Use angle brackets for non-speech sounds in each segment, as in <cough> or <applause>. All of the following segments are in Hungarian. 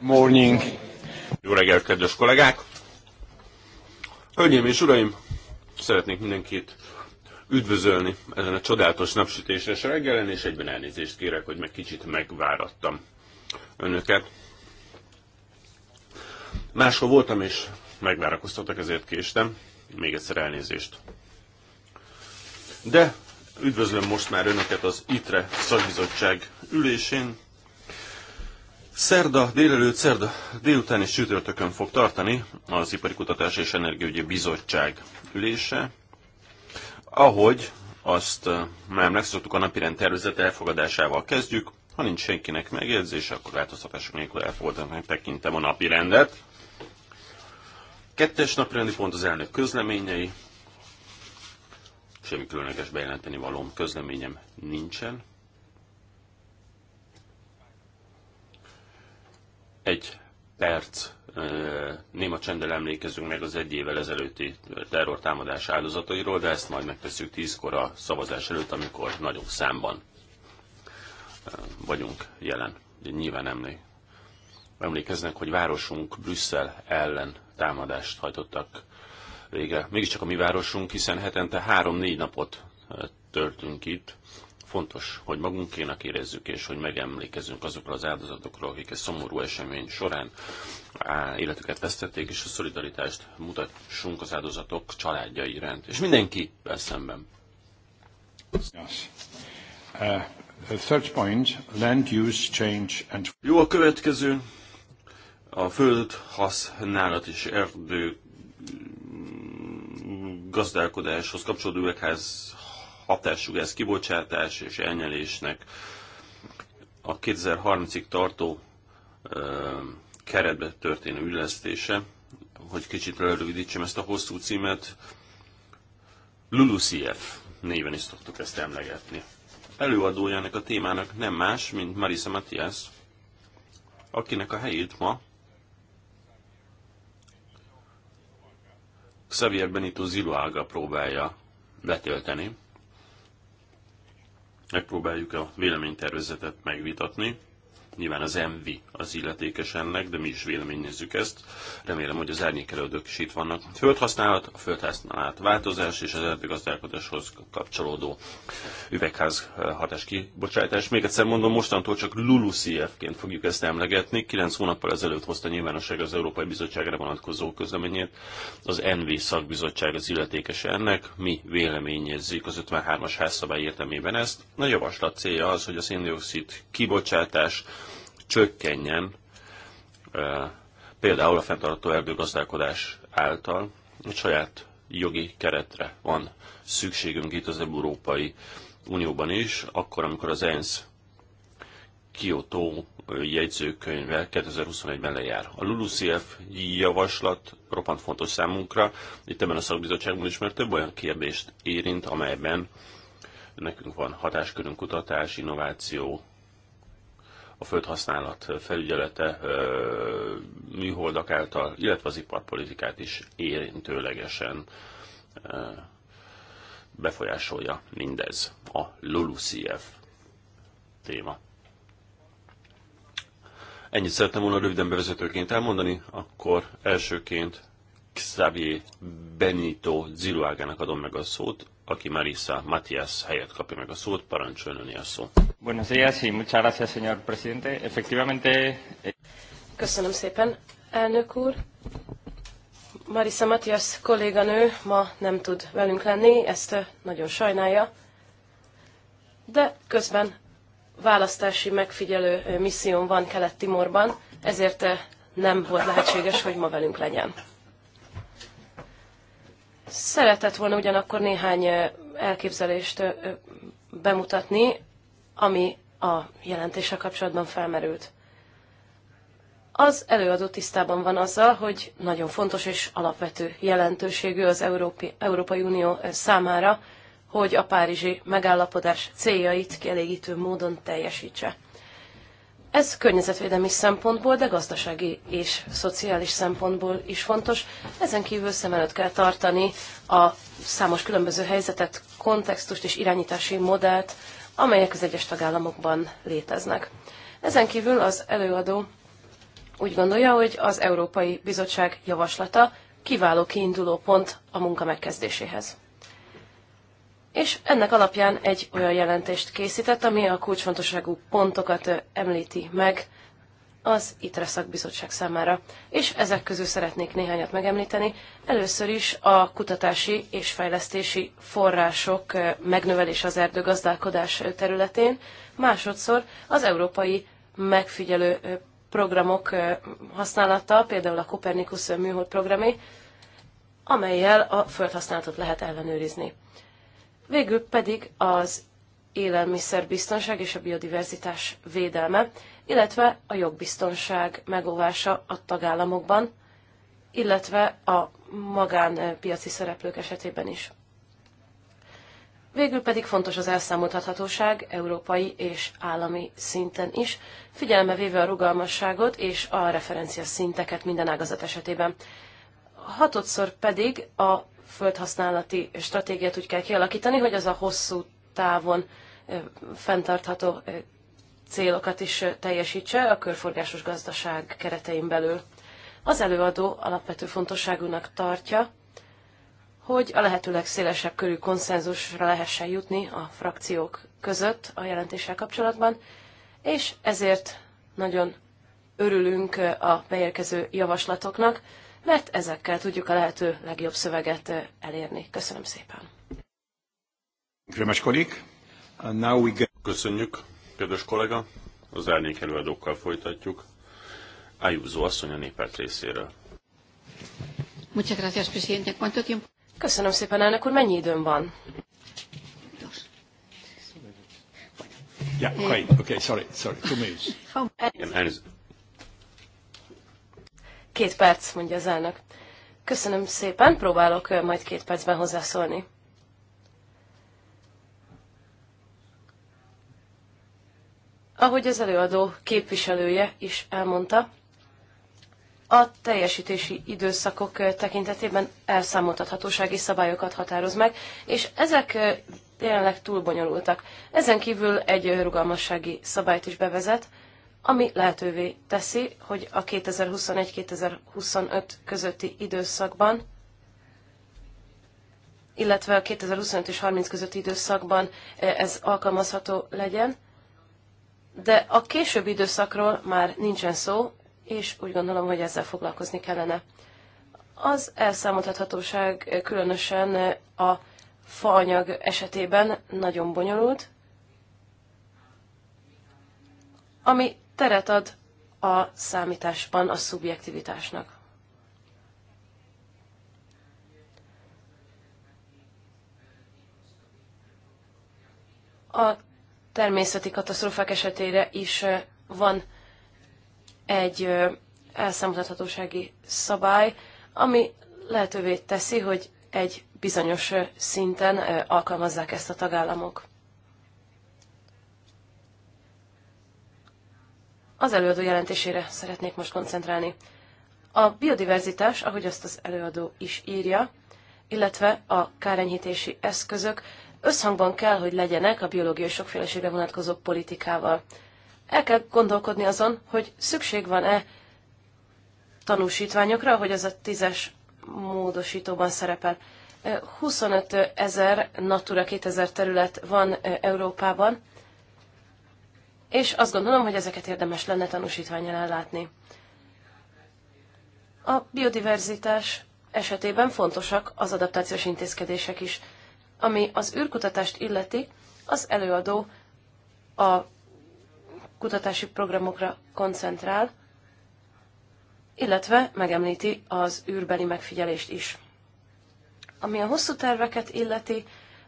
morning. Jó reggelt, kedves kollégák! Hölgyeim és uraim, szeretnék mindenkit üdvözölni ezen a csodálatos napsütéses reggelen, és egyben elnézést kérek, hogy meg kicsit megvárattam önöket. Máshol voltam, és megvárakoztatok, ezért késtem. Még egyszer elnézést. De üdvözlöm most már önöket az ITRE szakbizottság ülésén, Szerda délelőtt, szerda délután és csütörtökön fog tartani az Ipari Kutatás és Energiaügyi Bizottság ülése, ahogy azt már megszoktuk a napirend tervezet elfogadásával kezdjük. Ha nincs senkinek megjegyzése, akkor változtatások nélkül elfogadatnak tekintem a napirendet. Kettes napirendi pont az elnök közleményei. Semmi különleges bejelenteni valóm közleményem nincsen. egy perc néma csendel emlékezünk meg az egy évvel ezelőtti terrortámadás áldozatairól, de ezt majd megtesszük tízkor a szavazás előtt, amikor nagyobb számban vagyunk jelen. Nyilván emlék. emlékeznek, hogy városunk Brüsszel ellen támadást hajtottak végre. Mégiscsak a mi városunk, hiszen hetente három-négy napot törtünk itt. Fontos, hogy magunkénak érezzük, és hogy megemlékezzünk azokról az áldozatokról, akik egy szomorú esemény során életüket vesztették, és a szolidaritást mutassunk az áldozatok családjai iránt. És mindenki szemben. Yes. Uh, the third point, land use change and... Jó, a következő. A föld használat és erdő mm, gazdálkodáshoz kapcsolódó üvegház hatású ez kibocsátás és elnyelésnek a 2030-ig tartó keretbe történő ülesztése, hogy kicsit lerövidítsem ezt a hosszú címet, LULUCF néven is szoktuk ezt emlegetni. Előadója ennek a témának nem más, mint Marisa Matias, akinek a helyét ma Xavier Benito Ziluaga próbálja betölteni megpróbáljuk a véleménytervezetet megvitatni. Nyilván az MV az illetékes ennek, de mi is véleményezzük ezt. Remélem, hogy az árnyékelődők is itt vannak. Földhasználat, a földhasználat változás és az erdőgazdálkodáshoz kapcsolódó üvegház hatás kibocsátás. Még egyszer mondom, mostantól csak LULUCF-ként fogjuk ezt emlegetni. Kilenc hónappal ezelőtt hozta nyilvánosság az Európai Bizottságra vonatkozó közleményét. Az NV szakbizottság az illetékes ennek. Mi véleményezzük az 53-as házszabály értelmében ezt. A javaslat célja az, hogy a széndiokszid kibocsátás csökkenjen, például a fenntartó erdőgazdálkodás által, egy saját jogi keretre van szükségünk itt az Európai Unióban is, akkor, amikor az ENSZ Kyoto jegyzőkönyve 2021-ben lejár. A LULUCF javaslat roppant fontos számunkra, itt ebben a szakbizottságban is, mert több olyan kérdést érint, amelyben nekünk van hatáskörünk kutatás, innováció, a földhasználat felügyelete műholdak által, illetve az iparpolitikát is érintőlegesen befolyásolja mindez a LULUCF téma. Ennyit szerettem volna röviden bevezetőként elmondani, akkor elsőként Xavier Benito Ziruágának adom meg a szót, aki Marisa Matias helyett kapja meg a szót, parancsoljon öné a szó. Buenos días y muchas gracias, señor presidente. Efectivamente... Eh, Köszönöm szépen, elnök úr. Marisa Matias kolléganő ma nem tud velünk lenni, ezt nagyon sajnálja, de közben választási megfigyelő eh, misszión van Kelet-Timorban, ezért eh, nem volt lehetséges, hogy ma velünk legyen. Szeretett volna ugyanakkor néhány elképzelést bemutatni, ami a jelentése kapcsolatban felmerült. Az előadó tisztában van azzal, hogy nagyon fontos és alapvető jelentőségű az Európai, Európai Unió számára, hogy a párizsi megállapodás céljait kielégítő módon teljesítse. Ez környezetvédelmi szempontból, de gazdasági és szociális szempontból is fontos. Ezen kívül szem előtt kell tartani a számos különböző helyzetet, kontextust és irányítási modellt, amelyek az egyes tagállamokban léteznek. Ezen kívül az előadó úgy gondolja, hogy az Európai Bizottság javaslata kiváló kiinduló pont a munka megkezdéséhez és ennek alapján egy olyan jelentést készített, ami a kulcsfontosságú pontokat említi meg az ITRE szakbizottság számára. És ezek közül szeretnék néhányat megemlíteni. Először is a kutatási és fejlesztési források megnövelése az erdőgazdálkodás területén, másodszor az európai megfigyelő programok használata, például a Kopernikus műhold programé, amelyel a földhasználatot lehet ellenőrizni. Végül pedig az élelmiszerbiztonság és a biodiverzitás védelme, illetve a jogbiztonság megóvása a tagállamokban, illetve a magánpiaci szereplők esetében is. Végül pedig fontos az elszámoltathatóság európai és állami szinten is, figyelembe véve a rugalmasságot és a referencia szinteket minden ágazat esetében. Hatodszor pedig a földhasználati stratégiát úgy kell kialakítani, hogy az a hosszú távon fenntartható célokat is teljesítse a körforgásos gazdaság keretein belül. Az előadó alapvető fontosságúnak tartja, hogy a lehető legszélesebb körű konszenzusra lehessen jutni a frakciók között a jelentéssel kapcsolatban, és ezért nagyon örülünk a beérkező javaslatoknak, mert ezekkel tudjuk a lehető legjobb szöveget eh, elérni. Köszönöm szépen. Uh, Köszönjük, kedves kollega. Az árnyék előadókkal folytatjuk. Ájúzó asszony a néppárt részéről. Muchas gracias, presidente. ¿Cuánto tiempo? Köszönöm szépen, elnök úr. Mennyi időm van? Yeah, okay, eh, okay, sorry, sorry, two minutes. Két perc, mondja az elnök. Köszönöm szépen, próbálok majd két percben hozzászólni. Ahogy az előadó képviselője is elmondta, a teljesítési időszakok tekintetében elszámoltathatósági szabályokat határoz meg, és ezek jelenleg túl bonyolultak. Ezen kívül egy rugalmassági szabályt is bevezet, ami lehetővé teszi, hogy a 2021-2025 közötti időszakban, illetve a 2025 és 30 közötti időszakban eh, ez alkalmazható legyen. De a későbbi időszakról már nincsen szó, és úgy gondolom, hogy ezzel foglalkozni kellene. Az elszámoltathatóság eh, különösen eh, a faanyag esetében nagyon bonyolult, ami teret ad a számításban a szubjektivitásnak. A természeti katasztrófák esetére is van egy elszámoltathatósági szabály, ami lehetővé teszi, hogy egy bizonyos szinten alkalmazzák ezt a tagállamok. Az előadó jelentésére szeretnék most koncentrálni. A biodiverzitás, ahogy azt az előadó is írja, illetve a kárenyhítési eszközök összhangban kell, hogy legyenek a biológiai sokféleségre vonatkozó politikával. El kell gondolkodni azon, hogy szükség van-e tanúsítványokra, hogy az a tízes módosítóban szerepel. 25 ezer Natura 2000 terület van Európában, és azt gondolom, hogy ezeket érdemes lenne tanúsítványjal ellátni. A biodiverzitás esetében fontosak az adaptációs intézkedések is. Ami az űrkutatást illeti, az előadó a kutatási programokra koncentrál, illetve megemlíti az űrbeli megfigyelést is. Ami a hosszú terveket illeti,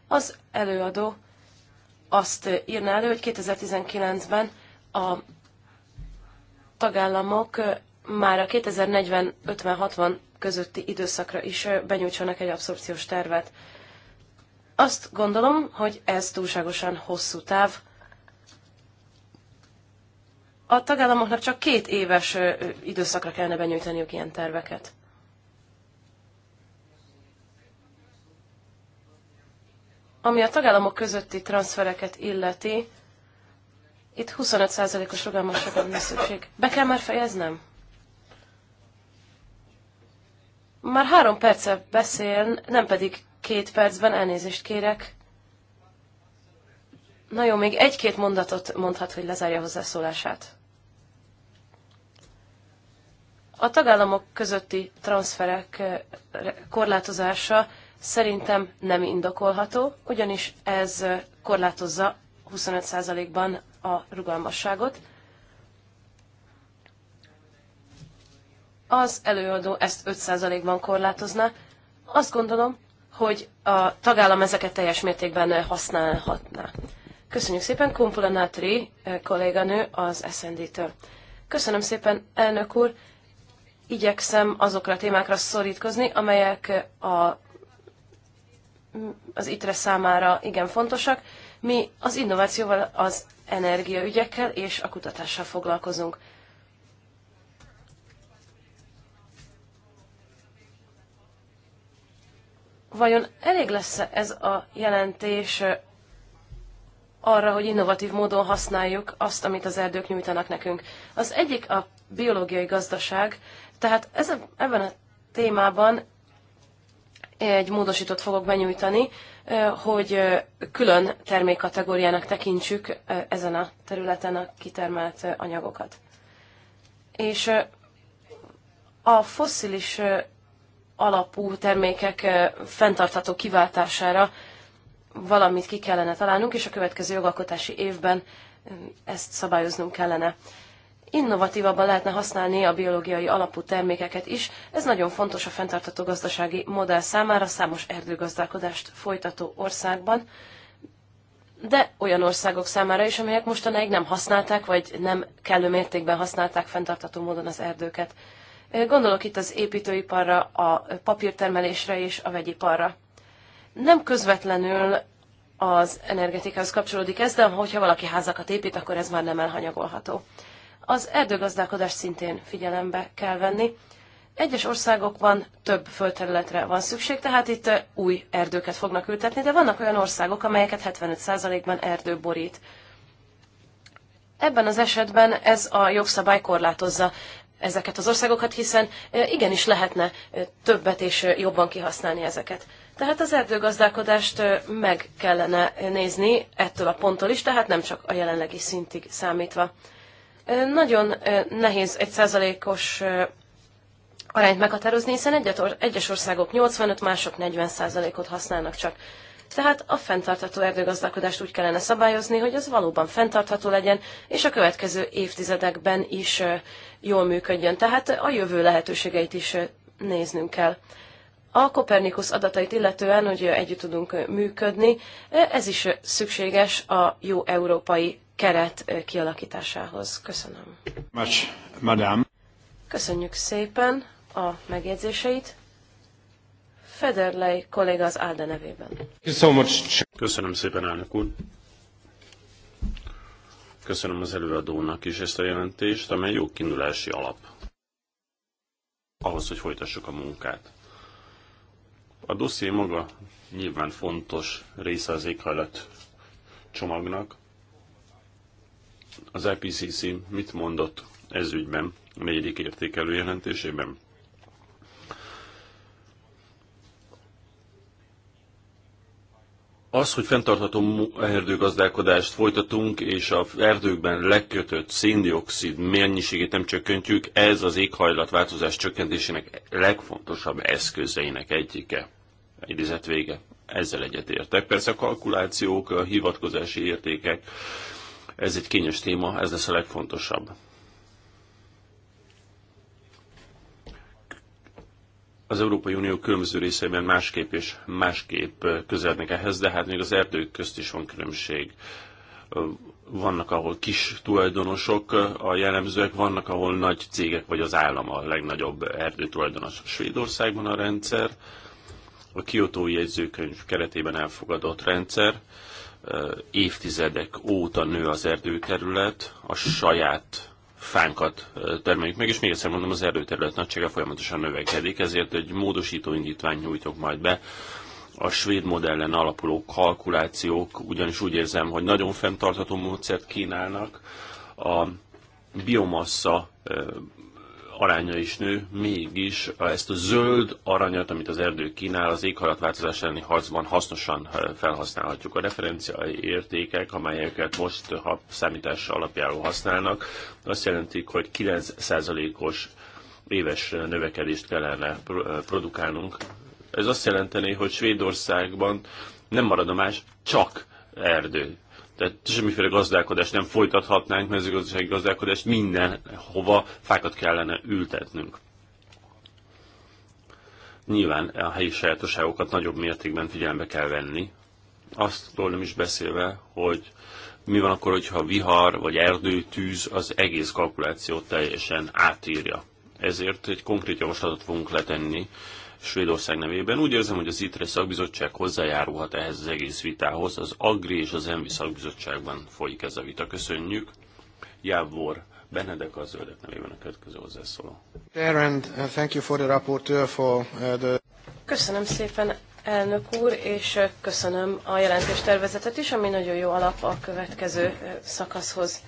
az előadó azt írná elő, hogy 2019-ben a tagállamok már a 2040-50-60 közötti időszakra is benyújtsanak egy abszorpciós tervet. Azt gondolom, hogy ez túlságosan hosszú táv. A tagállamoknak csak két éves időszakra kellene benyújtaniuk ilyen terveket. Ami a tagállamok közötti transfereket illeti, itt 25%-os rugalmasságra lesz szükség. Be kell már fejeznem? Már három perce beszél, nem pedig két percben elnézést kérek. Na jó, még egy-két mondatot mondhat, hogy lezárja hozzászólását. A tagállamok közötti transferek eh, korlátozása szerintem nem indokolható, ugyanis ez korlátozza 25%-ban a rugalmasságot. Az előadó ezt 5%-ban korlátozná. Azt gondolom, hogy a tagállam ezeket teljes mértékben használhatná. Köszönjük szépen, Kumpula Nátri kolléganő az SND-től. Köszönöm szépen, elnök úr! Igyekszem azokra a témákra szorítkozni, amelyek a az ITRE számára igen fontosak. Mi az innovációval, az energiaügyekkel és a kutatással foglalkozunk. Vajon elég lesz -e ez a jelentés arra, hogy innovatív módon használjuk azt, amit az erdők nyújtanak nekünk? Az egyik a biológiai gazdaság, tehát ez, ebben a témában egy módosítót fogok benyújtani, hogy külön termékkategóriának tekintsük ezen a területen a kitermelt anyagokat. És a fosszilis alapú termékek fenntartható kiváltására valamit ki kellene találnunk, és a következő jogalkotási évben ezt szabályoznunk kellene innovatívabban lehetne használni a biológiai alapú termékeket is. Ez nagyon fontos a fenntartató gazdasági modell számára számos erdőgazdálkodást folytató országban, de olyan országok számára is, amelyek mostanáig nem használták, vagy nem kellő mértékben használták fenntartató módon az erdőket. Gondolok itt az építőiparra, a papírtermelésre és a vegyiparra. Nem közvetlenül az energetikához kapcsolódik ez, de hogyha valaki házakat épít, akkor ez már nem elhanyagolható az erdőgazdálkodást szintén figyelembe kell venni. Egyes országokban több földterületre van szükség, tehát itt eh, új erdőket fognak ültetni, de vannak olyan országok, amelyeket 75%-ban erdő borít. Ebben az esetben ez a jogszabály korlátozza ezeket az országokat, hiszen eh, igenis lehetne eh, többet és jobban kihasználni ezeket. Tehát az erdőgazdálkodást meg kellene nézni ettől a ponttól is, tehát nem csak a jelenlegi szintig számítva nagyon nehéz egy százalékos arányt meghatározni, hiszen egyes országok 85, mások 40 százalékot használnak csak. Tehát a fenntartható erdőgazdálkodást úgy kellene szabályozni, hogy az valóban fenntartható legyen, és a következő évtizedekben is jól működjön. Tehát a jövő lehetőségeit is néznünk kell. A Kopernikus adatait illetően, hogy együtt tudunk működni, ez is szükséges a jó európai keret kialakításához. Köszönöm. Much, madame. Köszönjük szépen a megjegyzéseit. Federley kolléga az Áda nevében. Köszönöm szépen, elnök úr. Köszönöm az előadónak is ezt a jelentést, amely jó kiindulási alap ahhoz, hogy folytassuk a munkát. A dosszié maga nyilván fontos része az éghajlat csomagnak, az IPCC mit mondott ez ügyben, a negyedik értékelő jelentésében? Az, hogy fenntartható erdőgazdálkodást folytatunk, és a erdőkben lekötött széndiokszid mennyiségét nem csökkentjük, ez az éghajlatváltozás csökkentésének legfontosabb eszközeinek egyike. Idézet vége. Ezzel egyetértek. Persze a kalkulációk, a hivatkozási értékek, ez egy kényes téma, ez lesz a legfontosabb. az Európai Unió különböző részeiben másképp és másképp közelnek ehhez, de hát még az erdők közt is van különbség. Vannak, ahol kis tulajdonosok a jellemzőek, vannak, ahol nagy cégek vagy az állam a legnagyobb erdőtulajdonos. Svédországban a rendszer, a kiotói jegyzőkönyv keretében elfogadott rendszer, évtizedek óta nő az erdőterület, a saját fánkat termeljük meg, és még egyszer mondom, az erdőterület nagysága folyamatosan növekedik, ezért egy módosító indítványt nyújtok majd be, a svéd modellen alapuló kalkulációk, ugyanis úgy érzem, hogy nagyon fenntartható módszert kínálnak, a biomassa aránya is nő, mégis ezt a zöld aranyat, amit az erdő kínál, az éghajlatváltozás elleni harcban hasznosan eh, felhasználhatjuk. A referenciai értékek, amelyeket most eh, ha számítás alapjául használnak, azt jelentik, hogy 9%-os éves eh, növekedést kellene produkálnunk. Ez azt jelenteni, hogy Svédországban nem marad a más, csak erdő tehát semmiféle gazdálkodást nem folytathatnánk, mezőgazdasági gazdálkodást mindenhova fákat kellene ültetnünk. Nyilván a helyi sajátosságokat nagyobb mértékben figyelembe kell venni. Aztól nem is beszélve, hogy mi van akkor, hogyha vihar vagy erdőtűz az egész kalkulációt teljesen átírja. Ezért egy konkrét javaslatot fogunk letenni Svédország nevében. Úgy érzem, hogy az ITRE szakbizottság hozzájárulhat ehhez az egész vitához. Az AGRI és az ENVI szakbizottságban folyik ez a vita. Köszönjük. Jávor Benedek a zöldek nevében a következő hozzászóló. Köszönöm szépen, elnök úr, és uh, köszönöm a jelentéstervezetet is, ami nagyon jó alap a következő uh, szakaszhoz.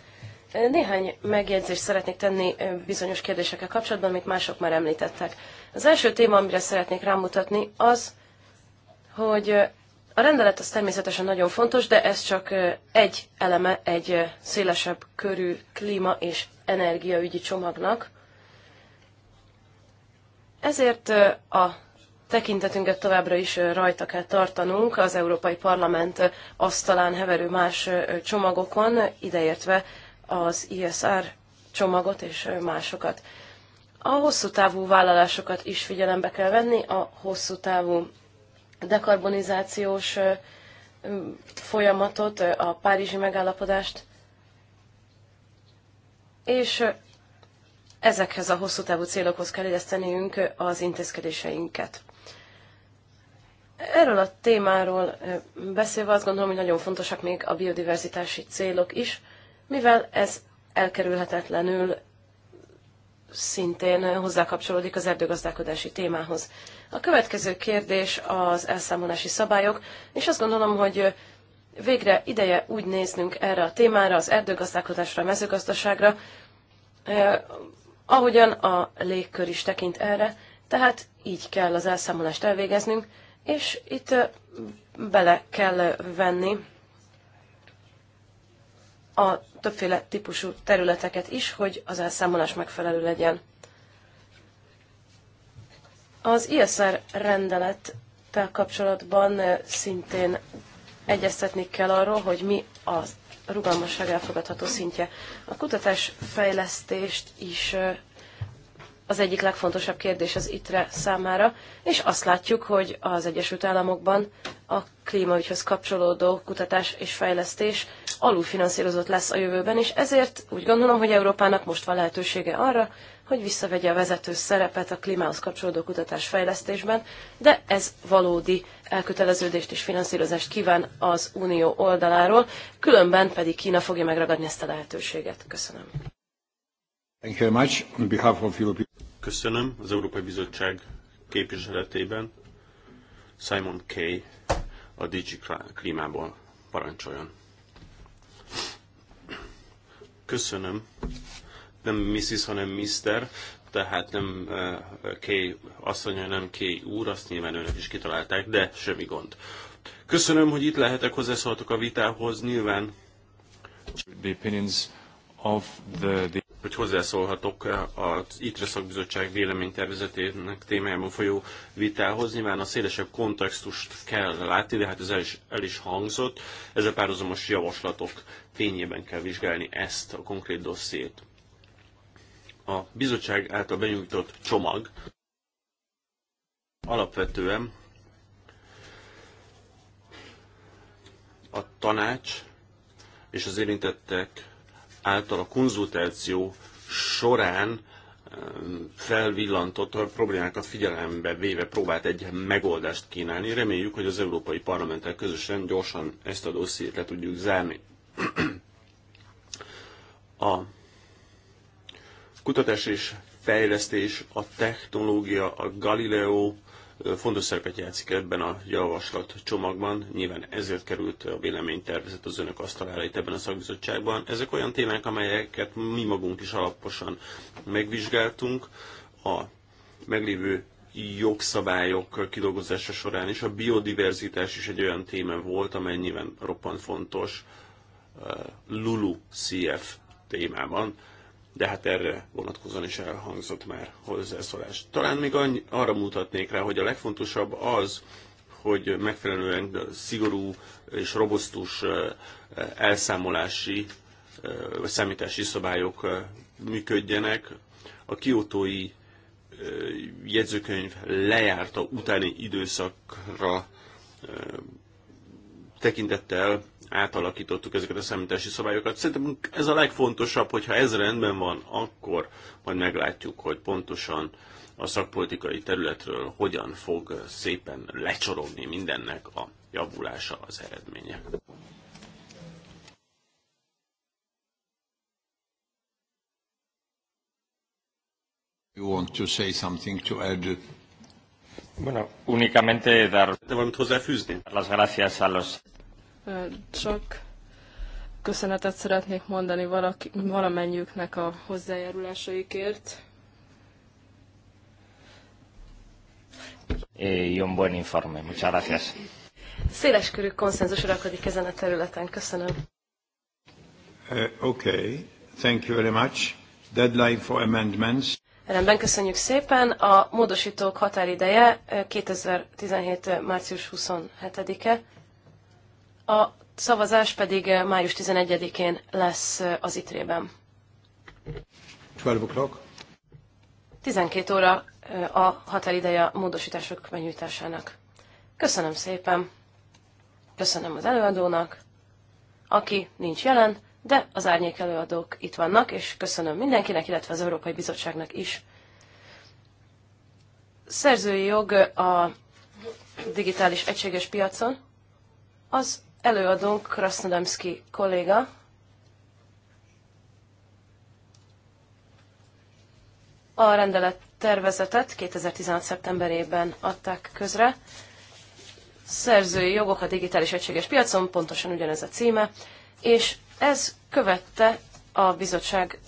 Néhány megjegyzést szeretnék tenni bizonyos kérdésekkel kapcsolatban, amit mások már említettek. Az első téma, amire szeretnék rámutatni, az, hogy a rendelet az természetesen nagyon fontos, de ez csak egy eleme egy szélesebb körű klíma és energiaügyi csomagnak. Ezért a tekintetünket továbbra is rajta kell tartanunk az Európai Parlament asztalán heverő más csomagokon, ideértve az ISR csomagot és másokat. A hosszú távú vállalásokat is figyelembe kell venni, a hosszú távú dekarbonizációs folyamatot, a párizsi megállapodást, és ezekhez a hosszú távú célokhoz kell illeszteniünk az intézkedéseinket. Erről a témáról beszélve azt gondolom, hogy nagyon fontosak még a biodiverzitási célok is, mivel ez elkerülhetetlenül szintén hozzákapcsolódik az erdőgazdálkodási témához. A következő kérdés az elszámolási szabályok, és azt gondolom, hogy végre ideje úgy néznünk erre a témára, az erdőgazdálkodásra, a mezőgazdaságra, eh, ahogyan a légkör is tekint erre, tehát így kell az elszámolást elvégeznünk, és itt eh, bele kell venni a többféle típusú területeket is, hogy az elszámolás megfelelő legyen. Az ISR rendelettel kapcsolatban eh, szintén egyeztetni kell arról, hogy mi a rugalmasság elfogadható szintje. A kutatásfejlesztést is eh, az egyik legfontosabb kérdés az ITRE számára, és azt látjuk, hogy az Egyesült Államokban a klímaügyhöz kapcsolódó kutatás és fejlesztés alulfinanszírozott lesz a jövőben, és ezért úgy gondolom, hogy Európának most van lehetősége arra, hogy visszavegye a vezető szerepet a klímához kapcsolódó kutatás fejlesztésben, de ez valódi elköteleződést és finanszírozást kíván az Unió oldaláról, különben pedig Kína fogja megragadni ezt a lehetőséget. Köszönöm. Thank you very much. On behalf of European... Köszönöm az Európai Bizottság képviseletében. Simon K. a DG Klímából parancsoljon. Köszönöm. Nem Mrs., hanem Mr., tehát nem eh, K. asszony, hanem K. úr, azt nyilván önök is kitalálták, de semmi gond. Köszönöm, hogy itt lehetek, hozzászóltok a vitához, nyilván. The opinions of the, the hogy hozzászólhatok az ITRE szakbizottság véleménytervezetének témájában folyó vitához. Nyilván a szélesebb kontextust kell látni, de hát ez el is, el is hangzott. a párhuzamos javaslatok fényében kell vizsgálni ezt a konkrét dossziét. A bizottság által benyújtott csomag alapvetően a tanács és az érintettek által a konzultáció során eh, felvillantott a problémákat figyelembe véve próbált egy megoldást kínálni. Reméljük, hogy az Európai Parlamenttel közösen gyorsan ezt a dossziét le tudjuk zárni. A kutatás és fejlesztés, a technológia, a Galileo, fontos szerepet játszik ebben a javaslat csomagban. Nyilván ezért került a véleménytervezet az önök asztalára itt ebben a szakbizottságban. Ezek olyan témák, amelyeket mi magunk is alaposan megvizsgáltunk a meglévő jogszabályok kidolgozása során is. A biodiverzitás is egy olyan téma volt, amely nyilván roppant fontos eh, Lulu CF témában de hát erre vonatkozóan is elhangzott már hozzászólás. Talán még annyi, arra mutatnék rá, hogy a legfontosabb az, hogy megfelelően szigorú és robosztus elszámolási vagy számítási szabályok működjenek. A kiotói jegyzőkönyv lejárta utáni időszakra tekintettel átalakítottuk ezeket a számítási szabályokat. Szerintem ez a legfontosabb, hogyha ez rendben van, akkor majd meglátjuk, hogy pontosan a szakpolitikai területről hogyan fog szépen lecsorogni mindennek a javulása az eredménye. You want to say something to add? Bueno, únicamente dar... De valamit hozzáfűzni? Las gracias a los csak köszönetet szeretnék mondani valaki, valamennyiüknek a hozzájárulásaikért. Eh, y jó, buen informe. Muchas gracias. Széleskörű konszenzus uralkodik ezen a területen. Köszönöm. Uh, okay. Thank you very much. Deadline for amendments. Rendben, köszönjük szépen. A módosítók határideje 2017. Eh, március 27-e. A szavazás pedig eh, május 11-én lesz eh, az ITRE-ben. 12 o'clock. óra eh, a határideje a módosítások benyújtásának. Köszönöm szépen. Köszönöm az előadónak, aki nincs jelen, de az árnyék előadók itt vannak, és köszönöm mindenkinek, illetve az Európai Bizottságnak is. Szerzői jog a digitális egységes piacon az Előadunk Krasnodemski kolléga. A rendelet tervezetet 2016. szeptemberében adták közre. Szerzői jogok a digitális egységes piacon, pontosan ugyanez a címe, és ez követte a bizottság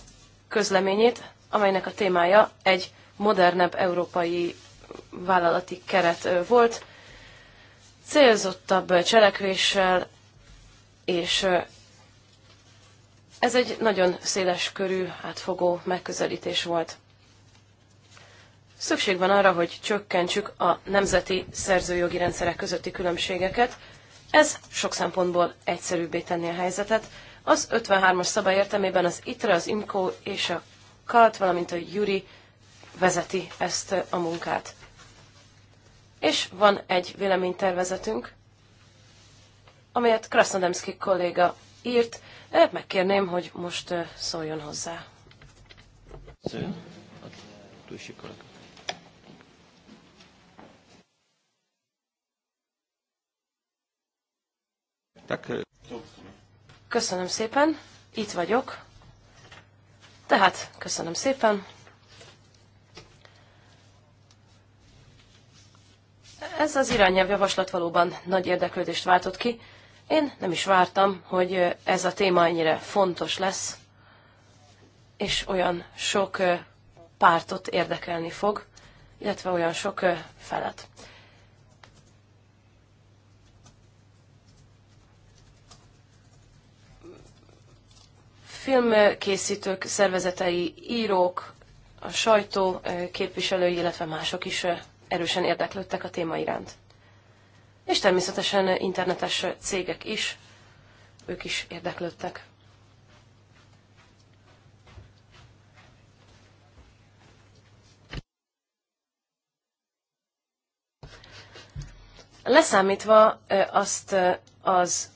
közleményét, amelynek a témája egy modernebb európai vállalati keret volt, célzottabb cselekvéssel, és ez egy nagyon széles körű, átfogó megközelítés volt. Szükség van arra, hogy csökkentsük a nemzeti szerzőjogi rendszerek közötti különbségeket. Ez sok szempontból egyszerűbbé tenni a helyzetet. Az 53-as szabály értelmében az ITRE, az IMCO és a KALT, valamint a JURI vezeti ezt a munkát és van egy véleménytervezetünk, amelyet Krasnodemszki kolléga írt. Megkérném, hogy most szóljon hozzá. Köszönöm szépen, itt vagyok. Tehát köszönöm szépen. Ez az irányelvjavaslat valóban nagy érdeklődést váltott ki. Én nem is vártam, hogy ez a téma ennyire fontos lesz, és olyan sok pártot érdekelni fog, illetve olyan sok felet. Filmkészítők, szervezetei, írók, a sajtó képviselői, illetve mások is erősen érdeklődtek a téma iránt. És természetesen internetes cégek is, ők is érdeklődtek. Leszámítva azt az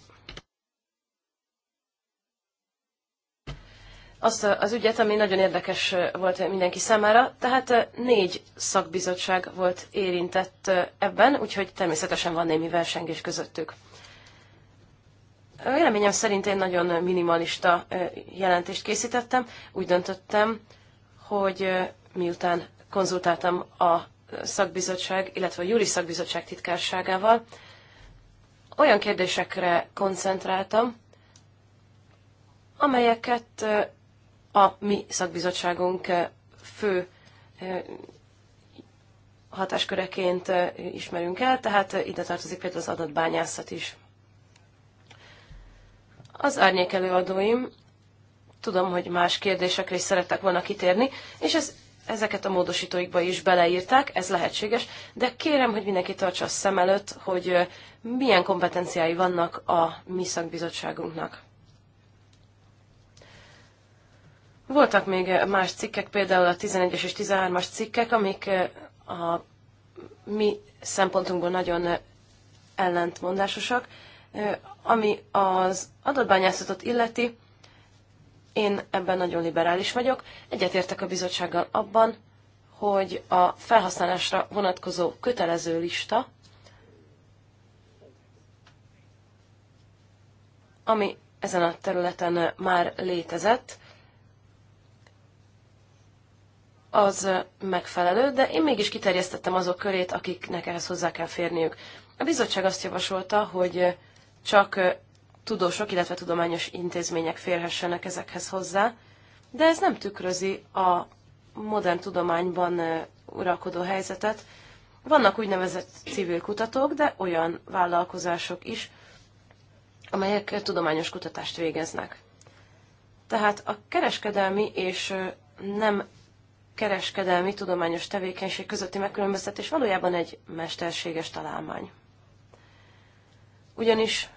azt az ügyet, ami nagyon érdekes volt mindenki számára. Tehát négy szakbizottság volt érintett ebben, úgyhogy természetesen van némi versengés közöttük. Véleményem szerint én nagyon minimalista jelentést készítettem. Úgy döntöttem, hogy miután konzultáltam a szakbizottság, illetve a júli szakbizottság titkárságával, olyan kérdésekre koncentráltam, amelyeket a mi szakbizottságunk eh, fő eh, hatásköreként eh, ismerünk el, tehát ide tartozik például az adatbányászat is. Az árnyék előadóim, tudom, hogy más kérdésekre is szerettek volna kitérni, és ez, ezeket a módosítóikba is beleírták, ez lehetséges, de kérem, hogy mindenki tartsa a szem előtt, hogy milyen kompetenciái vannak a mi szakbizottságunknak. Voltak még eh, más cikkek, például a 11-es és 13-as cikkek, amik eh, a mi szempontunkból nagyon eh, ellentmondásosak. Ami az adatbányászatot illeti, én ebben nagyon liberális vagyok. Egyetértek a bizottsággal abban, hogy a felhasználásra vonatkozó kötelező lista, ami ezen a területen már létezett, az megfelelő, de én mégis kiterjesztettem azok körét, akiknek ehhez hozzá kell férniük. A bizottság azt javasolta, hogy csak tudósok, illetve tudományos intézmények férhessenek ezekhez hozzá, de ez nem tükrözi a modern tudományban uralkodó helyzetet. Vannak úgynevezett civil kutatók, de olyan vállalkozások is, amelyek tudományos kutatást végeznek. Tehát a kereskedelmi és nem kereskedelmi, tudományos tevékenység közötti megkülönböztetés valójában egy mesterséges találmány. Ugyanis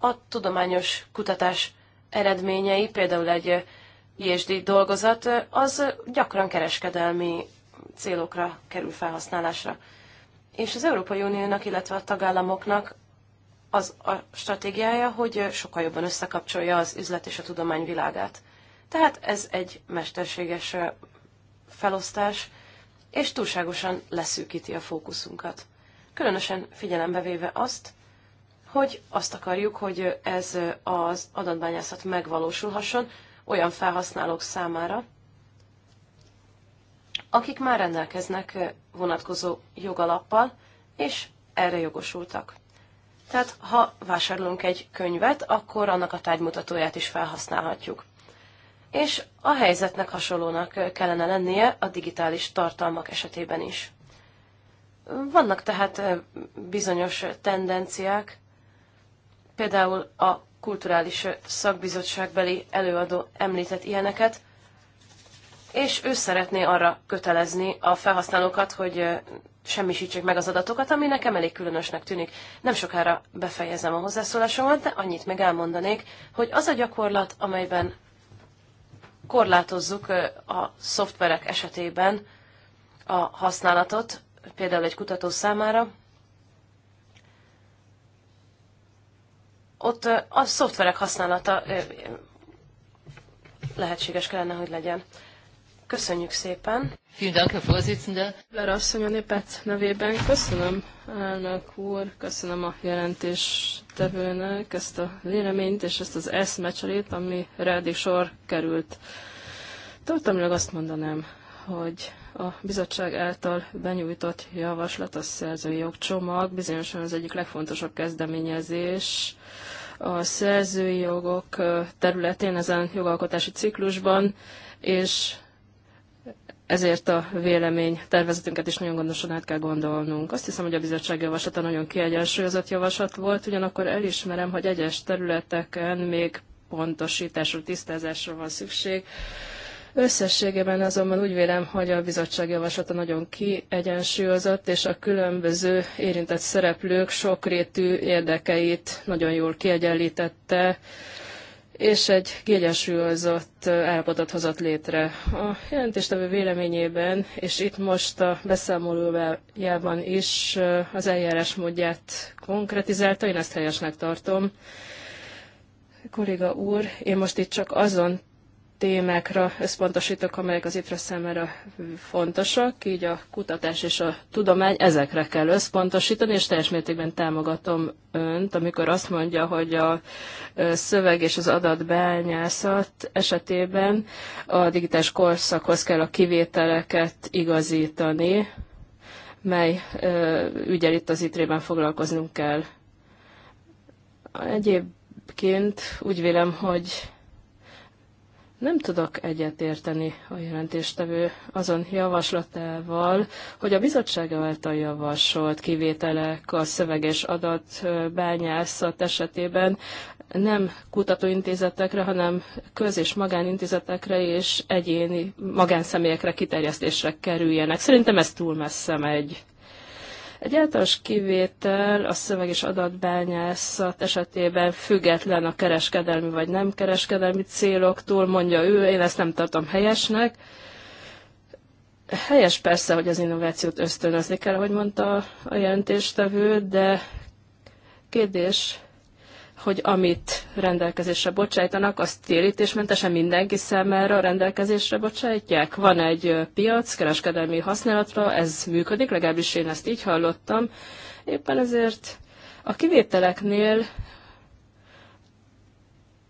a tudományos kutatás eredményei, például egy ISD dolgozat, az gyakran kereskedelmi célokra kerül felhasználásra. És az Európai Uniónak, illetve a tagállamoknak az a stratégiája, hogy sokkal jobban összekapcsolja az üzlet és a tudomány világát. Tehát ez egy mesterséges felosztás, és túlságosan leszűkíti a fókuszunkat. Különösen figyelembe véve azt, hogy azt akarjuk, hogy ez az adatbányászat megvalósulhasson olyan felhasználók számára, akik már rendelkeznek vonatkozó jogalappal, és erre jogosultak. Tehát ha vásárolunk egy könyvet, akkor annak a tárgymutatóját is felhasználhatjuk és a helyzetnek hasonlónak kellene lennie a digitális tartalmak esetében is. Vannak tehát bizonyos tendenciák, például a kulturális szakbizottságbeli előadó említett ilyeneket, és ő szeretné arra kötelezni a felhasználókat, hogy semmisítsék meg az adatokat, ami nekem elég különösnek tűnik. Nem sokára befejezem a hozzászólásomat, de annyit meg elmondanék, hogy az a gyakorlat, amelyben korlátozzuk a szoftverek esetében a használatot, például egy kutató számára. Ott a szoftverek használata lehetséges kellene, hogy legyen. Köszönjük szépen. Vielen Dank, Vorsitzender. Ler asszony a népet nevében. Köszönöm, elnök úr, köszönöm a jelentéstevőnek ezt a véleményt és ezt az eszmecserét, ami eddig sor került. Tartalmilag azt mondanám, hogy a bizottság által benyújtott javaslat a szerzői jogcsomag bizonyosan az egyik legfontosabb kezdeményezés a szerzői jogok területén, ezen jogalkotási ciklusban, és ezért a vélemény tervezetünket is nagyon gondosan át kell gondolnunk. Azt hiszem, hogy a bizottság javaslata nagyon kiegyensúlyozott javaslat volt, ugyanakkor elismerem, hogy egyes területeken még pontosításra, tisztázásra van szükség. Összességében azonban úgy vélem, hogy a bizottság javaslata nagyon kiegyensúlyozott, és a különböző érintett szereplők sokrétű érdekeit nagyon jól kiegyenlítette, és egy kiegyensúlyozott állapotot hozott létre. A jelentéstevő véleményében, és itt most a beszámolójában is az eljárás módját konkretizálta, én ezt helyesnek tartom. Kolléga úr, én most itt csak azon témákra összpontosítok, amelyek az ITRA számára fontosak, így a kutatás és a tudomány, ezekre kell összpontosítani, és teljes mértékben támogatom önt, amikor azt mondja, hogy a szöveg és az adatbányászat esetében a digitális korszakhoz kell a kivételeket igazítani, mely ügyel itt az itra ben foglalkoznunk kell. Egyébként úgy vélem, hogy nem tudok egyetérteni a jelentéstevő azon javaslatával, hogy a bizottság által javasolt kivételek a szöveges adatbányászat esetében nem kutatóintézetekre, hanem köz- és magánintézetekre és egyéni magánszemélyekre kiterjesztésre kerüljenek. Szerintem ez túl messze megy. Egy általános kivétel a szöveg és adatbányászat esetében független a kereskedelmi vagy nem kereskedelmi céloktól, mondja ő, én ezt nem tartom helyesnek. Helyes persze, hogy az innovációt ösztönözni kell, ahogy mondta a jelentéstevő, de kérdés hogy amit rendelkezésre bocsájtanak, azt térítésmentesen mindenki számára rendelkezésre bocsájtják? Van egy piac, kereskedelmi használatra, ez működik, legalábbis én ezt így hallottam. Éppen ezért a kivételeknél,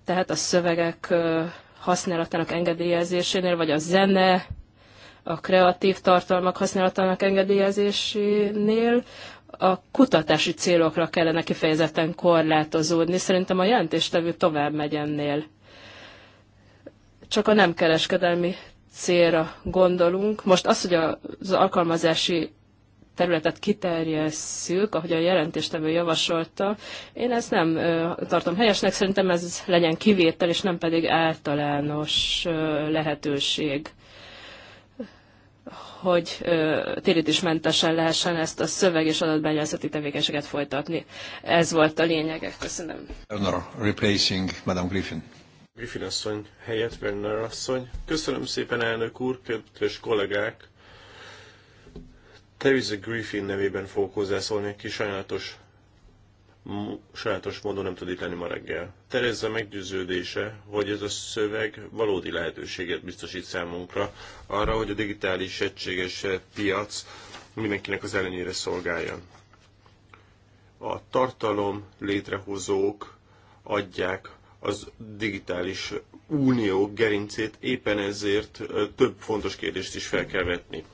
tehát a szövegek használatának engedélyezésénél, vagy a zene, a kreatív tartalmak használatának engedélyezésénél a kutatási célokra kellene kifejezetten korlátozódni. Szerintem a jelentéstevő tovább megy ennél. Csak a nem kereskedelmi célra gondolunk. Most az, hogy az alkalmazási területet kiterjesszük, ahogy a jelentéstevő javasolta, én ezt nem tartom helyesnek, szerintem ez legyen kivétel, és nem pedig általános lehetőség hogy térítésmentesen lehessen ezt a szöveg és adatbányászati tevékenységet folytatni. Ez volt a lényeg. Köszönöm. Werner, replacing Madame Griffin. Griffin asszony helyett Werner asszony. Köszönöm szépen, elnök úr, kedves kollégák. Teresa Griffin nevében fogok hozzászólni, kis sajnálatos sajátos módon nem tud itt lenni ma reggel. Terezza meggyőződése, hogy ez a szöveg valódi lehetőséget biztosít számunkra arra, hogy a digitális egységes piac mindenkinek az előnyére szolgáljon. A tartalom létrehozók adják az digitális unió gerincét, éppen ezért több fontos kérdést is fel kell vetni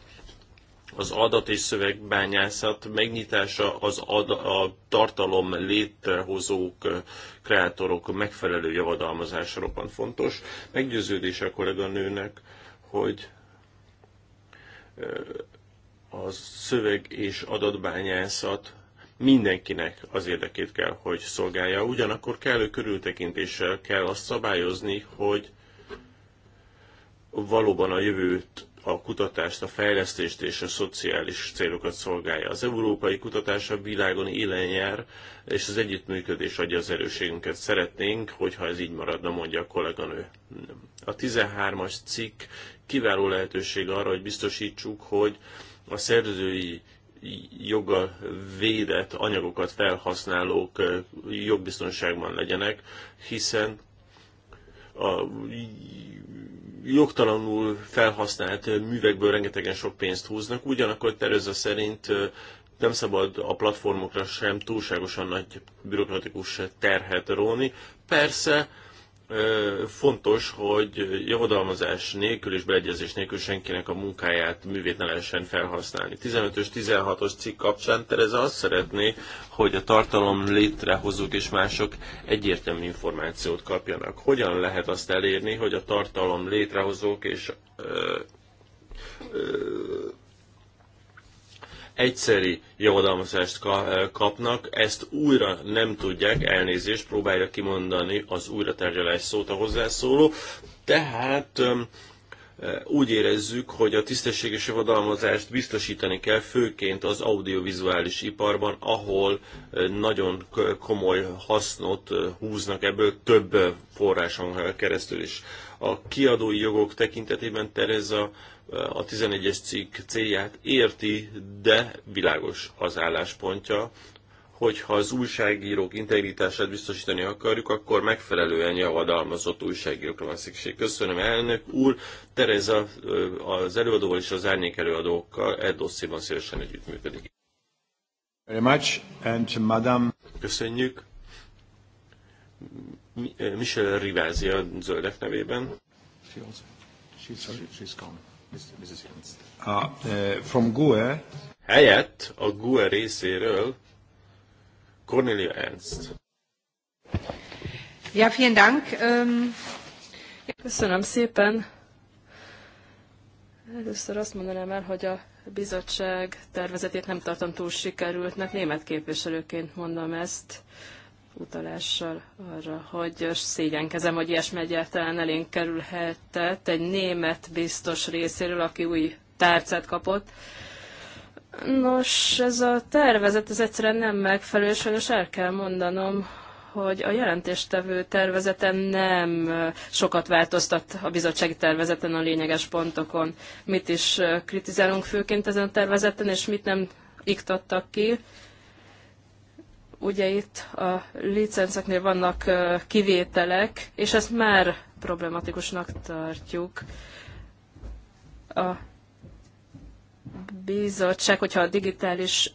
az adat és szövegbányászat megnyitása az ad, a tartalom létrehozók, kreátorok megfelelő javadalmazása roppant fontos. Meggyőződése a kolléganőnek, hogy a szöveg és adatbányászat mindenkinek az érdekét kell, hogy szolgálja. Ugyanakkor kellő körültekintéssel kell azt szabályozni, hogy valóban a jövőt a kutatást, a fejlesztést és a szociális célokat szolgálja. Az európai kutatás a világon élen jár, és az együttműködés adja az erőségünket. Szeretnénk, hogyha ez így maradna, mondja a kolléganő. A 13-as cikk kiváló lehetőség arra, hogy biztosítsuk, hogy a szerzői joga védett anyagokat felhasználók jogbiztonságban legyenek, hiszen a jogtalanul felhasznált művekből rengetegen sok pénzt húznak, ugyanakkor Tereza szerint nem szabad a platformokra sem túlságosan nagy bürokratikus terhet róni. Persze fontos, hogy javadalmazás nélkül és beegyezés nélkül senkinek a munkáját, művét ne lehessen felhasználni. 15-ös, 16-os cikk kapcsán Tereza azt szeretné, hogy a tartalom létrehozók és mások egyértelmű információt kapjanak. Hogyan lehet azt elérni, hogy a tartalom létrehozók és ö, ö, egyszeri javadalmazást kapnak, ezt újra nem tudják, elnézést, próbálja kimondani az újratárgyalás szót a hozzászóló, tehát úgy érezzük, hogy a tisztességes javadalmazást biztosítani kell, főként az audiovizuális iparban, ahol nagyon komoly hasznot húznak ebből több forráson keresztül is. A kiadói jogok tekintetében Tereza a 11-es cikk célját érti, de világos az álláspontja, hogy ha az újságírók integritását biztosítani akarjuk, akkor megfelelően javadalmazott újságírókra van szükség. Köszönöm elnök úr, Tereza az előadóval és az árnyék előadókkal egy dossziban szívesen együttműködik. Very much, and madam. Köszönjük. Michel Rivázi a zöldek nevében. She also, she's, she's gone. A, e, from GUE. Helyett a GUE részéről Cornelia Ernst. Ja, vielen Dank. Um... Köszönöm szépen. Először azt mondanám el, hogy a bizottság tervezetét nem tartom túl sikerültnek. Német képviselőként mondom ezt utalással arra, hogy szégyenkezem, hogy ilyesmi egyáltalán elénk kerülhetett egy német biztos részéről, aki új tárcát kapott. Nos, ez a tervezet, ez egyszerűen nem megfelelő, és sajnos el kell mondanom, hogy a jelentéstevő tervezeten nem sokat változtat a bizottsági tervezeten a lényeges pontokon. Mit is kritizálunk főként ezen a tervezeten, és mit nem iktattak ki. Ugye itt a licenceknél vannak kivételek, és ezt már problematikusnak tartjuk. A bizottság, hogyha a digitális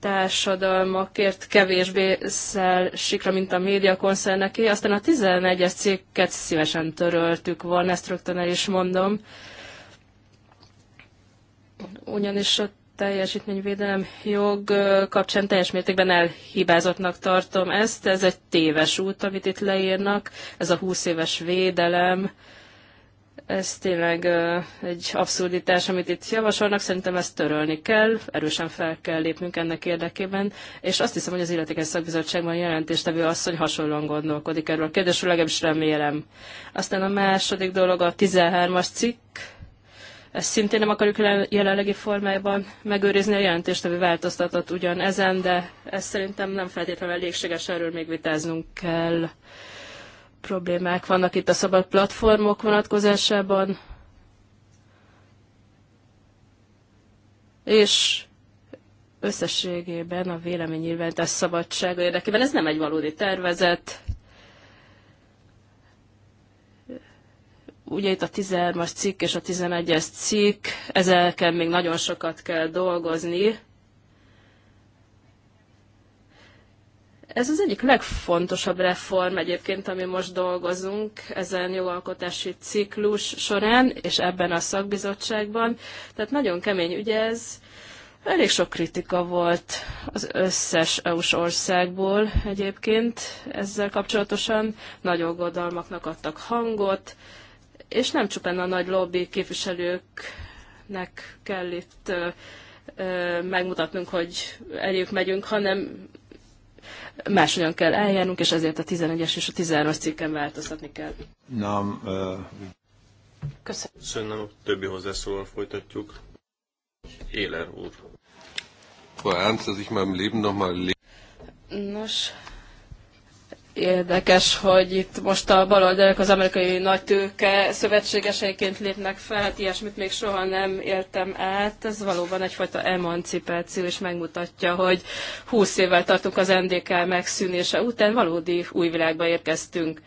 társadalmakért kevésbé szel sikra, mint a média konszerneké, Aztán a 11-es cikket szívesen töröltük volna, ezt rögtön el is mondom. Ugyanis a teljesítményvédelem jog kapcsán teljes mértékben elhibázottnak tartom ezt. Ez egy téves út, amit itt leírnak. Ez a 20 éves védelem, ez tényleg egy abszurditás, amit itt javasolnak. Szerintem ezt törölni kell, erősen fel kell lépnünk ennek érdekében, és azt hiszem, hogy az illetékes szakbizottságban jelentéstevő asszony hasonlóan gondolkodik erről a kérdésről, legalábbis remélem. Aztán a második dolog a 13-as cikk, ezt szintén nem akarjuk jelenlegi formájában megőrizni a jelentést, ami változtatott ugyan ezen, de ez szerintem nem feltétlenül elégséges, erről még vitáznunk kell. Problémák vannak itt a szabad platformok vonatkozásában. És összességében a véleménynyilvántás szabadsága érdekében. Ez nem egy valódi tervezet, Ugye itt a 13-as cikk és a 11-es cikk, ezeken még nagyon sokat kell dolgozni. Ez az egyik legfontosabb reform egyébként, ami most dolgozunk ezen jogalkotási ciklus során, és ebben a szakbizottságban. Tehát nagyon kemény ügy ez. Elég sok kritika volt az összes EU-s országból egyébként ezzel kapcsolatosan. Nagy aggodalmaknak adtak hangot, és nem csupán a nagy lobby képviselőknek kell itt megmutatnunk, hogy eljük megyünk, hanem máshogyan kell eljárnunk, és ezért a 11-es és a 13-as cikken változtatni kell. Nem, uh... Köszönöm. Szerintem a többi hozzászólal folytatjuk. Éler úr. Frau Ernst, dass ich meinem Leben nochmal le Nos, Érdekes, hogy itt most a baloldalak az amerikai tőke szövetségeseiként lépnek fel, hát ilyesmit még soha nem éltem át. Ez valóban egyfajta emancipáció, és megmutatja, hogy 20 évvel tartunk az NDK megszűnése után, valódi új világba érkeztünk.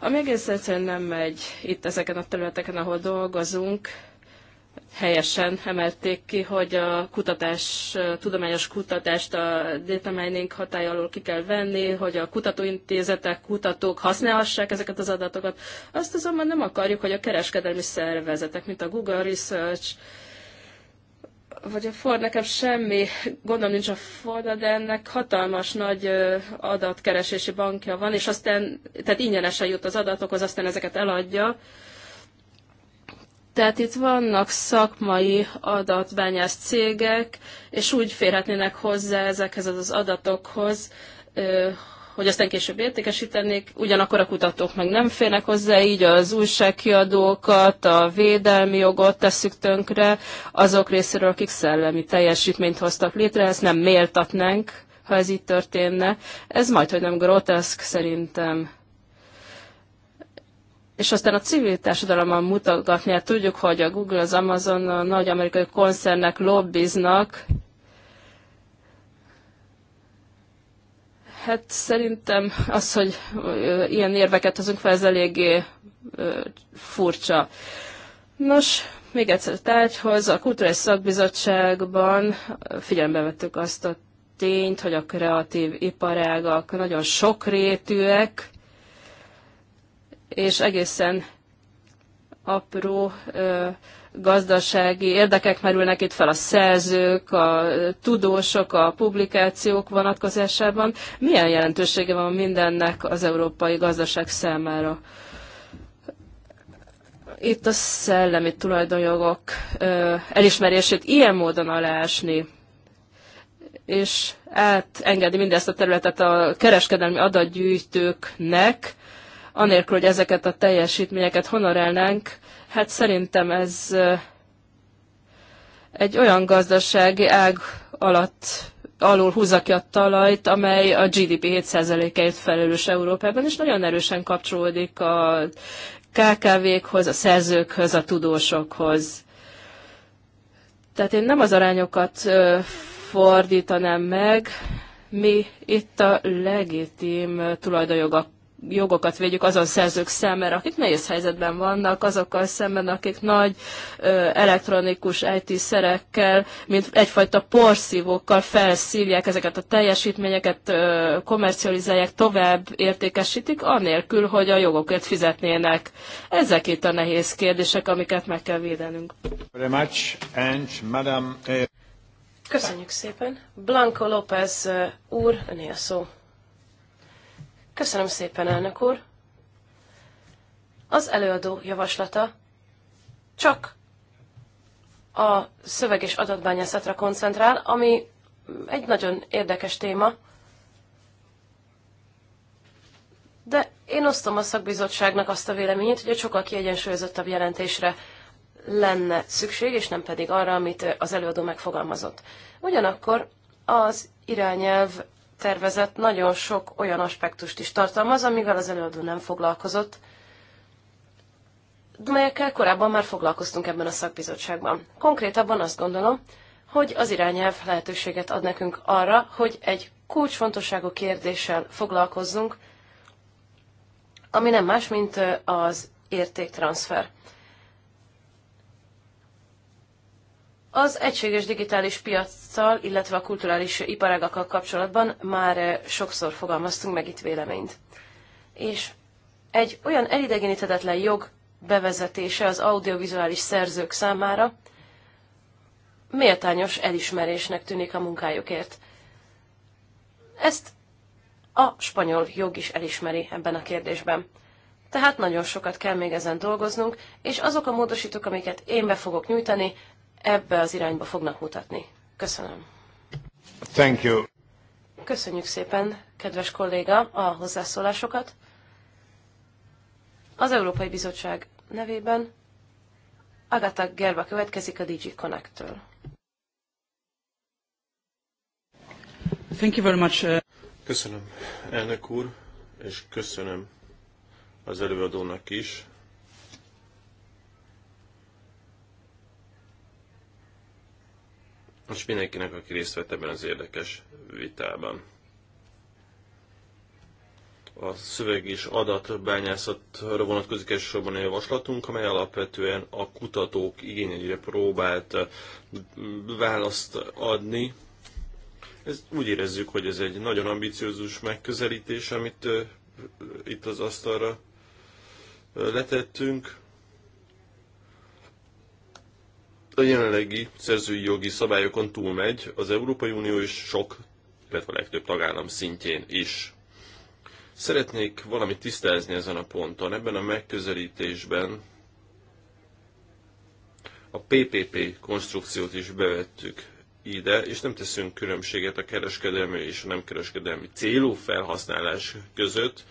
Ami egész egyszerűen nem megy itt ezeken a területeken, ahol dolgozunk, helyesen emelték ki, hogy a kutatás, a tudományos kutatást a data mining hatály alól ki kell venni, hogy a kutatóintézetek, kutatók használhassák ezeket az adatokat. Azt azonban nem akarjuk, hogy a kereskedelmi szervezetek, mint a Google Research, vagy a Ford, nekem semmi gondom nincs a Ford, de ennek hatalmas nagy adatkeresési bankja van, és aztán, tehát ingyenesen jut az adatokhoz, aztán ezeket eladja tehát itt vannak szakmai adatbányász cégek, és úgy férhetnének hozzá ezekhez az adatokhoz, hogy aztán később értékesítenék, ugyanakkor a kutatók meg nem férnek hozzá, így az újságkiadókat, a védelmi jogot tesszük tönkre, azok részéről, akik szellemi teljesítményt hoztak létre, ezt nem méltatnánk, ha ez így történne. Ez majd, hogy nem groteszk szerintem és aztán a civil társadalommal mutogatni, hát tudjuk, hogy a Google, az Amazon, a nagy amerikai koncernek lobbiznak. Hát szerintem az, hogy ilyen érveket hozunk fel, ez eléggé furcsa. Nos, még egyszer a tárgyhoz, a Kulturális Szakbizottságban figyelembe vettük azt a tényt, hogy a kreatív iparágak nagyon sokrétűek, és egészen apró ö, gazdasági érdekek merülnek itt fel a szerzők, a tudósok, a publikációk vonatkozásában. Milyen jelentősége van mindennek az európai gazdaság számára? Itt a szellemi tulajdonjogok ö, elismerését ilyen módon aláásni, és átengedni mindezt a területet a kereskedelmi adatgyűjtőknek, anélkül, hogy ezeket a teljesítményeket honorálnánk, hát szerintem ez egy olyan gazdasági ág alatt alul húzza ki a talajt, amely a GDP 7%-ért felelős Európában, és nagyon erősen kapcsolódik a KKV-khoz, a szerzőkhöz, a tudósokhoz. Tehát én nem az arányokat fordítanám meg, mi itt a legitim tulajdonjogak jogokat védjük azon szerzők szemben, akik nehéz helyzetben vannak, azokkal szemben, akik nagy ö, elektronikus IT-szerekkel, mint egyfajta porszívókkal felszívják ezeket a teljesítményeket, ö, komercializálják, tovább értékesítik, anélkül, hogy a jogokért fizetnének. Ezek itt a nehéz kérdések, amiket meg kell védenünk. Köszönjük szépen. Blanco López úr, öné a szó. Köszönöm szépen, elnök úr. Az előadó javaslata csak a szöveg és adatbányászatra koncentrál, ami egy nagyon érdekes téma, de én osztom a szakbizottságnak azt a véleményét, hogy egy sokkal kiegyensúlyozottabb jelentésre lenne szükség, és nem pedig arra, amit az előadó megfogalmazott. Ugyanakkor az irányelv tervezet nagyon sok olyan aspektust is tartalmaz, amivel az előadó nem foglalkozott, melyekkel korábban már foglalkoztunk ebben a szakbizottságban. Konkrétabban azt gondolom, hogy az irányelv lehetőséget ad nekünk arra, hogy egy kulcsfontosságú kérdéssel foglalkozzunk, ami nem más, mint az értéktranszfer. Az egységes digitális piaccal, illetve a kulturális iparágakkal kapcsolatban már eh, sokszor fogalmaztunk meg itt véleményt. És egy olyan elidegeníthetetlen jog bevezetése az audiovizuális szerzők számára méltányos elismerésnek tűnik a munkájukért. Ezt a spanyol jog is elismeri ebben a kérdésben. Tehát nagyon sokat kell még ezen dolgoznunk, és azok a módosítók, amiket én be fogok nyújtani, ebbe az irányba fognak mutatni. Köszönöm. Thank you. Köszönjük szépen, kedves kolléga, a hozzászólásokat. Az Európai Bizottság nevében Agatha Gerba következik a DG Connect-től. Thank you very much. Uh, köszönöm, elnök úr, és köszönöm az előadónak is Most mindenkinek, aki részt vett ebben az érdekes vitában. A szöveg és adatbányászatra vonatkozik elsősorban a javaslatunk, amely alapvetően a kutatók igényeire próbált választ adni. Ez úgy érezzük, hogy ez egy nagyon ambiciózus megközelítés, amit itt az asztalra letettünk a jelenlegi szerzői jogi szabályokon túlmegy az Európai Unió is sok, illetve a legtöbb tagállam szintjén is. Szeretnék valamit tisztázni ezen a ponton. Ebben a megközelítésben a PPP konstrukciót is bevettük ide, és nem teszünk különbséget a kereskedelmi és a nem kereskedelmi célú felhasználás között.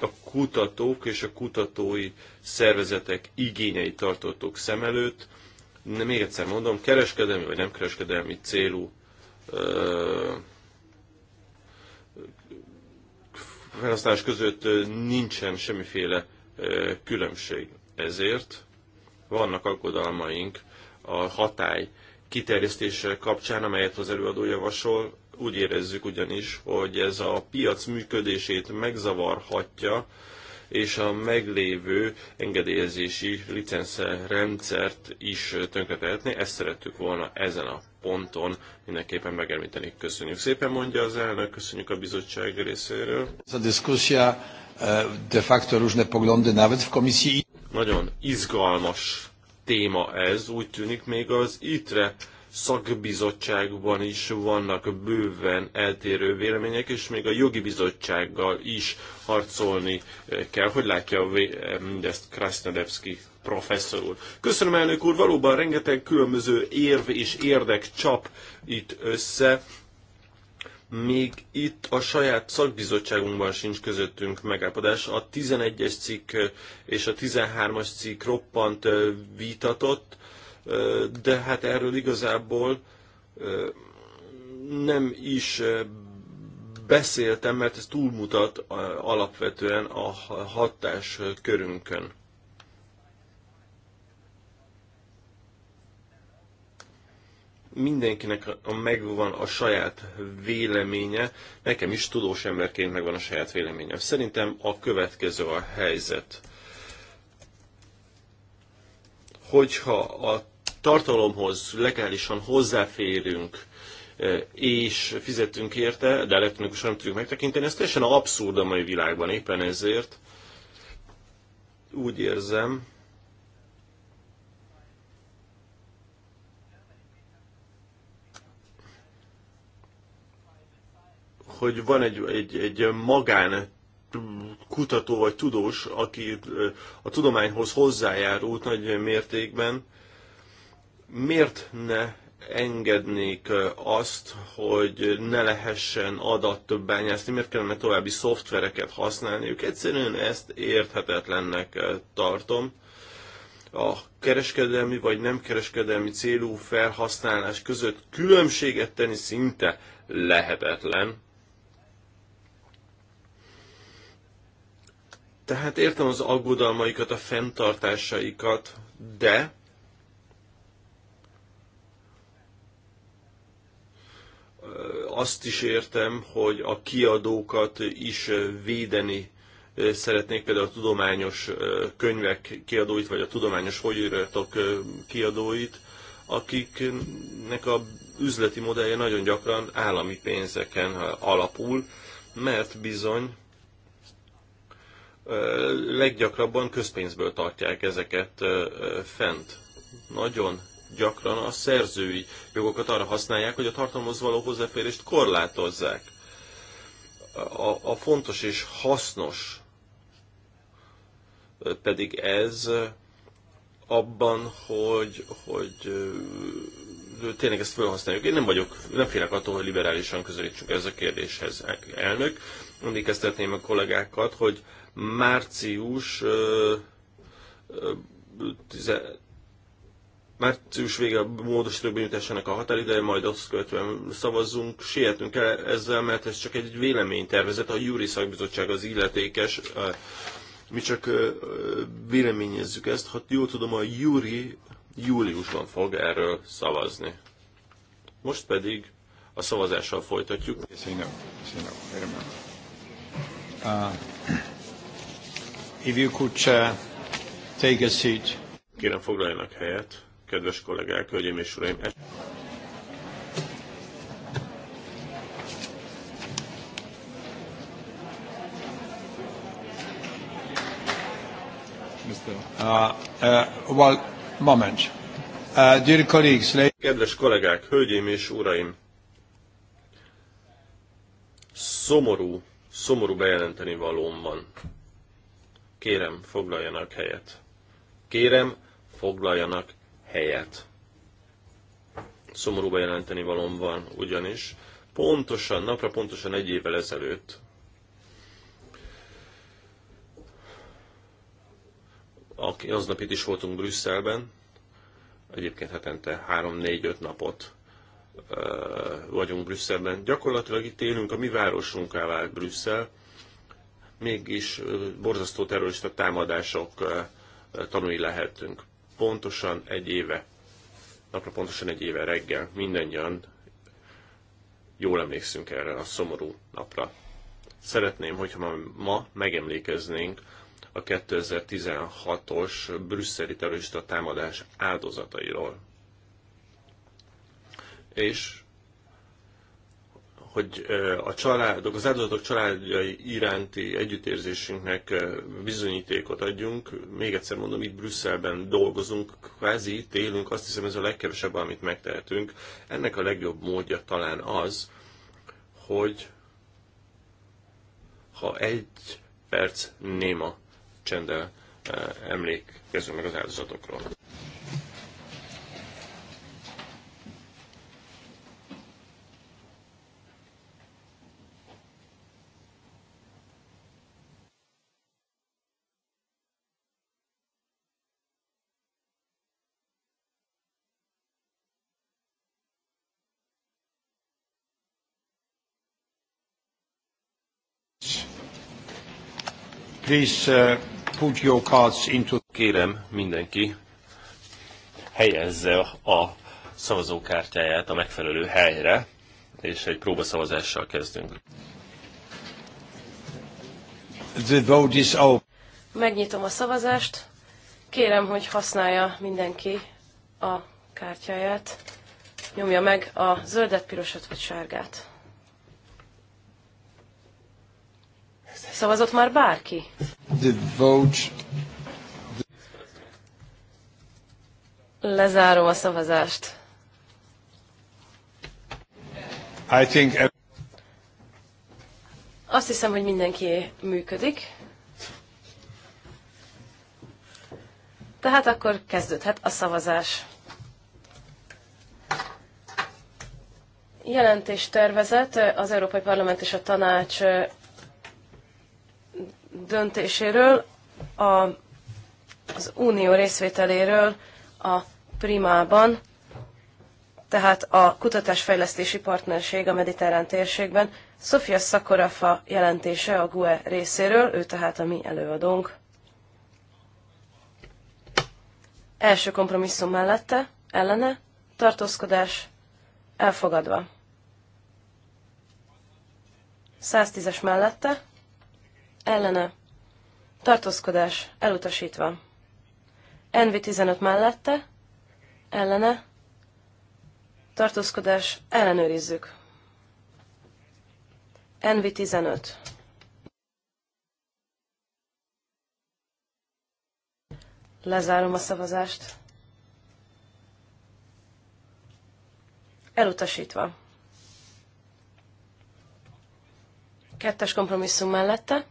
A kutatók és a kutatói szervezetek igényeit tartottuk szem előtt, még egyszer mondom, kereskedelmi vagy nem kereskedelmi célú felhasználás között nincsen semmiféle különbség. Ezért vannak aggodalmaink a hatály kiterjesztése kapcsán, amelyet az előadó javasol. Úgy érezzük ugyanis, hogy ez a piac működését megzavarhatja, és a meglévő engedélyezési licenszrendszert is tönkretehetné. Ezt szerettük volna ezen a ponton mindenképpen megemlíteni. Köszönjük szépen, mondja az elnök, köszönjük a bizottság részéről. Ez a diskuszia e, de facto różne poglądy nawet w komisji. Nagyon izgalmas téma ez, úgy tűnik még az ITRE szakbizottságban is vannak bőven eltérő vélemények, és még a jogi bizottsággal is harcolni kell. Hogy látja mindezt Krasznodebski professzor úr? Köszönöm, elnök úr, valóban rengeteg különböző érv és érdek csap itt össze. Még itt a saját szakbizottságunkban sincs közöttünk megállapodás. A 11-es cikk és a 13-as cikk roppant vitatott, de hát erről igazából nem is beszéltem, mert ez túlmutat alapvetően a hatás körünkön. mindenkinek a megvan a saját véleménye, nekem is tudós emberként megvan a saját véleményem. Szerintem a következő a helyzet. Hogyha a tartalomhoz legálisan hozzáférünk, e, és fizetünk érte, de elektronikusan nem tudjuk megtekinteni, ez teljesen abszurd a mai világban éppen ezért. Úgy érzem, hogy van egy, egy, egy magán kutató vagy tudós, aki e, a tudományhoz hozzájárult nagy mértékben, miért ne engednék azt, hogy ne lehessen adat bányászni, miért kellene további szoftvereket használniuk. Egyszerűen ezt érthetetlennek tartom. A kereskedelmi vagy nem kereskedelmi célú felhasználás között különbséget tenni szinte lehetetlen. Tehát értem az aggodalmaikat, a fenntartásaikat, de azt is értem, hogy a kiadókat is védeni szeretnék, például a tudományos könyvek kiadóit, vagy a tudományos folyóiratok kiadóit, akiknek a üzleti modellje nagyon gyakran állami pénzeken alapul, mert bizony leggyakrabban közpénzből tartják ezeket fent. Nagyon gyakran a szerzői jogokat arra használják, hogy a tartalmaz való hozzáférést korlátozzák. A, a fontos és hasznos pedig ez abban, hogy, hogy tényleg ezt felhasználjuk. Én nem vagyok, nem félek attól, hogy liberálisan közelítsünk ez a kérdéshez, elnök. Emlékeztetném a kollégákat, hogy március március vége a módosítók benyújtásának a határideje, majd azt követően szavazzunk, sietünk el ezzel, mert ez csak egy véleménytervezet, a Júri Szakbizottság az illetékes, mi csak véleményezzük ezt, ha jól tudom, a Júri júliusban fog erről szavazni. Most pedig a szavazással folytatjuk. Yes, I uh, <clears throat> if you could uh, take a seat. Kérem foglaljanak helyet kedves kollégák, hölgyeim és uraim! Uh, uh, well, moment. Uh, dear colleagues, Kedves kollégák, hölgyeim és uraim! Szomorú, szomorú bejelenteni valóm van. Kérem, foglaljanak helyet. Kérem, foglaljanak helyet. Szomorú bejelenteni valom van ugyanis. Pontosan, napra pontosan egy évvel ezelőtt aznap itt is voltunk Brüsszelben, egyébként hetente 3-4-5 napot vagyunk Brüsszelben. Gyakorlatilag itt élünk, a mi városunká vált Brüsszel, mégis borzasztó terrorista támadások tanúi lehetünk pontosan egy éve, napra pontosan egy éve reggel mindannyian jól emlékszünk erre a szomorú napra. Szeretném, hogyha ma megemlékeznénk a 2016-os brüsszeli terrorista támadás áldozatairól. És hogy a családok, az áldozatok családjai iránti együttérzésünknek bizonyítékot adjunk. Még egyszer mondom, itt Brüsszelben dolgozunk, kvázi itt élünk, azt hiszem ez a legkevesebb, amit megtehetünk. Ennek a legjobb módja talán az, hogy ha egy perc néma csendel emlékezünk meg az áldozatokról. Please uh, put your cards into... Kérem mindenki helyezze a szavazókártyáját a megfelelő helyre, és egy próbaszavazással kezdünk. The vote is open. Megnyitom a szavazást. Kérem, hogy használja mindenki a kártyáját. Nyomja meg a zöldet, pirosat vagy sárgát. Szavazott már bárki? The vote. Lezárom a szavazást. I think... Azt hiszem, hogy mindenki működik. Tehát akkor kezdődhet a szavazás. jelentés tervezet az Európai Parlament és a Tanács döntéséről, a, az unió részvételéről a primában, tehát a kutatásfejlesztési partnerség a mediterrán térségben. Sofia Szakorafa jelentése a GUE részéről, ő tehát a mi előadónk. Első kompromisszum mellette, ellene, tartózkodás, elfogadva. 110-es mellette, ellene, tartózkodás elutasítva. NV15 mellette, ellene, tartózkodás ellenőrizzük. NV15. Lezárom a szavazást. Elutasítva. Kettes kompromisszum mellette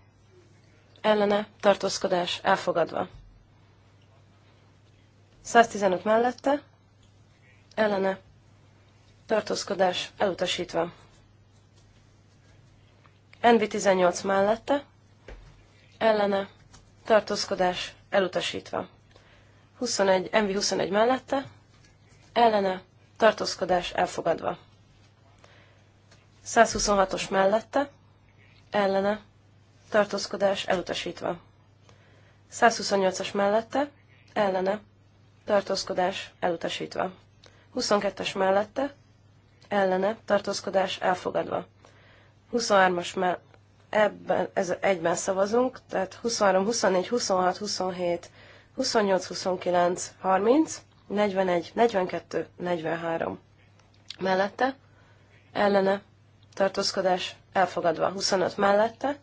ellene tartózkodás elfogadva. 115 mellette ellene tartózkodás elutasítva. NV18 mellette ellene tartózkodás elutasítva. 21, NV21 mellette ellene tartózkodás elfogadva. 126-os mellette ellene tartózkodás elutasítva. 128-as mellette, ellene, tartózkodás elutasítva. 22-es mellette, ellene, tartózkodás elfogadva. 23-as mellette, ebben, ez egyben szavazunk, tehát 23, 24, 26, 27, 28, 29, 30, 41, 42, 43. Mellette, ellene, tartózkodás elfogadva. 25 mellette,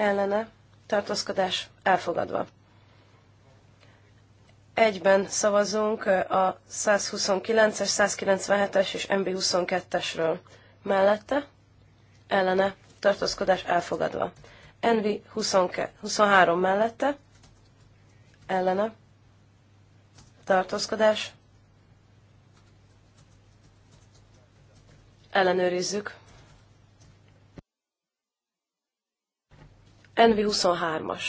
ellene tartózkodás elfogadva. Egyben szavazunk a 129-es, 197-es és MB22-esről. Mellette ellene tartózkodás elfogadva. NV 23 mellette ellene tartózkodás ellenőrizzük. NV23-as.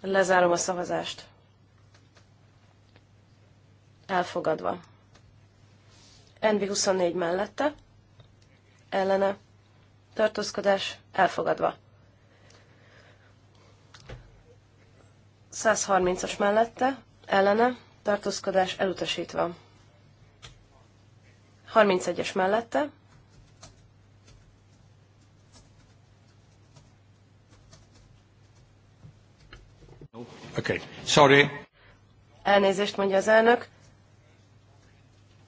Lezárom a szavazást. Elfogadva. NV24 mellette. Ellene. Tartózkodás. Elfogadva. 130-as mellette. Ellene. Tartózkodás elutasítva. 31-es mellette Okay. Sorry. Elnézést mondja az elnök.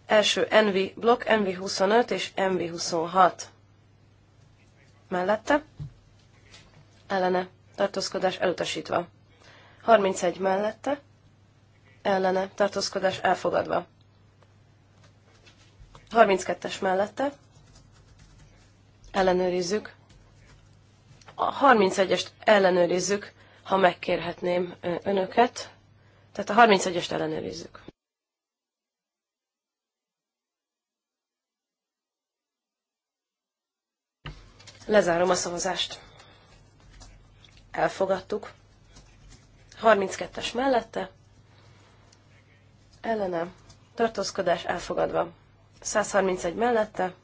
Első NV blokk, NV25 és NV26. Mellette. Ellene. Tartózkodás elutasítva. 31 mellette. Ellene. Tartózkodás elfogadva. 32-es mellette. Ellenőrizzük. A 31-est ellenőrizzük ha megkérhetném önöket. Tehát a 31-est ellenőrizzük. Lezárom a szavazást. Elfogadtuk. 32-es mellette. Ellene. Tartózkodás elfogadva. 131 mellette.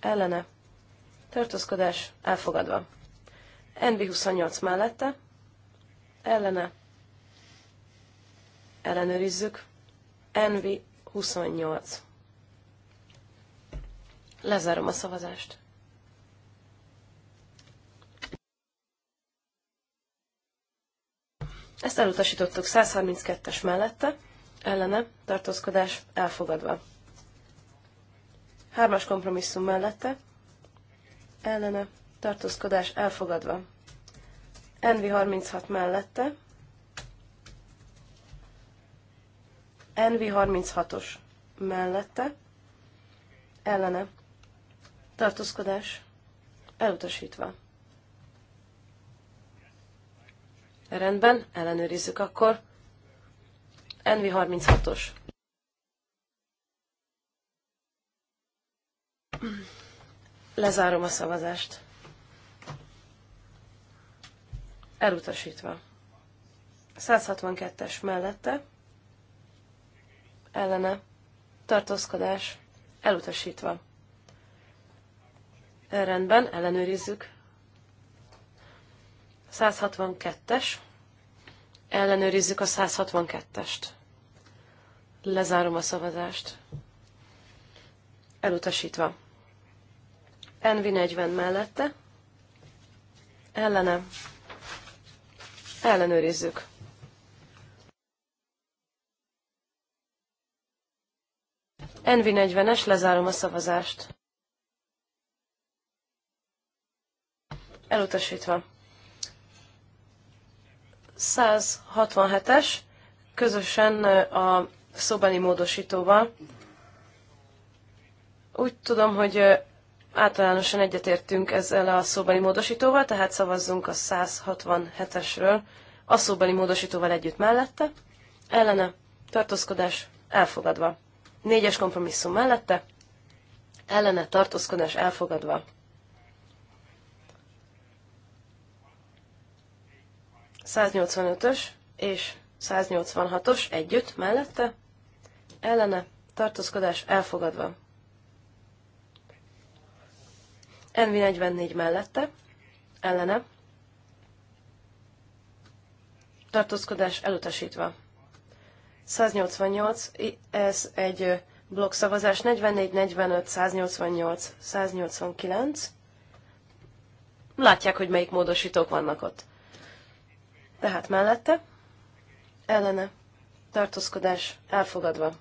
Ellene. Tartózkodás elfogadva. NB28 mellette ellene ellenőrizzük. Envi 28. Lezárom a szavazást. Ezt elutasítottuk 132-es mellette, ellene, tartózkodás elfogadva. Hármas kompromisszum mellette, ellene, tartózkodás elfogadva. NV36 mellette. NV36-os mellette. Ellene. Tartózkodás. Elutasítva. Rendben, ellenőrizzük akkor. Envi 36 os Lezárom a szavazást. Elutasítva. 162-es mellette. Ellene. Tartózkodás. Elutasítva. E, rendben, ellenőrizzük. 162-es. Ellenőrizzük a 162-est. Lezárom a szavazást. Elutasítva. NV40 mellette. Ellene Ellenőrizzük. NV40-es, lezárom a szavazást. Elutasítva. 167-es, közösen a szobani módosítóval. Úgy tudom, hogy Általánosan egyetértünk ezzel a szóbeli módosítóval, tehát szavazzunk a 167-esről a szóbeli módosítóval együtt mellette, ellene, tartózkodás, elfogadva. Négyes kompromisszum mellette, ellene, tartózkodás, elfogadva. ös és 186-os együtt mellette, ellene, tartózkodás elfogadva. NV44 mellette, ellene, tartózkodás elutasítva. 188, ez egy blokkszavazás, 44, 45, 188, 189. Látják, hogy melyik módosítók vannak ott. Tehát mellette, ellene, tartózkodás elfogadva.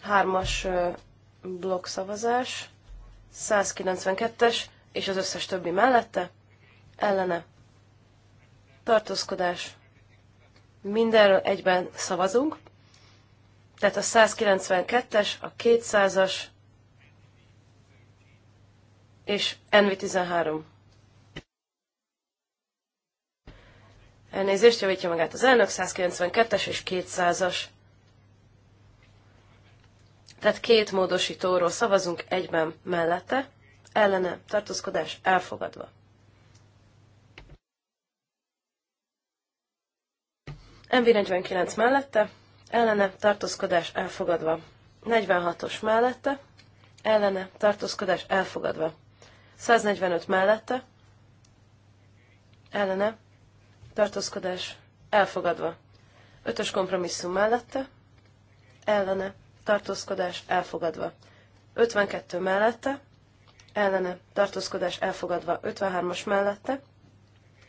Hármas szavazás, 192-es és az összes többi mellette, ellene, tartózkodás, mindenről egyben szavazunk, tehát a 192-es, a 200-as és NV13. Elnézést, javítja magát az elnök, 192-es és 200-as tehát két módosítóról szavazunk egyben mellette, ellene tartózkodás elfogadva. MV49 mellette, ellene tartózkodás elfogadva. 46-os mellette, ellene tartózkodás elfogadva. 145 mellette, ellene tartózkodás elfogadva. 5-ös kompromisszum mellette, ellene tartózkodás elfogadva. 52 mellette, ellene, tartózkodás elfogadva. 53-as mellette,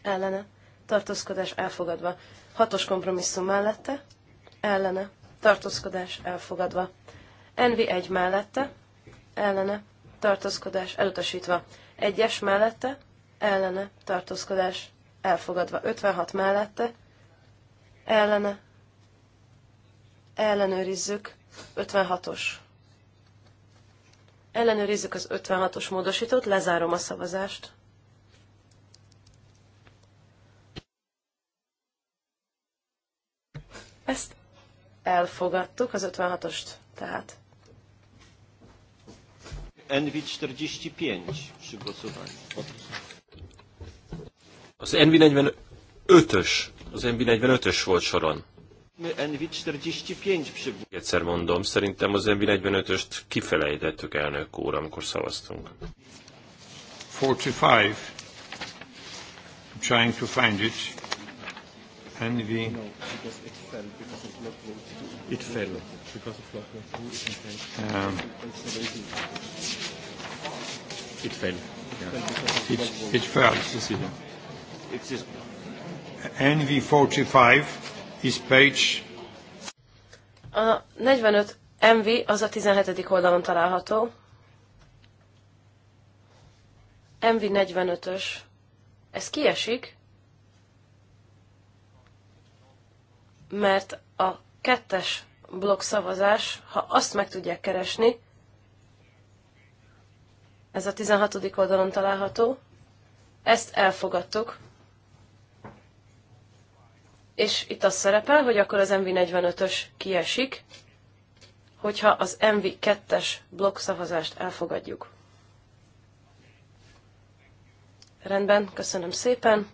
ellene, tartózkodás elfogadva. 6-os kompromisszum mellette, ellene, tartózkodás elfogadva. NV1 mellette, ellene, tartózkodás elutasítva. 1-es mellette, ellene, tartózkodás elfogadva. 56 mellette, ellene, ellenőrizzük. 56-os. Ellenőrizzük az 56-os módosítót, lezárom a szavazást. Ezt elfogadtuk, az 56-ost tehát. NV45 Az NV45-ös, az NV45-ös volt soron. Egyszer mondom, szerintem az MB 45 öst kifelejtettük elnök úr, amikor szavaztunk. 45. I'm trying to find it. NV... it fell, because of block vote. It fell. Um, it fell. Yeah. It, it fell. It NV45 is page. A 45 MV az a 17. oldalon található. MV 45-ös. Ez kiesik, mert a kettes blokk szavazás, ha azt meg tudják keresni, ez a 16. oldalon található, ezt elfogadtuk és itt az szerepel, hogy akkor az MV45-ös kiesik, hogyha az MV2-es blokkszavazást elfogadjuk. Rendben, köszönöm szépen.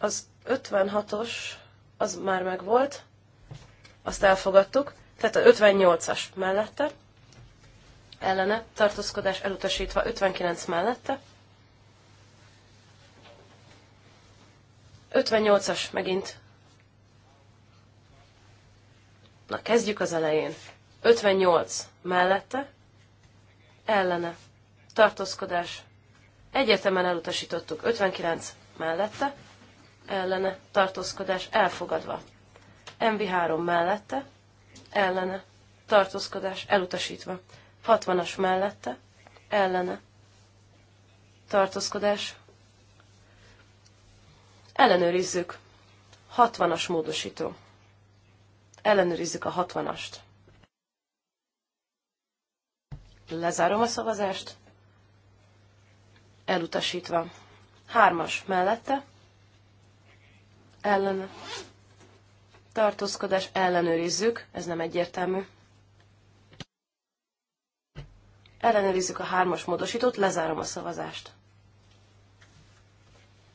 Az 56-os az már megvolt, azt elfogadtuk, tehát a 58-as mellette, ellene, tartózkodás elutasítva 59 mellette, 58-as megint. Na, kezdjük az elején. 58 mellette, ellene, tartózkodás. Egyetemen elutasítottuk. 59 mellette, ellene, tartózkodás, elfogadva. MV3 mellette, ellene, tartózkodás, elutasítva. 60-as mellette, ellene, tartózkodás, Ellenőrizzük. 60-as módosító. Ellenőrizzük a 60-ast. Lezárom a szavazást. Elutasítva. Hármas mellette. Ellen. Tartózkodás. Ellenőrizzük. Ez nem egyértelmű. Ellenőrizzük a hármas módosítót, lezárom a szavazást.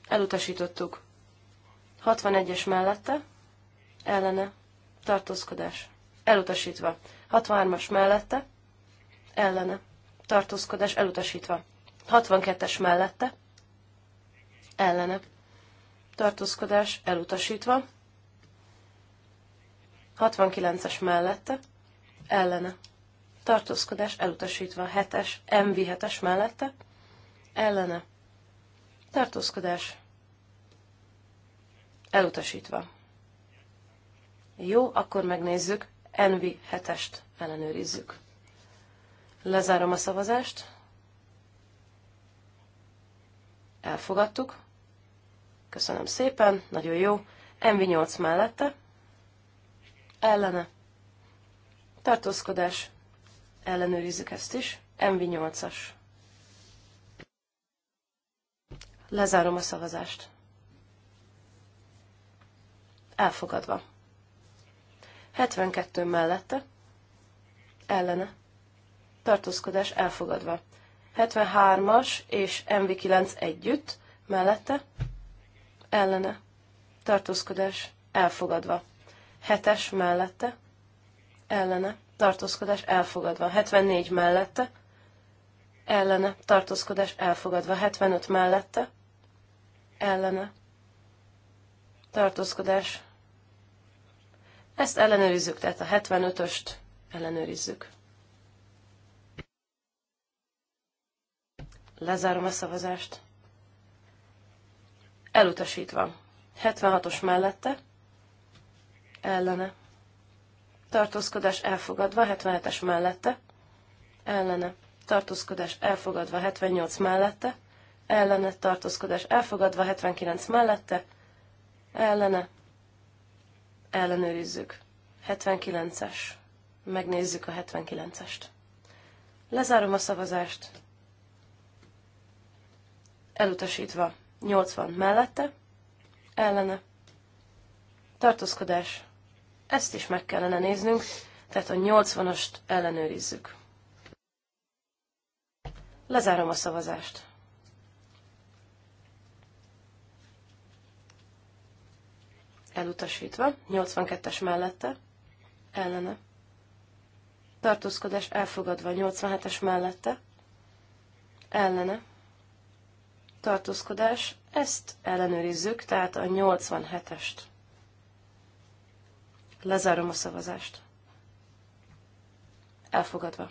Elutasítottuk. 61-es mellette, ellene, tartózkodás, elutasítva. 63-as mellette, ellene, tartózkodás, elutasítva. 62-es mellette, ellene, tartózkodás, elutasítva. 69-es mellette, ellene, tartózkodás, elutasítva. 7-es, MV7-es mellette, ellene, tartózkodás, Elutasítva. Jó, akkor megnézzük. Envi 7-est ellenőrizzük. Lezárom a szavazást. Elfogadtuk. Köszönöm szépen, nagyon jó. Envi 8 mellette. Ellene. Tartózkodás. Ellenőrizzük ezt is. Envi 8-as. Lezárom a szavazást. Elfogadva. 72 mellette. Ellene. Tartózkodás elfogadva. 73-as és MV9 együtt. Mellette. Ellene. Tartózkodás elfogadva. 7-es mellette. Ellene. Tartózkodás elfogadva. 74 mellette. Ellene. Tartózkodás elfogadva. 75 mellette. Ellene tartózkodás. Ezt ellenőrizzük, tehát a 75-öst ellenőrizzük. Lezárom a szavazást. Elutasítva. 76-os mellette. Ellene. Tartózkodás elfogadva. 77-es mellette. Ellene. Tartózkodás elfogadva. 78 mellette. Ellene. Tartózkodás elfogadva. 79 mellette ellene, ellenőrizzük. 79-es. Megnézzük a 79-est. Lezárom a szavazást. Elutasítva. 80 mellette, ellene. Tartózkodás. Ezt is meg kellene néznünk, tehát a 80-ast ellenőrizzük. Lezárom a szavazást. elutasítva, 82-es mellette, ellene. Tartózkodás elfogadva, 87-es mellette, ellene. Tartózkodás, ezt ellenőrizzük, tehát a 87-est. Lezárom a szavazást. Elfogadva.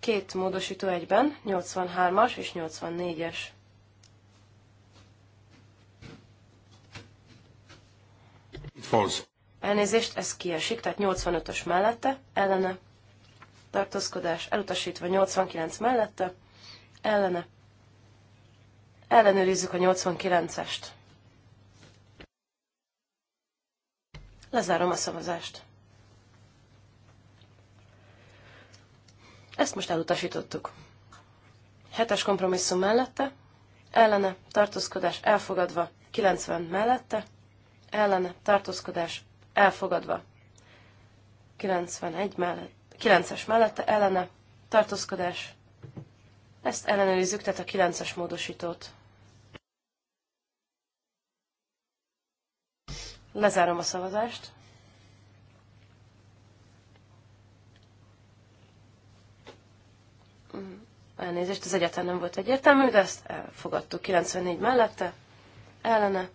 Két módosító egyben, 83-as és 84-es. false. Elnézést, ez kiesik, tehát 85-ös mellette, ellene, tartózkodás elutasítva 89 mellette, ellene. Ellenőrizzük a 89-est. Lezárom a szavazást. Ezt most elutasítottuk. Hetes kompromisszum mellette, ellene, tartózkodás elfogadva, 90 mellette, ellen tartózkodás elfogadva. 91 mellett, 9-es mellette ellene tartózkodás. Ezt ellenőrizzük, tehát a 9-es módosítót. Lezárom a szavazást. Mm, elnézést, ez egyetlen nem volt egyértelmű, de ezt elfogadtuk 94 mellette, ellene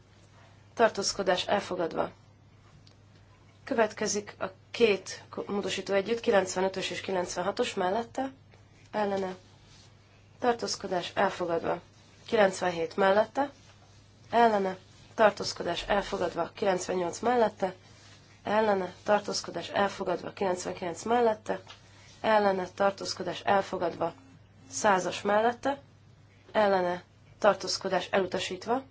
tartózkodás elfogadva. Következik a két módosító együtt, 95-ös és 96-os mellette, ellene, tartózkodás elfogadva. 97 mellette, ellene, tartózkodás elfogadva. 98 mellette, ellene, tartózkodás elfogadva. 99 mellette, ellene, tartózkodás elfogadva. 100-as mellette, ellene, tartózkodás elutasítva.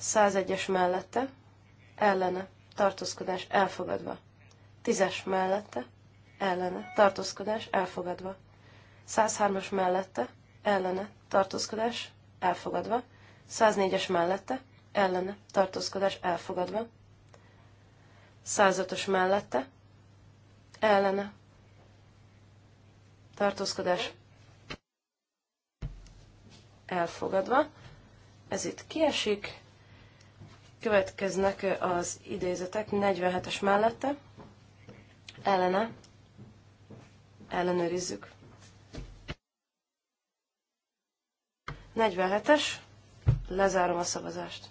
101-es mellette, ellene, tartózkodás elfogadva. 10-es mellette, ellene, tartózkodás elfogadva. 103-as mellette, ellene, tartózkodás elfogadva. 104-es mellette, ellene, tartózkodás elfogadva. 105-ös mellette, ellene, tartózkodás elfogadva. Ez itt kiesik. Következnek az idézetek 47-es mellette. Ellene. Ellenőrizzük. 47-es. Lezárom a szavazást.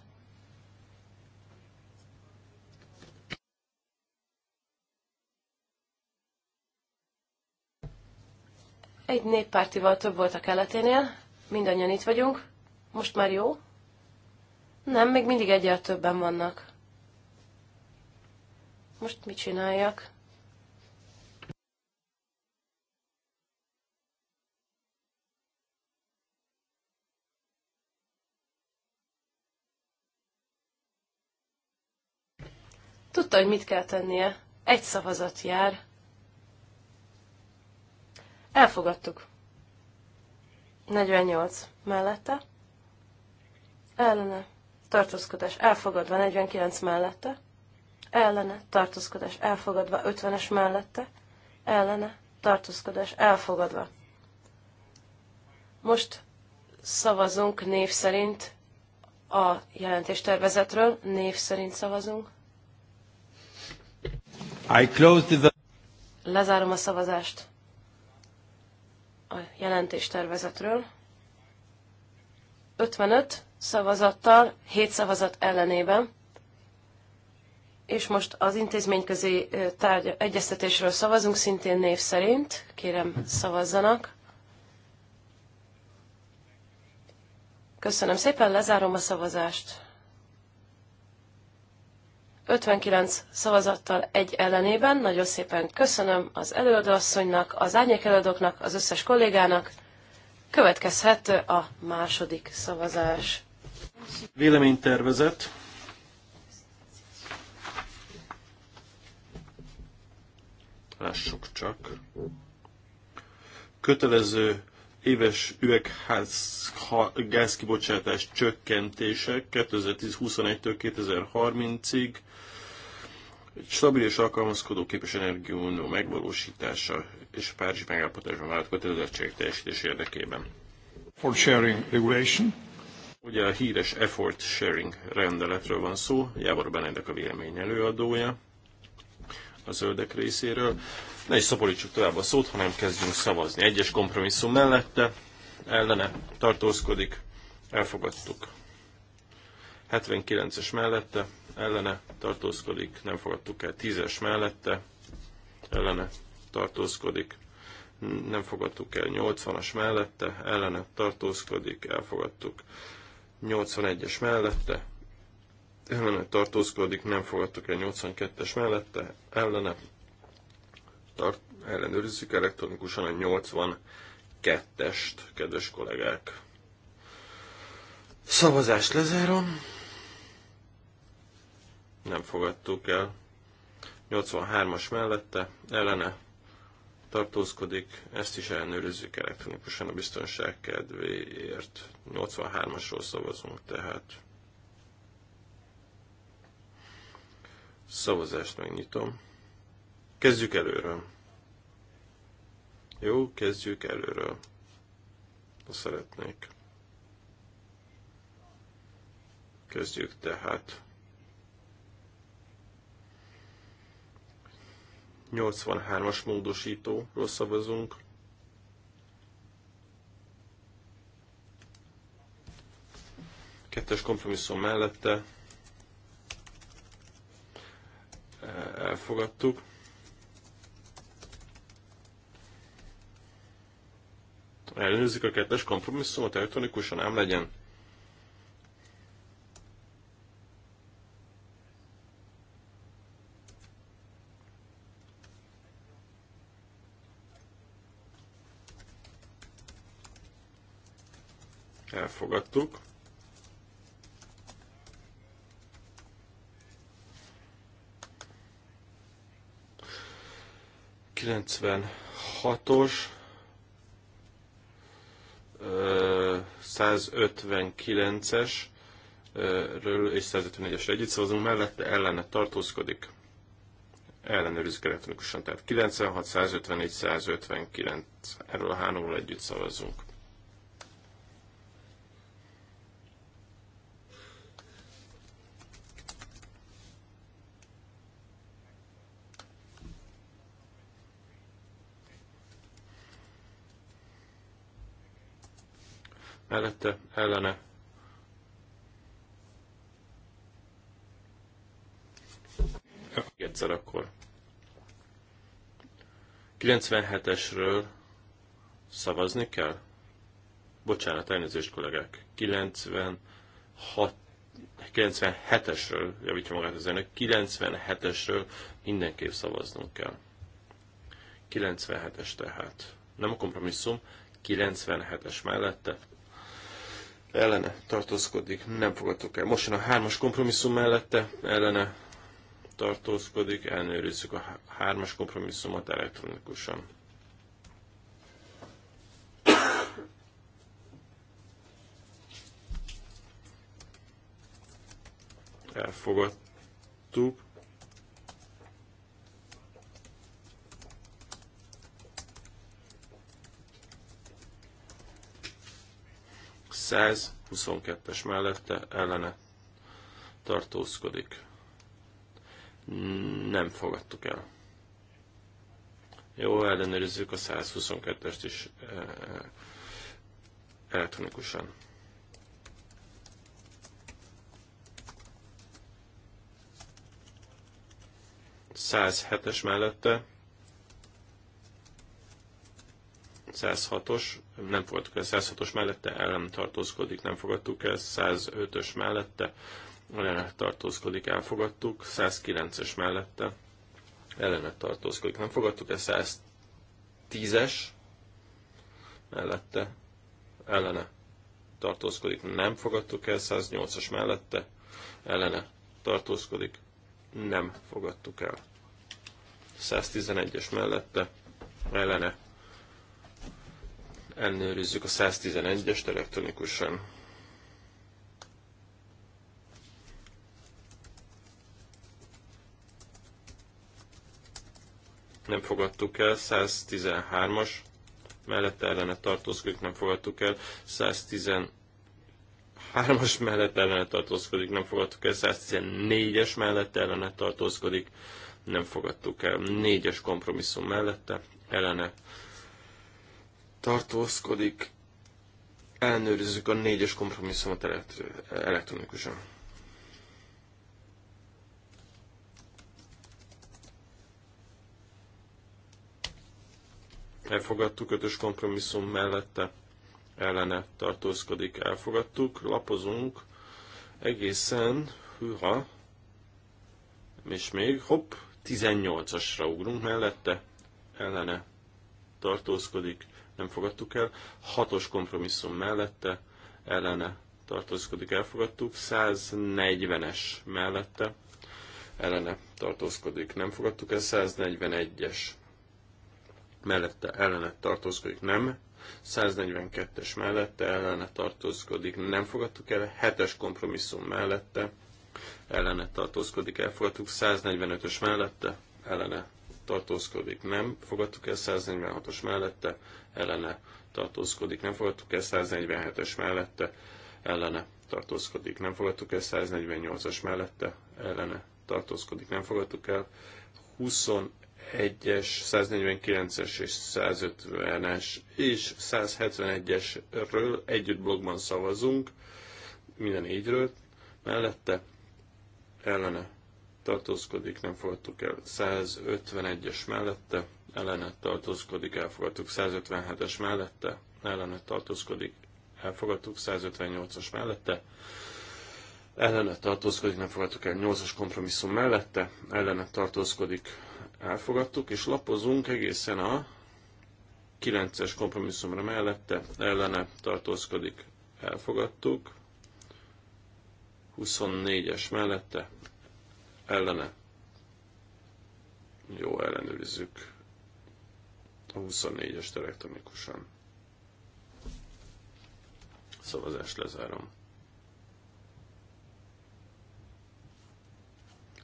Egy néppártival több volt a keleténél, mindannyian itt vagyunk. Most már jó? Nem, még mindig egyel többen vannak. Most mit csináljak? Tudta, hogy mit kell tennie. Egy szavazat jár. Elfogadtuk. 48 mellette. Ellene tartózkodás elfogadva 49 mellette, ellene tartózkodás elfogadva 50-es mellette, ellene tartózkodás elfogadva. Most szavazunk név szerint a jelentéstervezetről, név szerint szavazunk. I close the... Lezárom a szavazást a jelentéstervezetről. 55 szavazattal, 7 szavazat ellenében, és most az intézményközi tárgy egyeztetésről szavazunk, szintén név szerint. Kérem, szavazzanak. Köszönöm szépen, lezárom a szavazást. 59 szavazattal egy ellenében. Nagyon szépen köszönöm az előadóasszonynak, az előadóknak, az összes kollégának. Következhet a második szavazás. Véleménytervezet. Lássuk csak. Kötelező éves üvegház gázkibocsátás csökkentése 2010-21-től 2030-ig, egy stabil és alkalmazkodó képes energiaunió megvalósítása és a Párizsi megállapodásban vállalt kötelezettség teljesítés érdekében. For sharing regulation. Ugye a híres effort sharing rendeletről van szó, Jávor Benedek a vélemény előadója a zöldek részéről. Ne is szaporítsuk tovább a szót, hanem kezdjünk szavazni. Egyes kompromisszum mellette, ellene tartózkodik, elfogadtuk. 79-es mellette, ellene tartózkodik, nem fogadtuk el. 10-es mellette, ellene tartózkodik, nem fogadtuk el. 80-as mellette, ellene tartózkodik, elfogadtuk. 81-es mellette, ellene tartózkodik, nem fogadtuk el 82-es mellette, ellene tart, ellenőrizzük elektronikusan a 82-est, kedves kollégák. Szavazást lezárom. Nem fogadtuk el. 83-as mellette, ellene tartózkodik, ezt is ellenőrizzük elektronikusan a biztonság kedvéért. 83-asról szavazunk tehát. Szavazást megnyitom. Kezdjük előről. Jó, kezdjük előről. Ha szeretnék. Kezdjük tehát 83-as módosítóról szavazunk. Kettes kompromisszum mellette e, elfogadtuk. Ellenőrzik a kettes kompromisszumot elektronikusan, ám legyen. elfogadtuk. os 159-es ről és 154-esre együtt szavazunk, mellette ellene tartózkodik. ellenőrizik elektronikusan, tehát 96, 154, 159, erről a háromról együtt szavazunk. mellette ellene egyszer akkor. 97-esről szavazni kell? Bocsánat, elnézést kollégák. 96 97-esről, javítja magát az ennek, 97-esről mindenképp szavaznunk kell. 97-es tehát. Nem a kompromisszum, 97-es mellette ellene tartózkodik, nem fogadtuk el. Most jön a hármas kompromisszum mellette, ellene tartózkodik, ellenőrizzük a hármas kompromisszumot elektronikusan. Elfogadtuk. 122-es mellette ellene tartózkodik. Nem fogadtuk el. Jó, ellenőrizzük a 122-est is eh, elektronikusan. Száz hetes mellette 106-os, nem fogadtuk el 106-os mellette, el nem tartózkodik, nem fogadtuk el 105-ös mellette, ellene tartózkodik, elfogadtuk, 109-es mellette, ellene tartózkodik, nem fogadtuk el 110-es mellette, ellene tartózkodik, nem fogadtuk el 108-as mellette, ellene tartózkodik, nem fogadtuk el. 111-es mellette ellene ellenőrizzük a 111-est elektronikusan. Nem fogadtuk el, 113-as, mellette ellene tartózkodik, nem fogadtuk el, 113-as mellett ellene tartózkodik, nem fogadtuk el, 114-es mellett ellene tartózkodik, nem fogadtuk el, 4-es kompromisszum mellette ellene tartózkodik, ellenőrizzük a négyes kompromisszumot elektronikusan. Elfogadtuk ötös kompromisszum mellette, ellene tartózkodik, elfogadtuk, lapozunk, egészen, hűha, és még, hopp, 18-asra ugrunk mellette, ellene tartózkodik, nem fogadtuk el. Hatos kompromisszum mellette, ellene tartózkodik, elfogadtuk. 140-es mellette, ellene tartózkodik, nem fogadtuk el. 141-es mellette, ellene tartózkodik, nem 142-es mellette, ellene tartózkodik, nem fogadtuk el, 7-es kompromisszum mellette, ellene tartózkodik, elfogadtuk, 145-ös mellette, ellene tartózkodik, nem fogadtuk el, 146-os mellette, ellene tartózkodik, nem fogadtuk el 147-es mellette, ellene tartózkodik, nem fogadtuk el 148-as mellette, ellene tartózkodik, nem fogadtuk el 21-es, 149-es és 150-es és 171-esről együtt blogban szavazunk, minden négyről, mellette ellene tartózkodik, nem fogadtuk el 151-es mellette, ellenet tartózkodik, elfogadtuk 157-es mellette, ellenet tartózkodik, elfogadtuk 158-as mellette, ellenet tartózkodik, nem fogadtuk el 8-as kompromisszum mellette, ellenet tartózkodik, elfogadtuk, és lapozunk egészen a 9-es kompromisszumra mellette, ellene tartózkodik, elfogadtuk, 24-es mellette, ellene, jó, ellenőrizzük, a 24 es elektronikusan. Szavazást lezárom.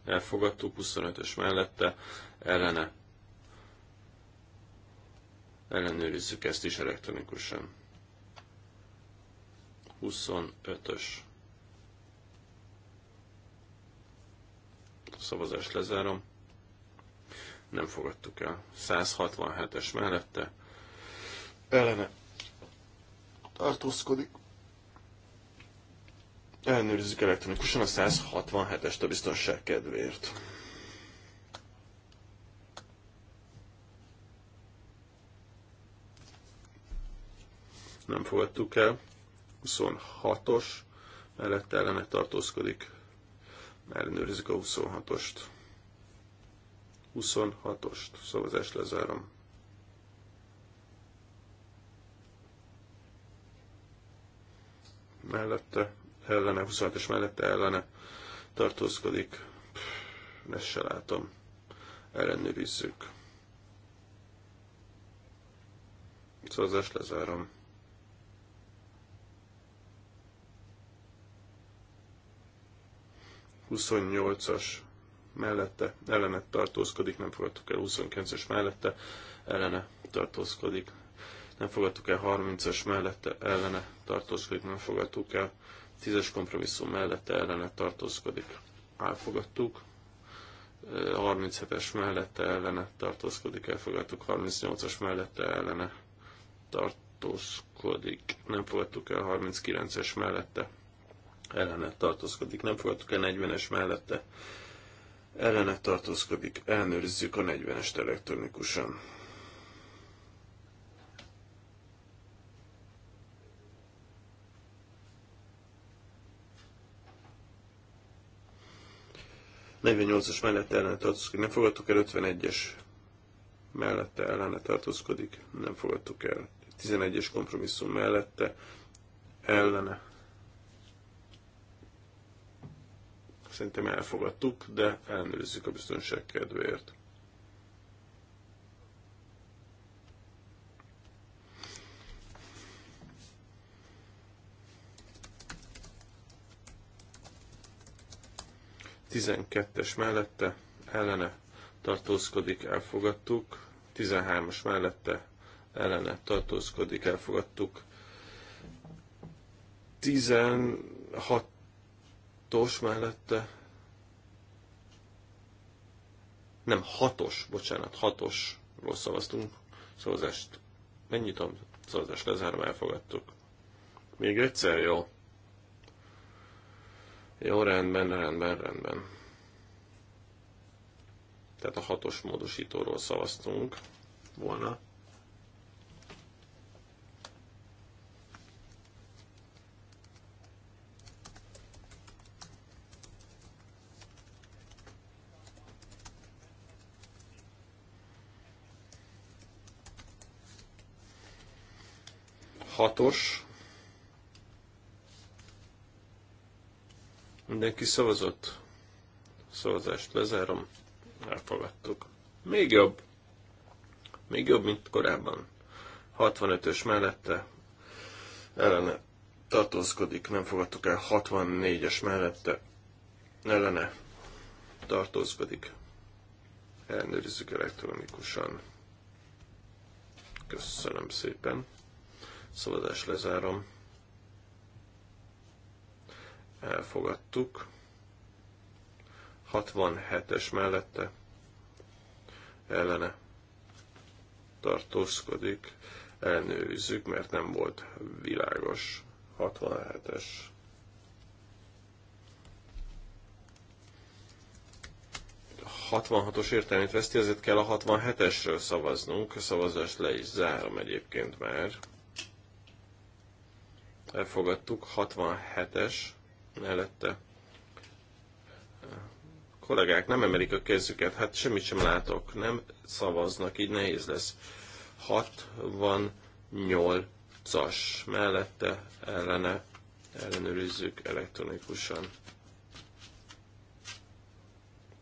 Elfogadtuk 25-ös mellette, ellene. Ellenőrizzük ezt is elektronikusan. 25-ös. Szavazást lezárom nem fogadtuk el. 167-es mellette ellene tartózkodik. Ellenőrizzük elektronikusan a 167-est a biztonság kedvéért. Nem fogadtuk el. 26-os mellette ellene tartózkodik. Ellenőrizzük a 26-ost. 26-ost szavazást lezárom. Mellette ellene, 26 és mellette ellene tartózkodik. Ne ezt se látom. Ellenőrizzük. Szavazást lezárom. Huszonnyolcas mellette, ellene tartózkodik, nem fogadtuk el 29-es mellette, ellene tartózkodik, nem fogadtuk el 30-es mellette, ellene tartózkodik, nem fogadtuk el 10-es kompromisszum mellette, ellene tartózkodik, elfogadtuk. 37-es eh, mellette ellene tartózkodik, elfogadtuk, 38-as mellette ellene tartózkodik, nem fogadtuk el, 39-es mellette ellene tartózkodik, nem fogadtuk el, 40-es mellette ellene tartózkodik, elnőrizzük a 40-est elektronikusan. A 48 as mellette ellene tartózkodik, nem fogadtuk el 51-es mellette ellene tartózkodik, nem fogadtuk el. 11-es kompromisszum mellette ellene Szerintem elfogadtuk, de ellenőrizzük a biztonság kedvéért. Tizenkettes mellette ellene tartózkodik, elfogadtuk. 13-as mellette ellene tartózkodik, elfogadtuk. 16 hatos mellette. Nem, hatos, bocsánat, hatosról szavaztunk. Szavazást a szavazást lezárom, elfogadtuk. Még egyszer, jó? Jó, rendben, rendben, rendben. Tehát a hatos módosítóról szavaztunk volna. 6-os. Mindenki szavazott? Szavazást lezárom. Elfogadtuk. Még jobb. Még jobb, mint korábban. 65-ös mellette ellene tartózkodik, nem fogadtuk el 64-es mellette ellene tartózkodik. Ellenőrizzük elektronikusan. Köszönöm szépen. Szavazás lezárom. Elfogadtuk. 67-es mellette ellene tartózkodik, elnőrizzük, mert nem volt világos 67-es. A 66-os értelmét veszti, ezért kell a 67-esről szavaznunk, a szavazást le is zárom egyébként már elfogadtuk, 67-es mellette. Kollégák, nem emelik a kezüket, hát semmit sem látok, nem szavaznak, így nehéz lesz. 68-as mellette ellene ellenőrizzük elektronikusan.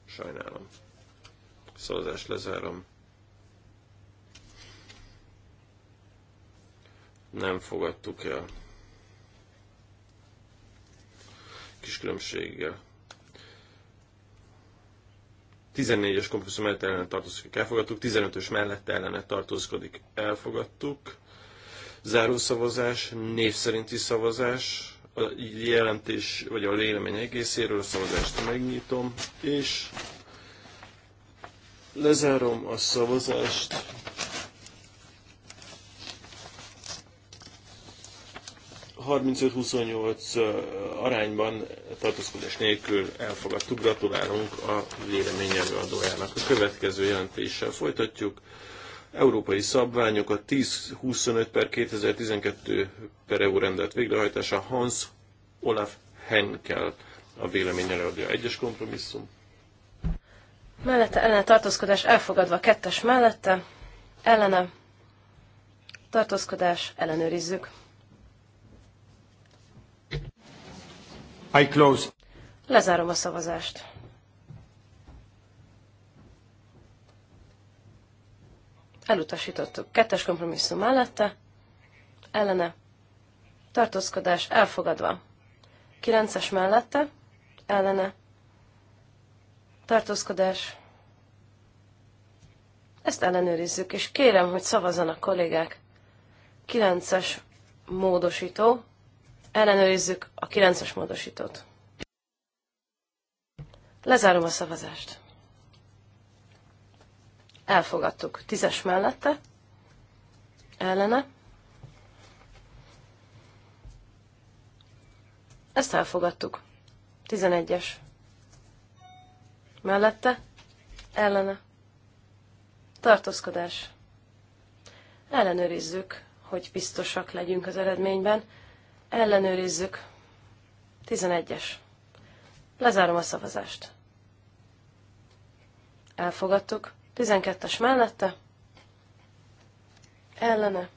Sajnálom. Szavazást lezárom. Nem fogadtuk el. különbséggel. 14-es kompresszor mellett ellene tartózkodik, elfogadtuk. 15-ös mellett ellene tartózkodik, elfogadtuk. Zárószavazás, név szerinti szavazás, a jelentés vagy a lélemény egészéről a szavazást megnyitom, és lezárom a szavazást. 35-28 arányban tartózkodás nélkül elfogadtuk. Gratulálunk a véleményelőadójának. A következő jelentéssel folytatjuk. Európai szabványok a 25 per 2012 per EU rendelt végrehajtása Hans Olaf Henkel a vélemény előadja. Egyes kompromisszum. Mellette ellene tartózkodás elfogadva kettes mellette, ellene tartózkodás ellenőrizzük. I close. Lezárom a szavazást. Elutasítottuk. Kettes kompromisszum mellette. Ellene. Tartózkodás elfogadva. Kilences mellette. Ellene. Tartózkodás. Ezt ellenőrizzük, és kérem, hogy szavazzanak kollégák. Kilences módosító. Ellenőrizzük a 9-es módosítót. Lezárom a szavazást. Elfogadtuk. Tízes mellette. Ellene. Ezt elfogadtuk. Tizenegyes. Mellette. Ellene. Tartózkodás. Ellenőrizzük, hogy biztosak legyünk az eredményben. Ellenőrizzük. 11-es. Lezárom a szavazást. Elfogadtuk. 12-es mellette. Ellene.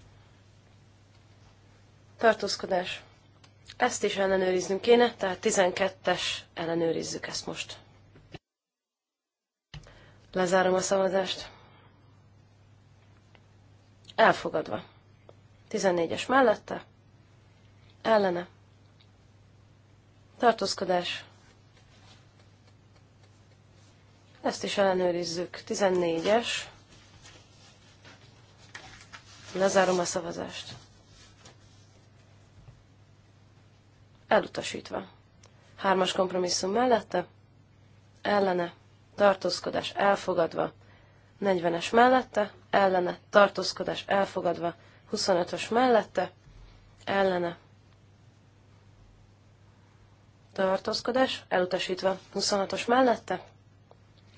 Tartózkodás. Ezt is ellenőriznünk kéne, tehát 12-es ellenőrizzük ezt most. Lezárom a szavazást. Elfogadva. 14-es mellette. Ellene. Tartózkodás. Ezt is ellenőrizzük. 14-es. Lezárom a szavazást. Elutasítva. Hármas kompromisszum mellette. Ellene. Tartózkodás elfogadva. 40-es mellette. Ellene. Tartózkodás elfogadva. 25-ös mellette. Ellene tartózkodás elutasítva. 26-os mellette,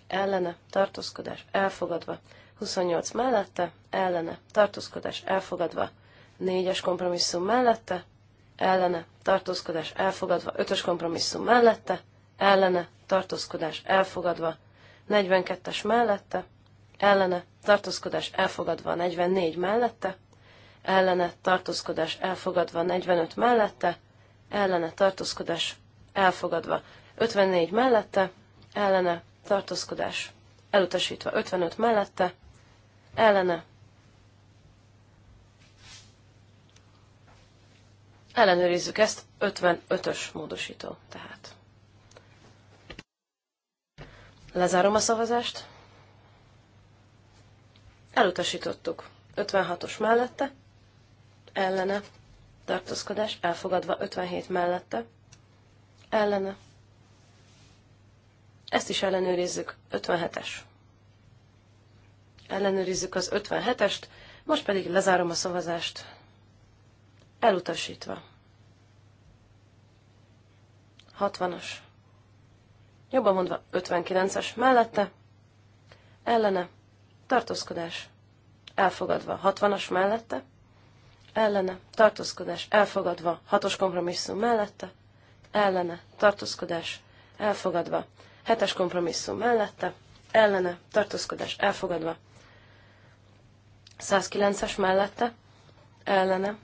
ellene, tartózkodás elfogadva. 28 mellette, ellene, tartózkodás elfogadva. 4-es kompromisszum mellette, ellene, tartózkodás elfogadva. 5-ös kompromisszum mellette, ellene, tartózkodás elfogadva. 42-es mellette, ellene, tartózkodás elfogadva. 44 mellette, ellene, tartózkodás elfogadva. 45 mellette, ellene, tartózkodás elfogadva. 54 mellette, ellene, tartózkodás, elutasítva. 55 mellette, ellene. Ellenőrizzük ezt, 55-ös módosító tehát. Lezárom a szavazást. Elutasítottuk. 56-os mellette, ellene, tartózkodás, elfogadva 57 mellette, ellene. Ezt is ellenőrizzük, 57-es. Ellenőrizzük az 57-est, most pedig lezárom a szavazást. Elutasítva. 60-as. Jobban mondva 59-es mellette. Ellene. Tartózkodás. Elfogadva. 60-as mellette. Ellene. Tartózkodás. Elfogadva. 6-os kompromisszum mellette ellene, tartózkodás, elfogadva. Hetes kompromisszum mellette, ellene, tartózkodás, elfogadva. 109-es mellette, ellene.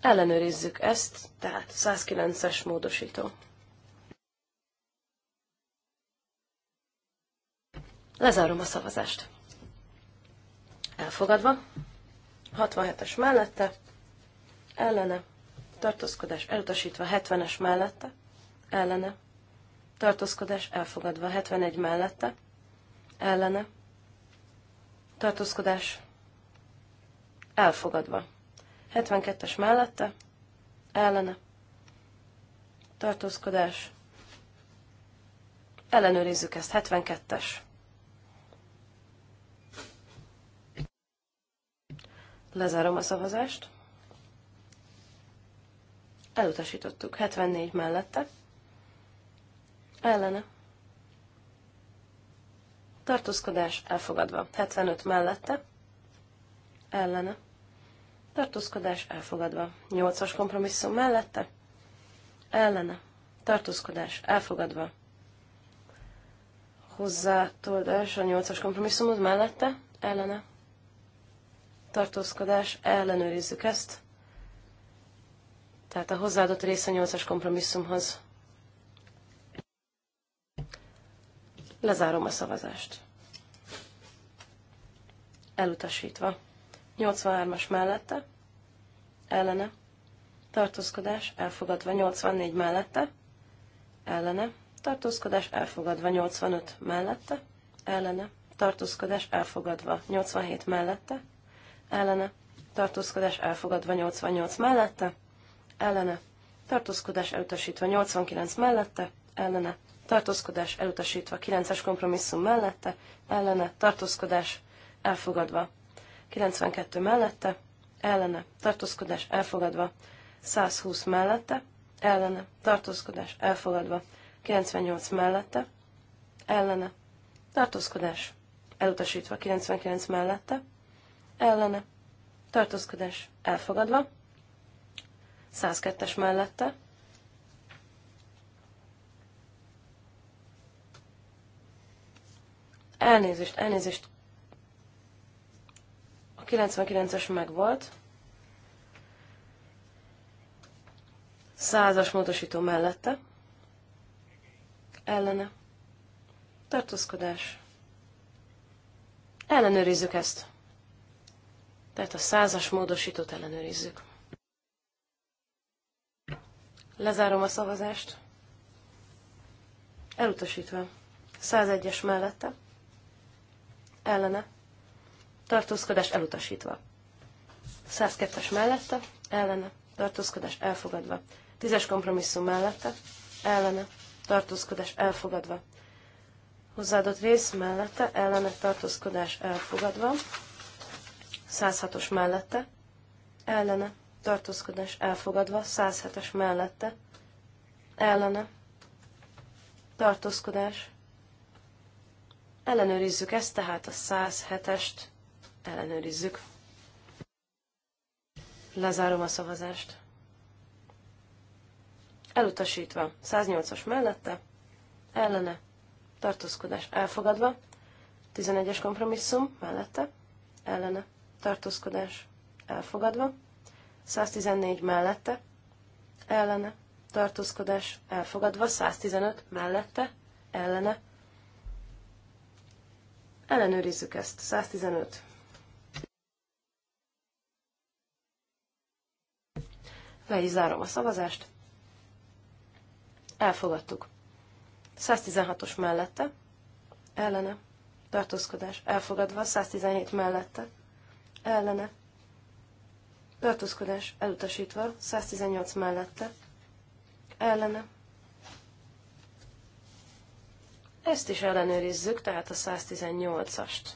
Ellenőrizzük ezt, tehát 109-es módosító. Lezárom a szavazást. Elfogadva. 67-es mellette, ellene, tartózkodás elutasítva 70-es mellette, ellene, tartózkodás elfogadva 71 mellette, ellene, tartózkodás elfogadva 72-es mellette, ellene, tartózkodás, ellenőrizzük ezt, 72-es. Lezárom a szavazást. Elutasítottuk. 74 mellette. Ellene. Tartózkodás elfogadva. 75 mellette. Ellene. Tartózkodás elfogadva. 8-as kompromisszum mellette. Ellene. Tartózkodás elfogadva. Hozzátoldás a 8-as kompromisszumod mellette. Ellene. Tartózkodás ellenőrizzük ezt. Tehát a hozzáadott rész a nyolcas kompromisszumhoz. Lezárom a szavazást. Elutasítva. 83-as mellette, ellene, tartózkodás, elfogadva 84 mellette, ellene, tartózkodás, elfogadva 85 mellette, ellene, tartózkodás, elfogadva 87 mellette, ellene, tartózkodás, elfogadva 88 mellette, ellene, tartózkodás elutasítva 89 mellette, ellene, tartózkodás elutasítva 9-es kompromisszum mellette, ellene, tartózkodás elfogadva 92 mellette, ellene, tartózkodás elfogadva 120 mellette, ellene, tartózkodás elfogadva 98 mellette, ellene, tartózkodás elutasítva 99 mellette, ellene, tartózkodás elfogadva 102-es mellette. Elnézést, elnézést. A 99-es megvolt. 100-as módosító mellette. Ellene. Tartózkodás. Ellenőrizzük ezt. Tehát a százas módosítót ellenőrizzük. Lezárom a szavazást. Elutasítva. 101-es mellette. Ellene. Tartózkodás elutasítva. 102-es mellette. Ellene. Tartózkodás elfogadva. 10-es kompromisszum mellette. Ellene. Tartózkodás elfogadva. Hozzáadott rész mellette. Ellene. Tartózkodás elfogadva. 106-os mellette. Ellene tartózkodás elfogadva, 107-es mellette, ellene, tartózkodás. Ellenőrizzük ezt, tehát a 107-est ellenőrizzük. Lezárom a szavazást. Elutasítva, 108-as mellette, ellene, tartózkodás elfogadva, 11-es kompromisszum mellette, ellene, tartózkodás elfogadva, 114 mellette, ellene, tartózkodás elfogadva, 115 mellette, ellene. Ellenőrizzük ezt, 115. Le is zárom a szavazást. Elfogadtuk. 116-os mellette, ellene, tartózkodás elfogadva, 117 mellette, ellene, tartózkodás elutasítva, 118 mellette, ellene. Ezt is ellenőrizzük, tehát a 118-ast.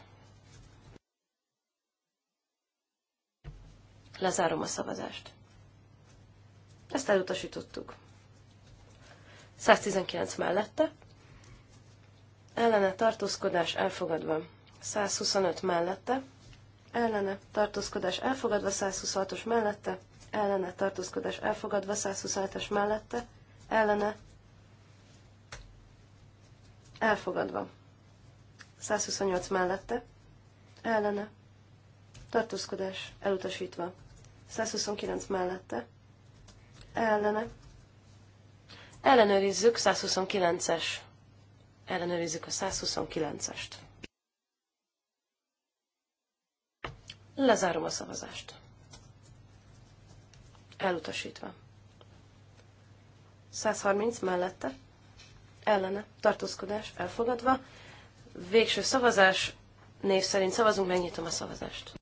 Lezárom a szavazást. Ezt elutasítottuk. 119 mellette, ellene tartózkodás elfogadva, 125 mellette, ellene tartózkodás elfogadva 126-os mellette, ellene tartózkodás elfogadva 127-es mellette, ellene elfogadva 128 mellette, ellene tartózkodás elutasítva 129 mellette, ellene ellenőrizzük 129-es ellenőrizzük a 129-est. Lezárom a szavazást. Elutasítva. 130 mellette. Ellene. Tartózkodás. Elfogadva. Végső szavazás. Név szerint szavazunk, megnyitom a szavazást.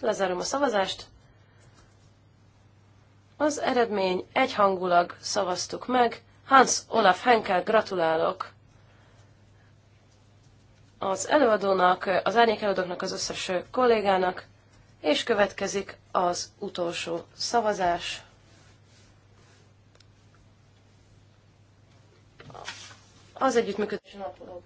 Lezárom a szavazást. Az eredmény egyhangulag szavaztuk meg. Hans Olaf Henkel, gratulálok! az előadónak, az árnyékelőadóknak, az összes kollégának, és következik az utolsó szavazás. Az együttműködés napoló.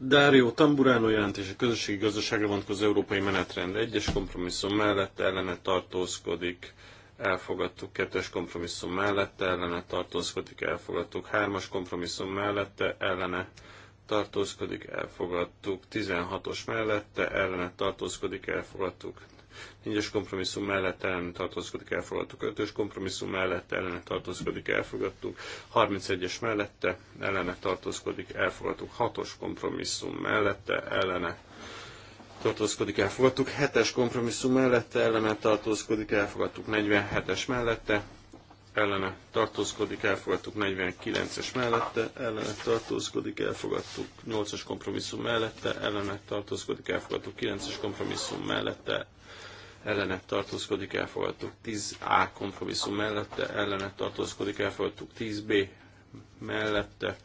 Dario Tamburano jelentés a közösségi gazdaságra vonatkozó európai menetrend egyes kompromisszum mellett ellene tartózkodik, elfogadtuk kettes kompromisszum mellette, ellene tartózkodik, elfogadtuk hármas kompromisszum mellette, ellene tartózkodik, elfogadtuk. 16-os mellette ellene tartózkodik, elfogadtuk. 4-es kompromisszum mellett ellene tartózkodik, elfogadtuk. 5-ös kompromisszum mellett ellene tartózkodik, elfogadtuk. 31-es mellette ellene tartózkodik, elfogadtuk. 6-os kompromisszum mellette ellene tartózkodik, elfogadtuk. 7-es kompromisszum mellette ellene tartózkodik, elfogadtuk. 47-es mellette ellene tartózkodik, elfogadtuk 49-es mellette, ellene tartózkodik, elfogadtuk 8-as kompromisszum mellette, ellene tartózkodik, elfogadtuk 9-es kompromisszum mellette, ellene tartózkodik, elfogadtuk 10A kompromisszum mellette, ellene tartózkodik, elfogadtuk 10B mellette,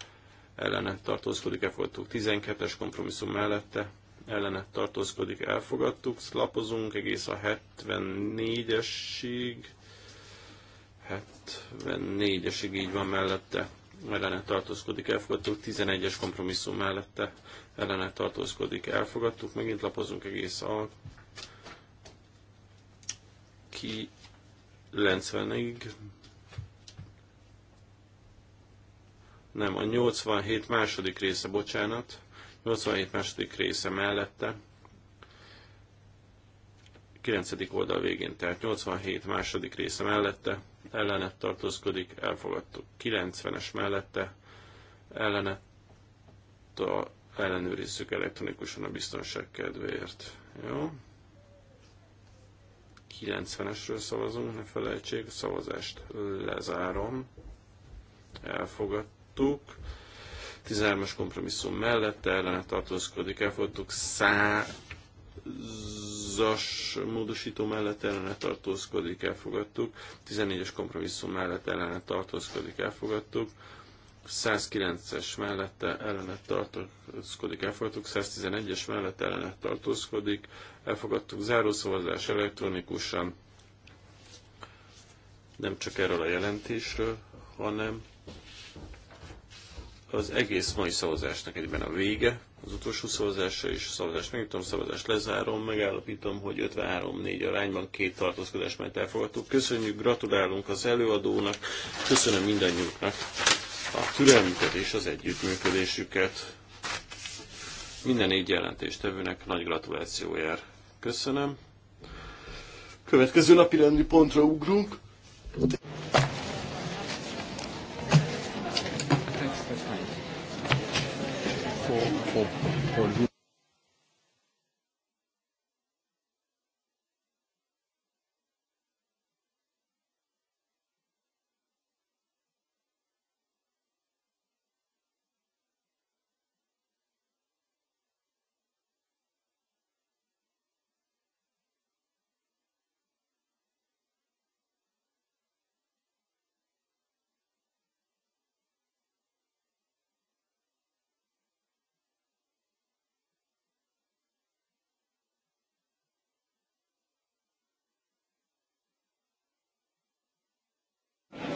ellene tartózkodik, elfogadtuk 12-es kompromisszum mellette, ellene tartózkodik, elfogadtuk, lapozunk egész a 74-esig, 74-esig így van mellette, ellene tartózkodik, elfogadtuk, 11-es kompromisszum mellette, ellene tartózkodik, elfogadtuk, megint lapozunk egész a 90-ig, nem, a 87 második része, bocsánat, 87 második része mellette, 9. oldal végén, tehát 87 második része mellette, ellene tartózkodik, elfogadtuk. 90-es mellette ellene a ellenőrizzük elektronikusan a biztonság kedvéért. Jó? 90-esről szavazunk, ne felejtsék, a szavazást lezárom. Elfogadtuk. 13-as kompromisszum mellette ellene tartózkodik, elfogadtuk. 100 zas módosító mellett ellene tartózkodik, elfogadtuk. 14-es kompromisszum mellett ellene tartózkodik, elfogadtuk. 109-es mellette ellene tartózkodik, elfogadtuk, 111-es mellette ellene tartózkodik, elfogadtuk, zárószavazás elektronikusan, nem csak erről a jelentésről, hanem az egész mai szavazásnak egyben a vége, az utolsó szavazásra is szavazást megnyitom, szavazást lezárom, megállapítom, hogy 53-4 arányban két tartózkodás mellett elfogadtuk. Köszönjük, gratulálunk az előadónak, köszönöm mindannyiuknak a türelmüket és az együttműködésüket. Minden négy jelentéstevőnek nagy gratuláció jár. Köszönöm. Következő napi rendi pontra ugrunk. por, por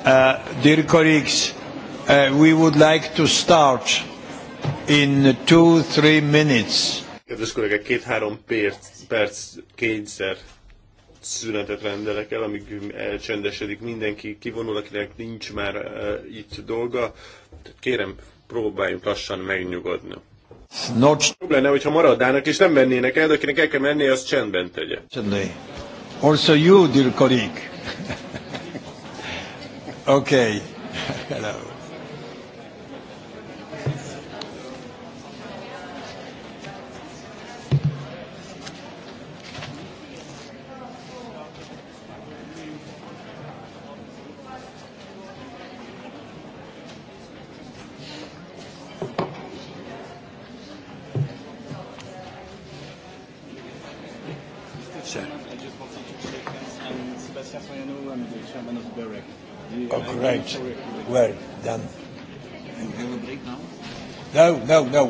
Uh, dear colleagues, uh, we would like to start in two, three minutes. Kedves kollégák, két-három perc, perc kényszer szünetet rendelek el, amíg um, elcsendesedik mindenki, kivonul, akinek nincs már uh, itt dolga. Kérem, próbáljunk lassan megnyugodni. Not... Jobb lenne, hogyha maradnának és nem mennének el, de akinek el kell mennie, az csendben tegye. Also you, dear colleague. Okay. <laughs> Hello.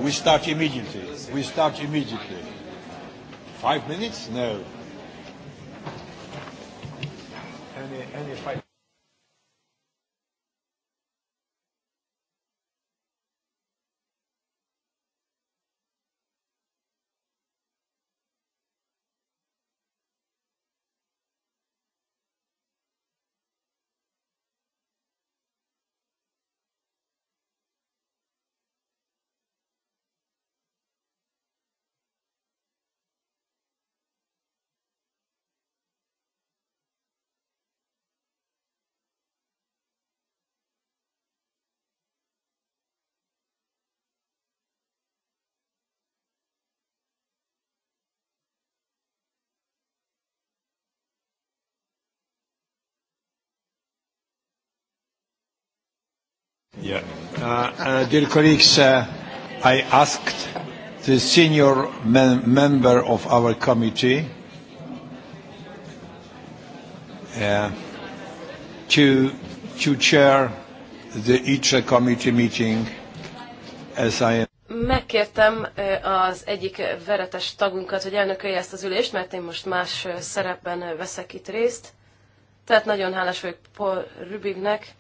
we start immediately. We start immediately. Five minutes? No. Yeah. Uh, uh, dear colleagues, uh, I asked the senior mem member of our committee uh, to, to chair the ITRE committee meeting as I am. Megkértem uh, az egyik veretes tagunkat, hogy elnökölje ezt az ülést, mert én most más uh, szerepben veszek itt részt. Tehát nagyon hálás vagyok Paul Rübignek,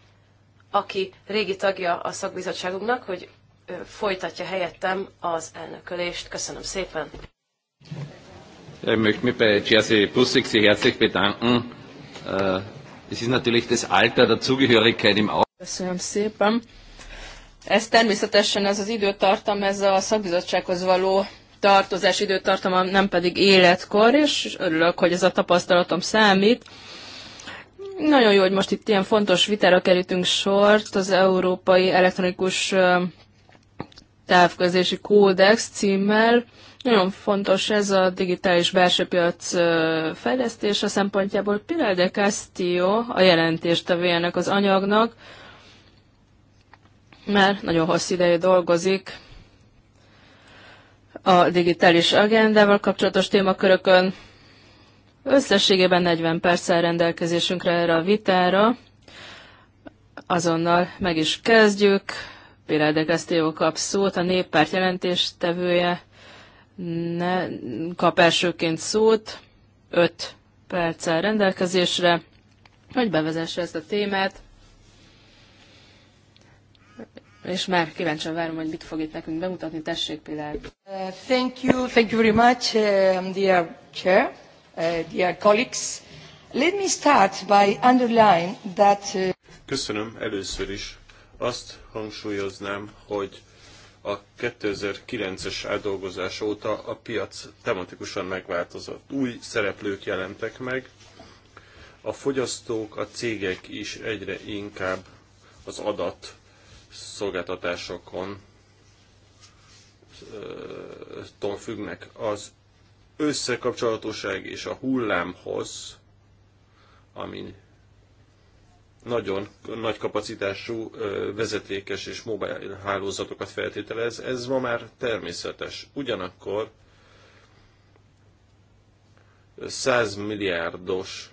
aki régi tagja a szakbizottságunknak, hogy folytatja helyettem az elnökölést. Köszönöm szépen! Ich möchte mich bei Jerzy Bussig sehr herzlich bedanken. Äh, es ist natürlich das Alter der Zugehörigkeit im Köszönöm szépen. Ez természetesen ez az időtartam, ez a szakbizottsághoz való tartozás időtartama, nem pedig életkor, és örülök, hogy ez a tapasztalatom számít. Nagyon jó, hogy most itt ilyen fontos vitára kerítünk sort az Európai Elektronikus Távközlési Kódex címmel. Nagyon fontos ez a digitális belső piac fejlesztése szempontjából. Pilar de Castillo a jelentést a jelentéstevének az anyagnak, mert nagyon hosszú ideje dolgozik a digitális agendával kapcsolatos témakörökön. Összességében 40 perccel rendelkezésünkre erre a vitára. Azonnal meg is kezdjük. Pirelde de kap szót, a néppárt jelentéstevője ne, kap elsőként szót, 5 perccel rendelkezésre, hogy bevezesse ezt a témát. És már kíváncsian várom, hogy mit fog itt nekünk bemutatni. Tessék, Pilar. Uh, thank you, thank you very much, uh, dear chair. Uh, uh, Köszönöm először is. Azt hangsúlyoznám, hogy a 2009-es átdolgozás óta a piac tematikusan megváltozott. Új szereplők jelentek meg, a fogyasztók, a cégek is egyre inkább az adat szolgáltatásokon uh, függnek. Az összekapcsolatosság és a hullámhoz, ami nagyon nagy kapacitású vezetékes és mobil hálózatokat feltételez, ez ma már természetes. Ugyanakkor 100 milliárdos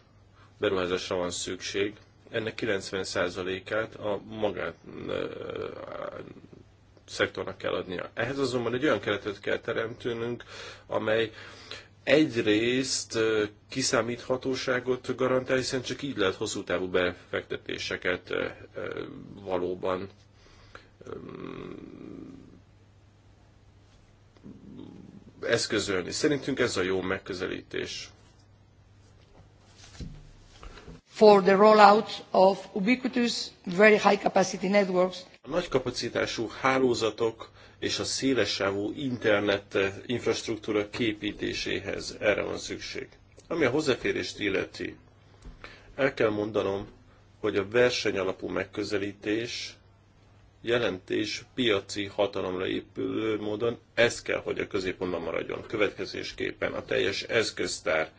beruházásra van szükség, ennek 90%-át a magán szektornak kell adnia. Ehhez azonban egy olyan keretet kell teremtőnünk, amely egyrészt kiszámíthatóságot garantál, hiszen csak így lehet hosszú távú befektetéseket valóban eszközölni. Szerintünk ez a jó megközelítés. For the rollout of ubiquitous very high capacity networks nagy kapacitású hálózatok és a szélesávú internet eh, infrastruktúra képítéséhez erre van szükség. Ami a hozzáférést illeti, el kell mondanom, hogy a versenyalapú megközelítés jelentés piaci hatalomra épülő módon, ez kell, hogy a középpontban maradjon. Következésképpen a teljes eszköztár,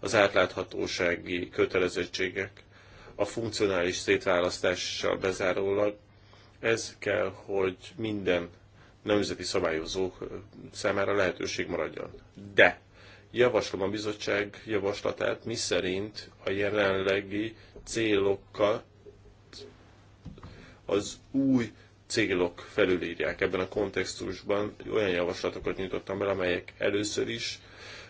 az átláthatósági kötelezettségek, a funkcionális szétválasztással bezárólag ez kell, hogy minden nemzeti szabályozó számára lehetőség maradjon. De javaslom a bizottság javaslatát, miszerint a jelenlegi célokkal az új célok felülírják. Ebben a kontextusban olyan javaslatokat nyújtottam be, amelyek először is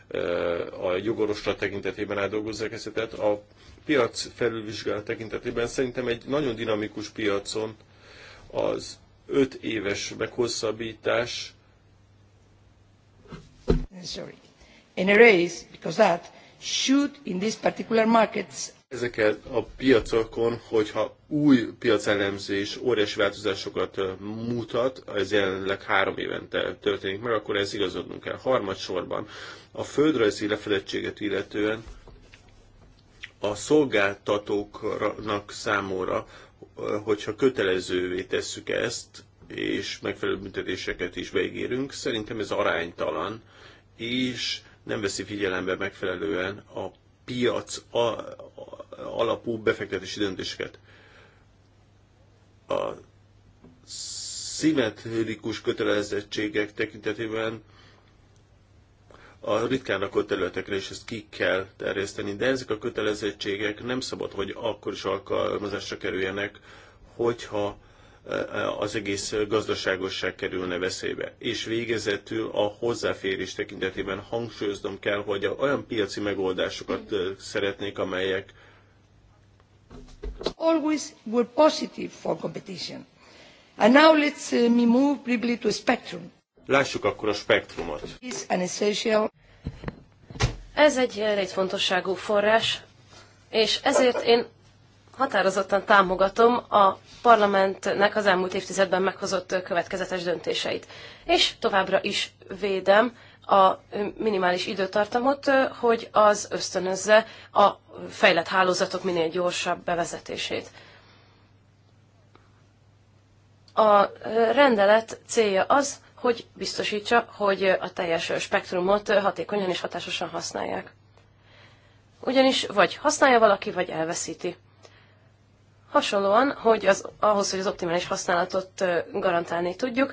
eh, a jogorosra tekintetében átdolgozzák ezt, tehát a piac felülvizsgálat tekintetében szerintem egy nagyon dinamikus piacon az 5 éves meghosszabbítás. Sorry. In a race, because that should in these particular markets ezeket a piacokon, hogyha új piacelemzés óriási változásokat mutat, ez jelenleg három évente történik meg, akkor ez igazodnunk kell. Harmadsorban a földrajzi lefedettséget illetően a szolgáltatóknak számóra hogyha kötelezővé tesszük ezt, és megfelelő büntetéseket is beígérünk, szerintem ez aránytalan, és nem veszi figyelembe megfelelően a piac alapú befektetési döntéseket. A szimmetrikus kötelezettségek tekintetében a ritkán rakott területekre, és ezt ki kell terjeszteni. De ezek a kötelezettségek nem szabad, hogy akkor is alkalmazásra kerüljenek, hogyha e, e, az egész gazdaságosság kerülne veszélybe. És végezetül a hozzáférés tekintetében hangsúlyoznom kell, hogy olyan piaci megoldásokat e, szeretnék, amelyek always were positive for competition. And now let's uh, me move briefly to spectrum Lássuk akkor a spektrumot. Ez egy létfontosságú forrás, és ezért én határozottan támogatom a parlamentnek az elmúlt évtizedben meghozott következetes döntéseit. És továbbra is védem a minimális időtartamot, hogy az ösztönözze a fejlett hálózatok minél gyorsabb bevezetését. A rendelet célja az, hogy biztosítsa, hogy a teljes spektrumot hatékonyan és hatásosan használják. Ugyanis vagy használja valaki, vagy elveszíti. Hasonlóan, hogy az, ahhoz, hogy az optimális használatot garantálni tudjuk,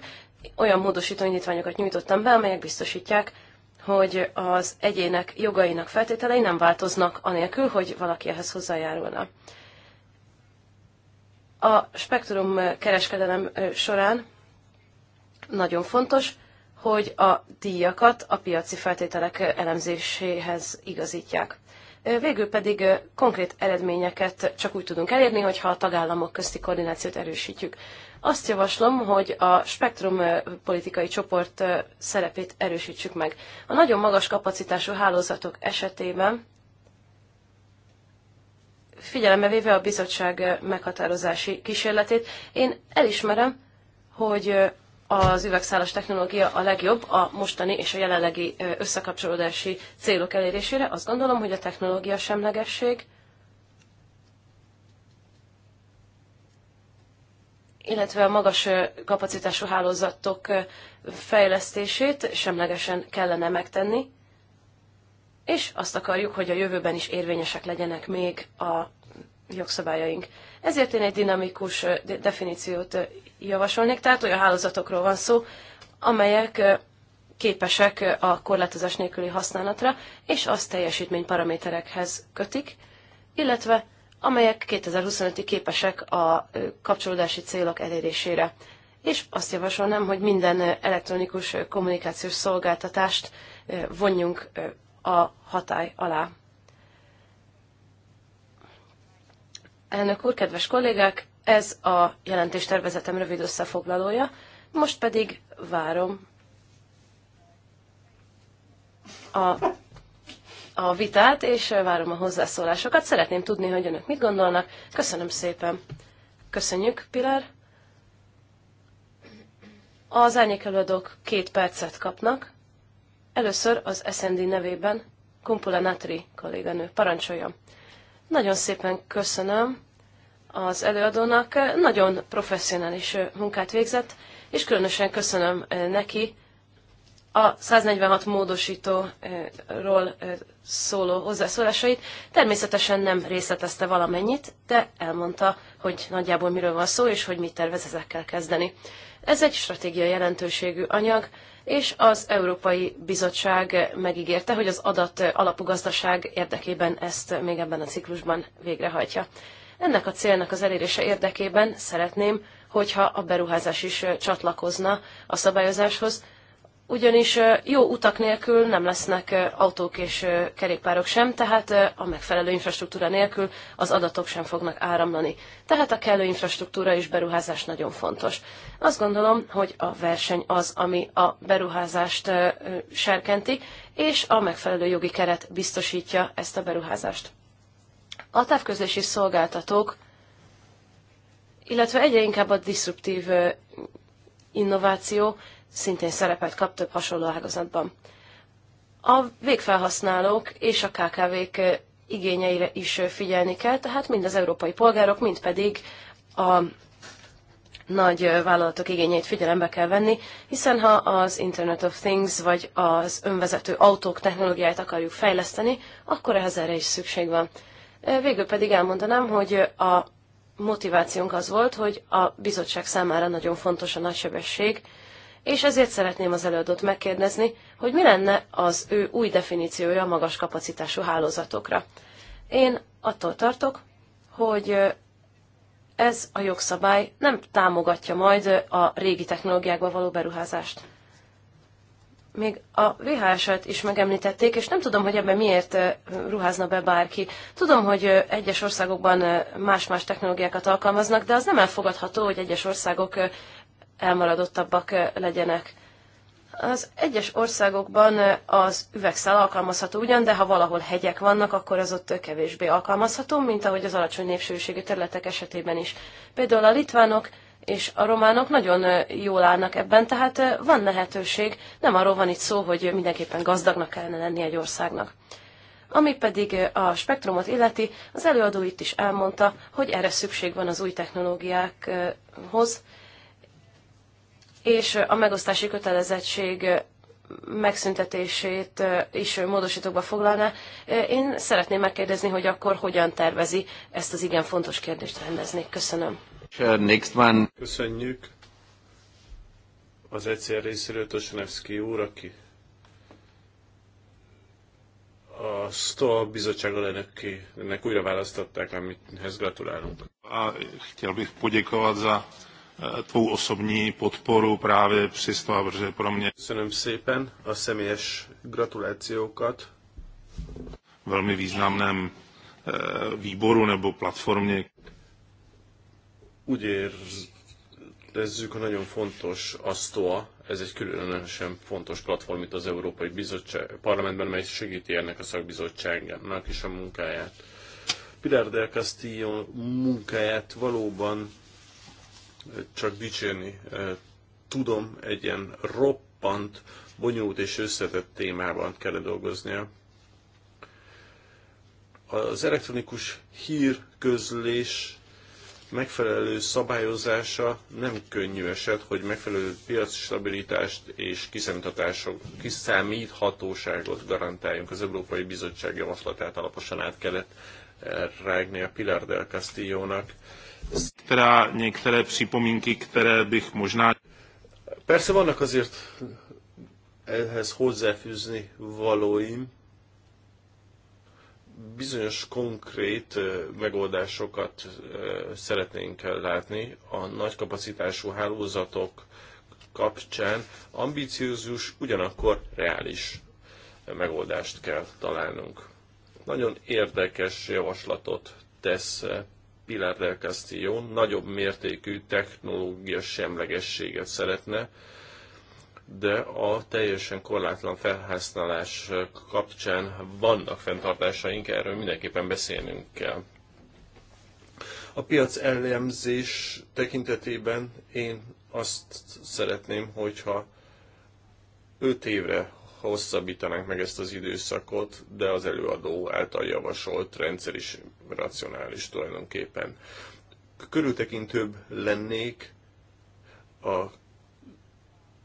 olyan módosító indítványokat nyújtottam be, amelyek biztosítják, hogy az egyének jogainak feltételei nem változnak anélkül, hogy valaki ehhez hozzájárulna. A spektrum kereskedelem során nagyon fontos, hogy a díjakat a piaci feltételek elemzéséhez igazítják. Végül pedig konkrét eredményeket csak úgy tudunk elérni, hogyha a tagállamok közti koordinációt erősítjük. Azt javaslom, hogy a spektrum politikai csoport szerepét erősítsük meg. A nagyon magas kapacitású hálózatok esetében figyelembe véve a bizottság meghatározási kísérletét, én elismerem, hogy az üvegszálas technológia a legjobb a mostani és a jelenlegi összekapcsolódási célok elérésére. Azt gondolom, hogy a technológia semlegesség, illetve a magas kapacitású hálózatok fejlesztését semlegesen kellene megtenni, és azt akarjuk, hogy a jövőben is érvényesek legyenek még a jogszabályaink. Ezért én egy dinamikus definíciót javasolnék, tehát olyan hálózatokról van szó, amelyek képesek a korlátozás nélküli használatra, és azt teljesítményparaméterekhez kötik, illetve amelyek 2025-ig képesek a kapcsolódási célok elérésére. És azt javasolnám, hogy minden elektronikus kommunikációs szolgáltatást vonjunk a hatály alá. Elnök úr, kedves kollégák, ez a jelentéstervezetem rövid összefoglalója, most pedig várom a, a vitát, és várom a hozzászólásokat. Szeretném tudni, hogy önök mit gondolnak. Köszönöm szépen. Köszönjük, Pilar. Az árnyékelőadók két percet kapnak. Először az SND nevében Kumpula Natri kolléganő. Parancsoljon! Nagyon szépen köszönöm az előadónak, nagyon professzionális munkát végzett, és különösen köszönöm neki a 146 módosítóról szóló hozzászólásait. Természetesen nem részletezte valamennyit, de elmondta, hogy nagyjából miről van szó, és hogy mit tervez ezekkel kezdeni. Ez egy stratégia jelentőségű anyag, és az Európai Bizottság megígérte, hogy az adat alapú gazdaság érdekében ezt még ebben a ciklusban végrehajtja. Ennek a célnak az elérése érdekében szeretném, hogyha a beruházás is csatlakozna a szabályozáshoz, ugyanis jó utak nélkül nem lesznek autók és kerékpárok sem, tehát a megfelelő infrastruktúra nélkül az adatok sem fognak áramlani. Tehát a kellő infrastruktúra és beruházás nagyon fontos. Azt gondolom, hogy a verseny az, ami a beruházást serkenti, és a megfelelő jogi keret biztosítja ezt a beruházást. A távközlési szolgáltatók, illetve egyre inkább a disruptív innováció szintén szerepet kap több hasonló ágazatban. A végfelhasználók és a KKV-k igényeire is figyelni kell, tehát mind az európai polgárok, mind pedig a nagy vállalatok igényeit figyelembe kell venni, hiszen ha az Internet of Things vagy az önvezető autók technológiáját akarjuk fejleszteni, akkor ehhez erre is szükség van. Végül pedig elmondanám, hogy a motivációnk az volt, hogy a bizottság számára nagyon fontos a nagysebesség, és ezért szeretném az előadót megkérdezni, hogy mi lenne az ő új definíciója a magas kapacitású hálózatokra. Én attól tartok, hogy ez a jogszabály nem támogatja majd a régi technológiákba való beruházást. Még a VHS-et is megemlítették, és nem tudom, hogy ebben miért ruházna be bárki. Tudom, hogy egyes országokban más-más technológiákat alkalmaznak, de az nem elfogadható, hogy egyes országok elmaradottabbak legyenek. Az egyes országokban az üvegszál alkalmazható ugyan, de ha valahol hegyek vannak, akkor az ott kevésbé alkalmazható, mint ahogy az alacsony népsűrűségű területek esetében is. Például a litvánok és a románok nagyon jól állnak ebben, tehát van lehetőség, nem arról van itt szó, hogy mindenképpen gazdagnak kellene lenni egy országnak. Ami pedig a spektrumot illeti, az előadó itt is elmondta, hogy erre szükség van az új technológiákhoz, és a megosztási kötelezettség megszüntetését is módosítókba foglalná. Én szeretném megkérdezni, hogy akkor hogyan tervezi ezt az igen fontos kérdést rendezni. Köszönöm. next one. Köszönjük. Az egyszer részéről Tosnevszki úr, aki a STOA bizottság alelnökének újra választották, amihez gratulálunk. Chtěl bych poděkovat za Eh, tvou osobní podporu právě při protože pro mě... Köszönöm szépen a személyes gratulációkat. Velmi významném eh, výboru nebo platformně. Úgy érezzük, hogy nagyon fontos a STOA, ez egy különösen fontos platform itt az Európai Bizottság, Parlamentben, mely segíti ennek a szakbizottságnak is a munkáját. Pilar del Castillo munkáját valóban csak dicsérni tudom, egy ilyen roppant, bonyolult és összetett témában kell dolgoznia. Az elektronikus hírközlés megfelelő szabályozása nem könnyű eset, hogy megfelelő piaci stabilitást és kiszámíthatóságot garantáljunk. Az Európai Bizottság javaslatát alaposan át kellett eh, rágni a Pilar del Castillo-nak Která některé připomínky, které bych možná... Persze vannak azért ehhez hozzáfűzni valóim, bizonyos konkrét eh, megoldásokat eh, szeretnénk látni a nagy kapacitású hálózatok kapcsán. Ambiciózus, ugyanakkor reális megoldást kell találnunk. Nagyon érdekes javaslatot tesz eh, Pilar del Castillo nagyobb mértékű technológia semlegességet szeretne, de a teljesen korlátlan felhasználás kapcsán vannak fenntartásaink, erről mindenképpen beszélnünk kell. A piac elemzés tekintetében én azt szeretném, hogyha 5 évre Hosszabbítanak meg ezt az időszakot, de az előadó által javasolt rendszer is racionális tulajdonképpen. Körültekintőbb lennék a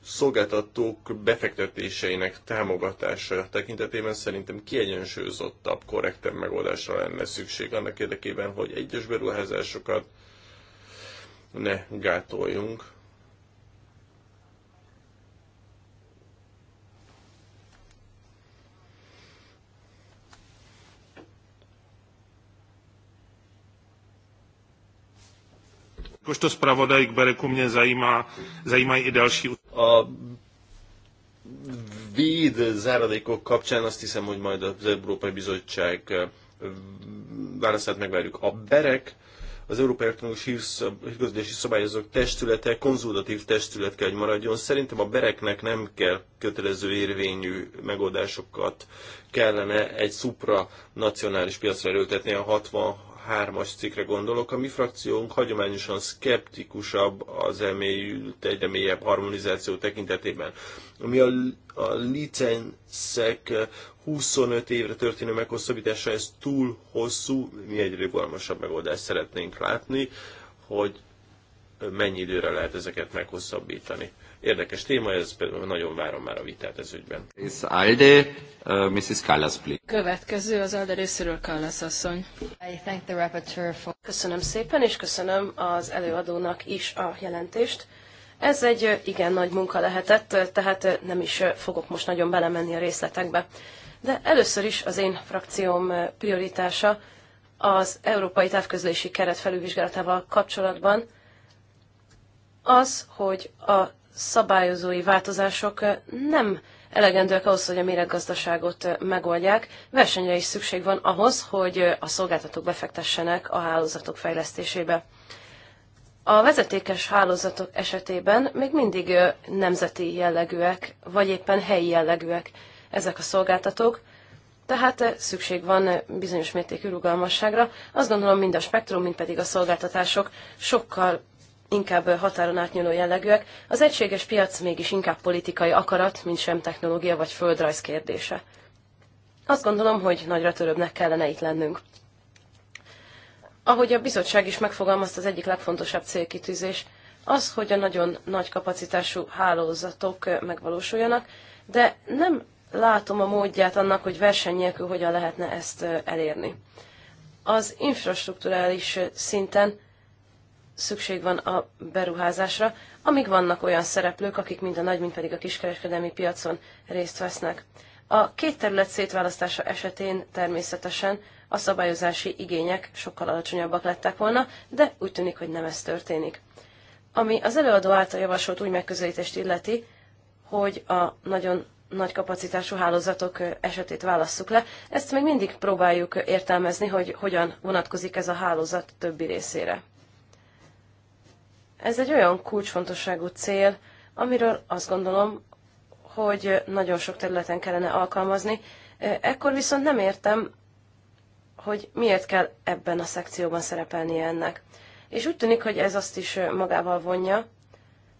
szolgáltatók befektetéseinek támogatása tekintetében szerintem kiegyensúlyozottabb, korrektebb megoldásra lenne szükség annak érdekében, hogy egyes beruházásokat ne gátoljunk, Jakožto zpravodaj k Bereku mě zajímá, zajímají i další... A véd záradékok kapcsán azt hiszem, hogy majd az Európai Bizottság eh, válaszát megvárjuk. A Berek az Európai Elektronikus Hírközlési Szabályozók Testülete konzultatív testület kell, hogy maradjon. Szerintem a bereknek nem kell kötelező érvényű megoldásokat kellene egy szupra nacionális piacra erőltetni a 60 hármas cikkre gondolok. A mi frakciónk hagyományosan szkeptikusabb az emélyült, egyre mélyebb harmonizáció tekintetében. Ami a, a licenszek 25 évre történő meghosszabbítása, ez túl hosszú, mi egy rugalmasabb megoldást szeretnénk látni, hogy mennyi időre lehet ezeket meghosszabbítani. Érdekes téma, ez nagyon várom már a vitát ez ügyben. Ez Alde, uh, Mrs. Kallas, please. Következő az Alde részéről Kallas asszony. I thank the rapporteur for... Köszönöm szépen, és köszönöm az előadónak is a jelentést. Ez egy uh, igen nagy munka lehetett, uh, tehát nem is fogok most nagyon belemenni a részletekbe. De először is az én frakcióm prioritása az Európai Távközlési Keret felülvizsgálatával kapcsolatban az, hogy a szabályozói változások nem elegendőek ahhoz, hogy a méreggazdaságot megoldják. Versenyre is szükség van ahhoz, hogy a szolgáltatók befektessenek a hálózatok fejlesztésébe. A vezetékes hálózatok esetében még mindig nemzeti jellegűek, vagy éppen helyi jellegűek ezek a szolgáltatók, tehát szükség van bizonyos mértékű rugalmasságra. Azt gondolom, mind a spektrum, mind pedig a szolgáltatások sokkal inkább határon átnyúló jellegűek, az egységes piac mégis inkább politikai akarat, mint sem technológia vagy földrajz kérdése. Azt gondolom, hogy nagyra törőbbnek kellene itt lennünk. Ahogy a bizottság is megfogalmazta, az egyik legfontosabb célkitűzés az, hogy a nagyon nagy kapacitású hálózatok megvalósuljanak, de nem látom a módját annak, hogy verseny nélkül hogyan lehetne ezt elérni. Az infrastruktúrális szinten szükség van a beruházásra, amíg vannak olyan szereplők, akik mind a nagy, mind pedig a kiskereskedelmi piacon részt vesznek. A két terület szétválasztása esetén természetesen a szabályozási igények sokkal alacsonyabbak lettek volna, de úgy tűnik, hogy nem ez történik. Ami az előadó által javasolt új megközelítést illeti, hogy a nagyon nagy kapacitású hálózatok esetét válasszuk le. Ezt még mindig próbáljuk értelmezni, hogy hogyan vonatkozik ez a hálózat többi részére. Ez egy olyan kulcsfontosságú cél, amiről azt gondolom, hogy nagyon sok területen kellene alkalmazni. Ekkor viszont nem értem, hogy miért kell ebben a szekcióban szerepelnie ennek. És úgy tűnik, hogy ez azt is magával vonja,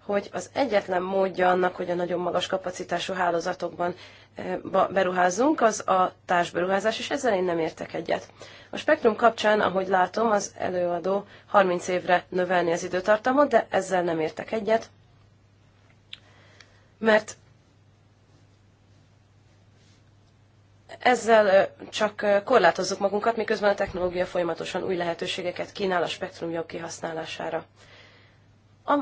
hogy az egyetlen módja annak, hogy a nagyon magas kapacitású hálózatokban eh, beruházunk, az a társberuházás, és ezzel én nem értek egyet. A spektrum kapcsán, ahogy látom, az előadó 30 évre növelni az időtartamot, de ezzel nem értek egyet, mert ezzel eh, csak eh, korlátozzuk magunkat, miközben a technológia folyamatosan új lehetőségeket kínál a spektrum jobb kihasználására. A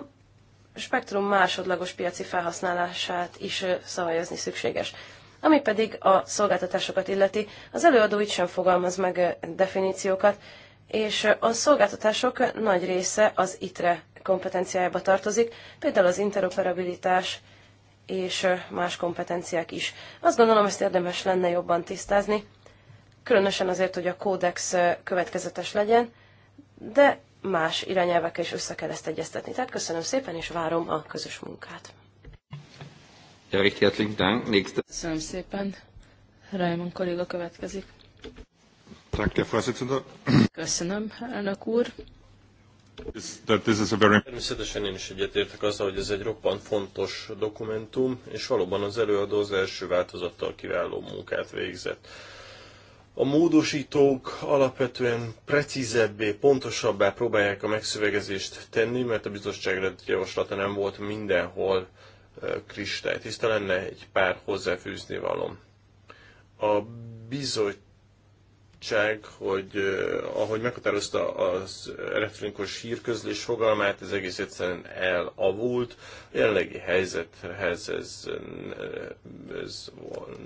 spektrum másodlagos piaci felhasználását is szabályozni szükséges. Ami pedig a szolgáltatásokat illeti, az előadó itt sem fogalmaz meg definíciókat, és a szolgáltatások nagy része az ITRE kompetenciájába tartozik, például az interoperabilitás és más kompetenciák is. Azt gondolom, ezt érdemes lenne jobban tisztázni, különösen azért, hogy a kódex következetes legyen, de más irányelvekkel is össze kell ezt egyeztetni. Tehát köszönöm szépen, és várom a közös munkát. Dank. Köszönöm szépen. Raymond kolléga következik. Köszönöm, elnök úr. Természetesen én is egyetértek azzal, hogy ez egy roppant fontos dokumentum, és valóban az előadó az első változattal kiváló munkát végzett. A módosítók alapvetően precízebbé, pontosabbá próbálják a megszövegezést tenni, mert a bizottság javaslata nem volt mindenhol kristálytiszta. Lenne egy pár hozzáfűzni valom. A bizottság, hogy ahogy meghatározta az elektronikus hírközlés fogalmát, ez egész egyszerűen elavult. A jelenlegi helyzethez ez, ez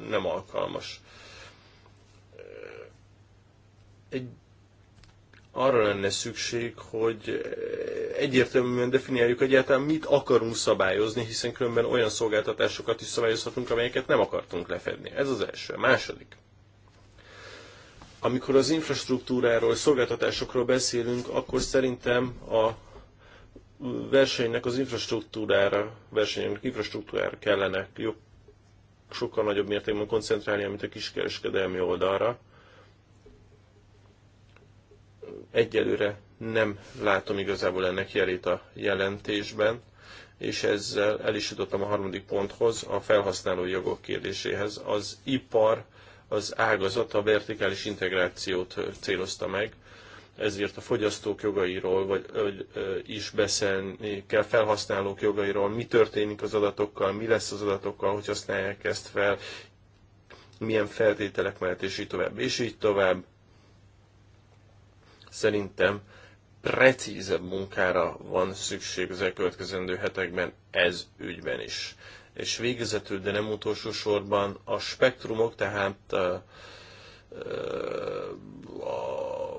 nem alkalmas egy, arra lenne szükség, hogy eh, egyértelműen definiáljuk egyáltalán, mit akarunk szabályozni, hiszen különben olyan szolgáltatásokat is szabályozhatunk, amelyeket nem akartunk lefedni. Ez az első. A második. Amikor az infrastruktúráról, szolgáltatásokról beszélünk, akkor szerintem a versenynek az infrastruktúrára, versenynek infrastruktúrára kellene jobb, sokkal nagyobb mértékben koncentrálni, mint a kiskereskedelmi oldalra egyelőre nem látom igazából ennek jelét a jelentésben, és ezzel el is jutottam a harmadik ponthoz, a felhasználó jogok kérdéséhez. Az ipar, az ágazat a vertikális integrációt célozta meg, ezért a fogyasztók jogairól vagy, ö, is beszélni kell, felhasználók jogairól, mi történik az adatokkal, mi lesz az adatokkal, hogy használják ezt fel, milyen feltételek mellett, és így tovább, és így tovább Szerintem precízebb munkára van szükség az elkövetkezendő hetekben ez ügyben is. És végezetül, de nem utolsó sorban a spektrumok, tehát a, a, a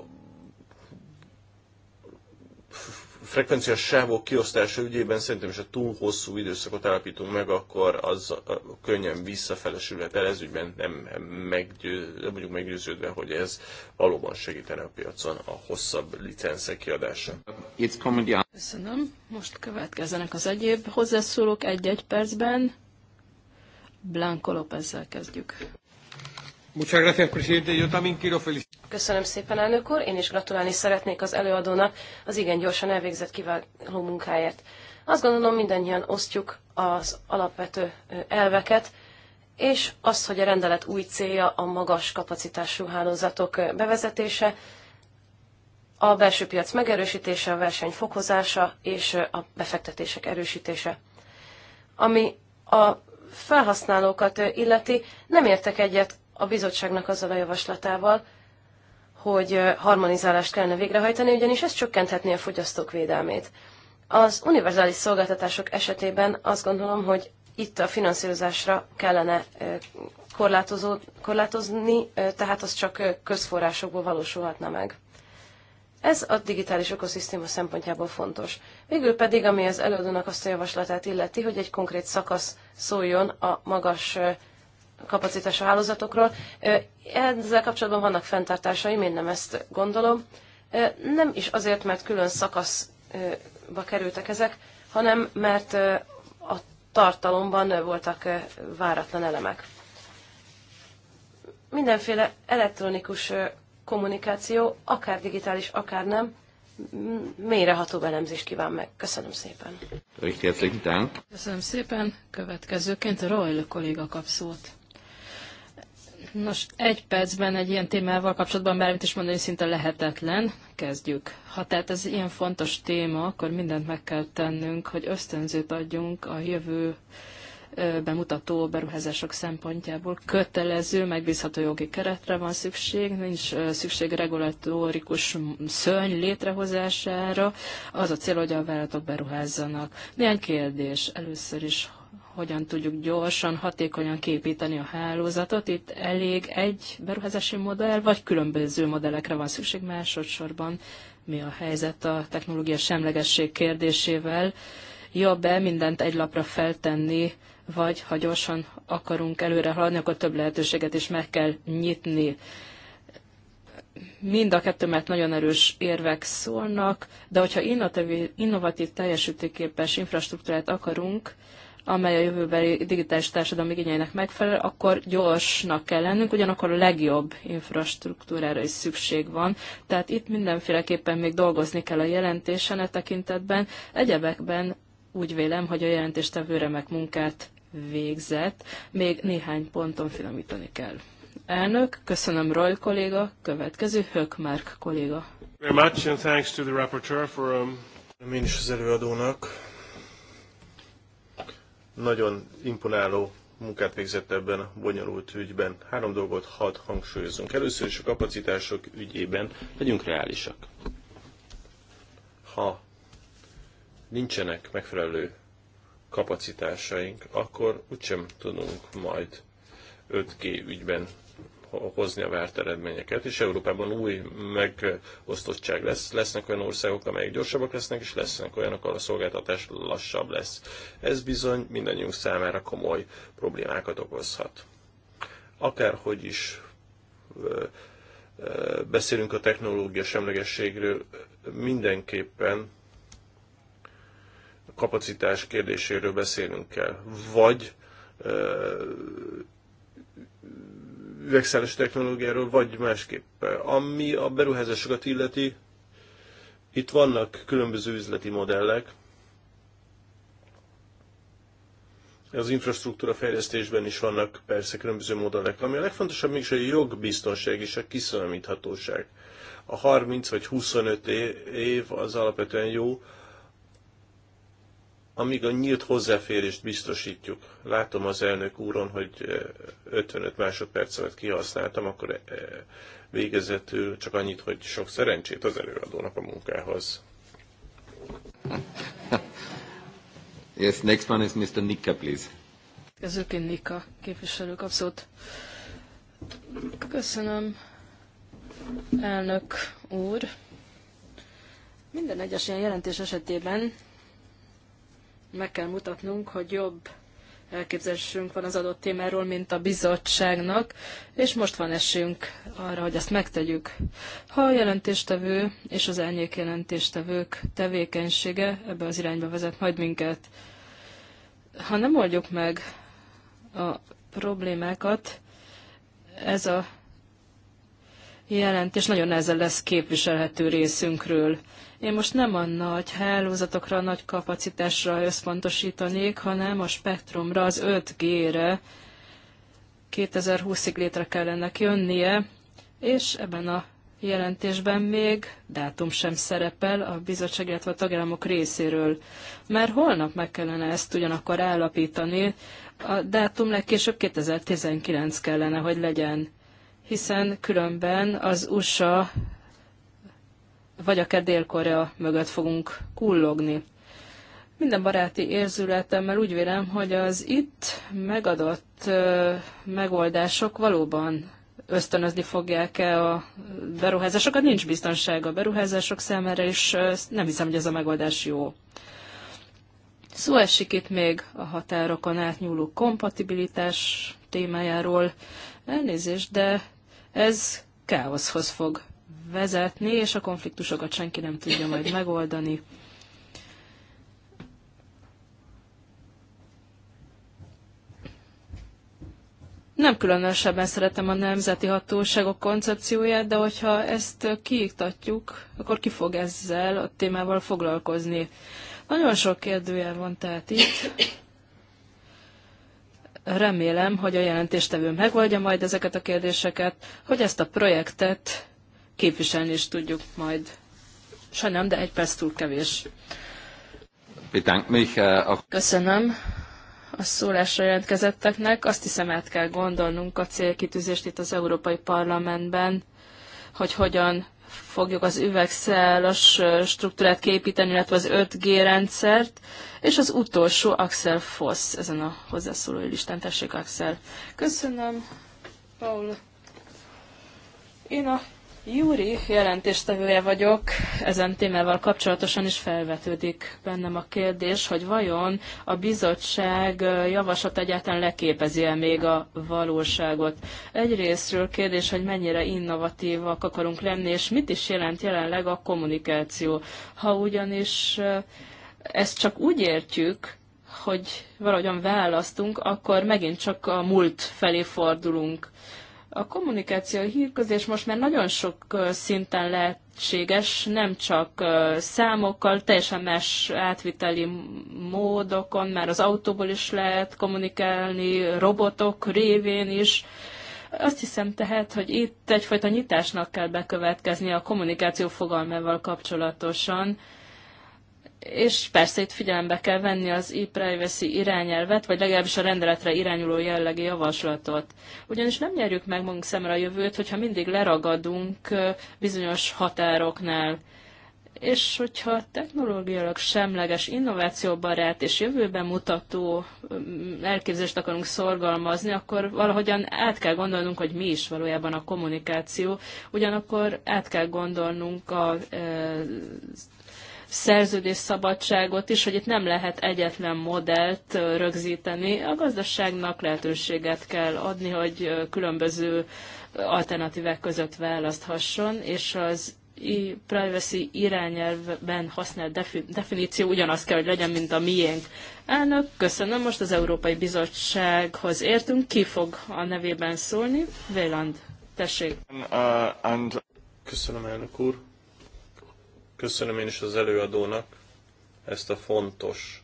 frekvenciás sávok kiosztása ügyében szerintem is a túl hosszú időszakot állapítunk meg, akkor az könnyen visszafelesülhet el. Ez ügyben nem, meggyő, nem vagyunk meggyőződve, hogy ez valóban segítene a piacon a hosszabb licenszek kiadása. Köszönöm. Most következzenek az egyéb hozzászólók egy-egy percben. Blanco Lópezzel kezdjük. Köszönöm szépen, elnök úr. Én is gratulálni szeretnék az előadónak az igen gyorsan elvégzett kiváló munkáért. Azt gondolom, mindannyian osztjuk az alapvető elveket, és azt, hogy a rendelet új célja a magas kapacitású hálózatok bevezetése, a belső piac megerősítése, a verseny fokozása és a befektetések erősítése. Ami a felhasználókat illeti, nem értek egyet a bizottságnak azzal a javaslatával, hogy harmonizálást kellene végrehajtani, ugyanis ez csökkenthetné a fogyasztók védelmét. Az univerzális szolgáltatások esetében azt gondolom, hogy itt a finanszírozásra kellene korlátozni, tehát az csak közforrásokból valósulhatna meg. Ez a digitális ökoszisztéma szempontjából fontos. Végül pedig, ami az előadónak azt a javaslatát illeti, hogy egy konkrét szakasz szóljon a magas kapacitású hálózatokról. Ezzel kapcsolatban vannak fenntartásaim, én nem ezt gondolom. Nem is azért, mert külön szakaszba kerültek ezek, hanem mert a tartalomban voltak váratlan elemek. Mindenféle elektronikus kommunikáció, akár digitális, akár nem, mélyreható elemzést kíván meg. Köszönöm szépen. Köszönöm szépen. Következőként Royal kolléga kap szót. Nos, egy percben egy ilyen témával kapcsolatban bármit is mondani szinte lehetetlen. Kezdjük. Ha tehát ez ilyen fontos téma, akkor mindent meg kell tennünk, hogy ösztönzőt adjunk a jövő bemutató beruházások szempontjából kötelező, megbízható jogi keretre van szükség, nincs szükség regulatórikus szörny létrehozására, az a cél, hogy a vállalatok beruházzanak. Néhány kérdés először is, hogyan tudjuk gyorsan, hatékonyan képíteni a hálózatot. Itt elég egy beruházási modell, vagy különböző modellekre van szükség másodszorban. Mi a helyzet a technológia semlegesség kérdésével? Jobb-e mindent egy lapra feltenni, vagy ha gyorsan akarunk előre haladni, akkor több lehetőséget is meg kell nyitni mind a kettő nagyon erős érvek szólnak, de hogyha innovatív teljesítőképes infrastruktúrát akarunk, amely a jövőbeli digitális társadalom igényeinek megfelel, akkor gyorsnak kell lennünk, ugyanakkor a legjobb infrastruktúrára is szükség van. Tehát itt mindenféleképpen még dolgozni kell a jelentésen a e tekintetben. Egyebekben úgy vélem, hogy a jelentéstevő remek munkát végzett, még néhány ponton finomítani kell. Elnök, köszönöm Roy kolléga, következő Hökmark kolléga. Very much and thanks to the rapporteur for um... Én is az előadónak nagyon imponáló munkát végzett ebben a bonyolult ügyben. Három dolgot hadd hangsúlyozunk. Először is a kapacitások ügyében legyünk reálisak. Ha nincsenek megfelelő kapacitásaink, akkor úgysem tudunk majd 5G ügyben hozni a várt eredményeket, és Európában új megosztottság lesz. Lesznek olyan országok, amelyek gyorsabbak lesznek, és lesznek olyanok, ahol a szolgáltatás lassabb lesz. Ez bizony mindannyiunk számára komoly problémákat okozhat. Akárhogy is beszélünk a technológia semlegességről, mindenképpen kapacitás kérdéséről beszélünk kell. Vagy üvegszálas technológiáról, vagy másképp. Ami a beruházásokat illeti, itt vannak különböző üzleti modellek. Az infrastruktúra fejlesztésben is vannak persze különböző modellek. Ami a legfontosabb mégis a jogbiztonság és a kiszámíthatóság. A 30 vagy 25 év az alapvetően jó, amíg a nyílt hozzáférést biztosítjuk, látom az elnök úron, hogy 55 eh, alatt kihasználtam, akkor eh, végezetül csak annyit, hogy sok szerencsét az előadónak a munkához. <laughs> Yes, next one is Mr. Nika, please. én Nika képviselő kapszót. Köszönöm, elnök úr. Minden egyes ilyen jelentés esetében meg kell mutatnunk, hogy jobb elképzelésünk van az adott témáról, mint a bizottságnak, és most van esünk arra, hogy ezt megtegyük. Ha a jelentéstevő és az elnyék jelentéstevők tevékenysége ebbe az irányba vezet majd minket, ha nem oldjuk meg a problémákat, ez a jelentés nagyon nehezen lesz képviselhető részünkről. Én most nem a nagy hálózatokra, a nagy kapacitásra összpontosítanék, hanem a spektrumra, az 5G-re 2020-ig létre kellene jönnie, és ebben a jelentésben még dátum sem szerepel a bizottság, illetve a tagállamok részéről. mert holnap meg kellene ezt ugyanakkor állapítani, a dátum legkésőbb 2019 kellene, hogy legyen, hiszen különben az USA vagy akár Dél-Korea mögött fogunk kullogni. Minden baráti érzületemmel úgy vélem, hogy az itt megadott megoldások valóban ösztönözni fogják-e a beruházásokat. Nincs biztonság a beruházások számára, és nem hiszem, hogy ez a megoldás jó. Szó esik itt még a határokon átnyúló kompatibilitás témájáról. Elnézést, de ez káoszhoz fog vezetni, és a konfliktusokat senki nem tudja majd megoldani. Nem különösebben szeretem a nemzeti hatóságok koncepcióját, de hogyha ezt kiiktatjuk, akkor ki fog ezzel a témával foglalkozni. Nagyon sok kérdője van tehát itt. Remélem, hogy a jelentéstevő megoldja majd ezeket a kérdéseket, hogy ezt a projektet képviselni is tudjuk majd. Sajnálom, de egy perc túl kevés. Köszönöm a szólásra jelentkezetteknek. Azt hiszem, át kell gondolnunk a célkitűzést itt az Európai Parlamentben, hogy hogyan fogjuk az üvegszálas struktúrát képíteni, illetve az 5G rendszert, és az utolsó Axel Foss ezen a hozzászólói listán. Tessék, Axel. Köszönöm, Paul. Én a Júri jelentéstevője vagyok, ezen témával kapcsolatosan is felvetődik bennem a kérdés, hogy vajon a bizottság javaslat egyáltalán leképezi-e még a valóságot. Egyrésztről kérdés, hogy mennyire innovatívak akarunk lenni, és mit is jelent jelenleg a kommunikáció. Ha ugyanis ezt csak úgy értjük, hogy valahogyan választunk, akkor megint csak a múlt felé fordulunk. A kommunikáció, a hírközés most már nagyon sok szinten lehetséges, nem csak számokkal, teljesen más átviteli módokon, már az autóból is lehet kommunikálni, robotok révén is. Azt hiszem tehát, hogy itt egyfajta nyitásnak kell bekövetkezni a kommunikáció fogalmával kapcsolatosan, és persze itt figyelembe kell venni az e-privacy irányelvet, vagy legalábbis a rendeletre irányuló jellegi javaslatot. Ugyanis nem nyerjük meg magunk szemre a jövőt, hogyha mindig leragadunk bizonyos határoknál. És hogyha technológiailag semleges, innovációbarát és jövőben mutató mm, elképzelést akarunk szorgalmazni, akkor valahogyan át kell gondolnunk, hogy mi is valójában a kommunikáció, ugyanakkor át kell gondolnunk a szerződésszabadságot is, hogy itt nem lehet egyetlen modellt rögzíteni. A gazdaságnak lehetőséget kell adni, hogy különböző alternatívek között választhasson, és az privacy irányelvben használt definíció ugyanaz kell, hogy legyen, mint a miénk. Elnök, köszönöm, most az Európai Bizottsághoz értünk. Ki fog a nevében szólni? Véland, tessék. Uh, köszönöm, elnök úr. Köszönöm én is az előadónak ezt a fontos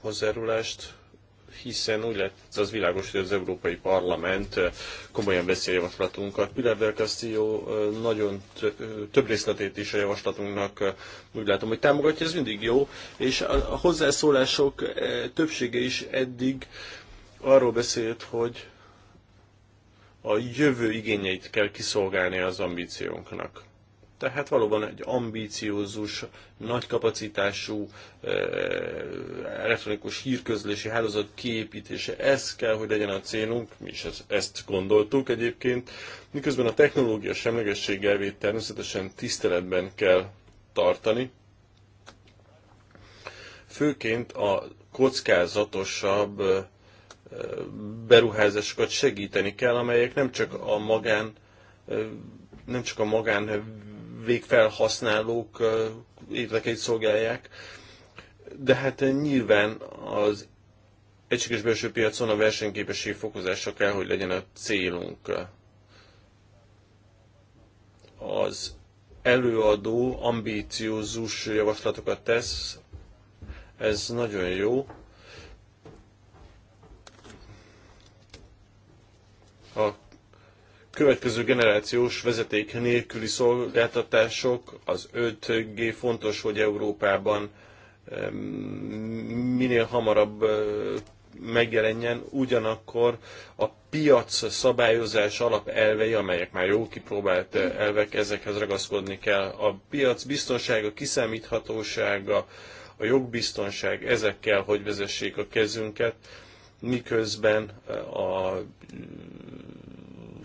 hozzárulást, hiszen úgy lett az világos, hogy az Európai Parlament komolyan veszi a javaslatunkat. Pilar del Castillo nagyon több részletét is a javaslatunknak úgy látom, hogy támogatja, ez mindig jó, és a hozzászólások többsége is eddig arról beszélt, hogy a jövő igényeit kell kiszolgálni az ambíciónknak. Tehát valóban egy ambíciózus, nagy kapacitású eh, elektronikus hírközlési hálózat kiépítése, ez kell, hogy legyen a célunk, mi is ezt gondoltuk egyébként, miközben a technológia semlegesség elvét természetesen tiszteletben kell tartani, főként a kockázatosabb eh, beruházásokat segíteni kell, amelyek nem csak a magán nem csak a magán végfelhasználók érdekeit szolgálják, de hát nyilván az egységes belső piacon a versenyképesség fokozása kell, hogy legyen a célunk. Az előadó ambíciózus javaslatokat tesz, ez nagyon jó. következő generációs vezeték nélküli szolgáltatások, az 5G fontos, hogy Európában minél hamarabb megjelenjen, ugyanakkor a piac szabályozás alapelvei, amelyek már jó kipróbált elvek, ezekhez ragaszkodni kell. A piac biztonsága, kiszámíthatósága, a jogbiztonság, ezekkel hogy vezessék a kezünket, miközben a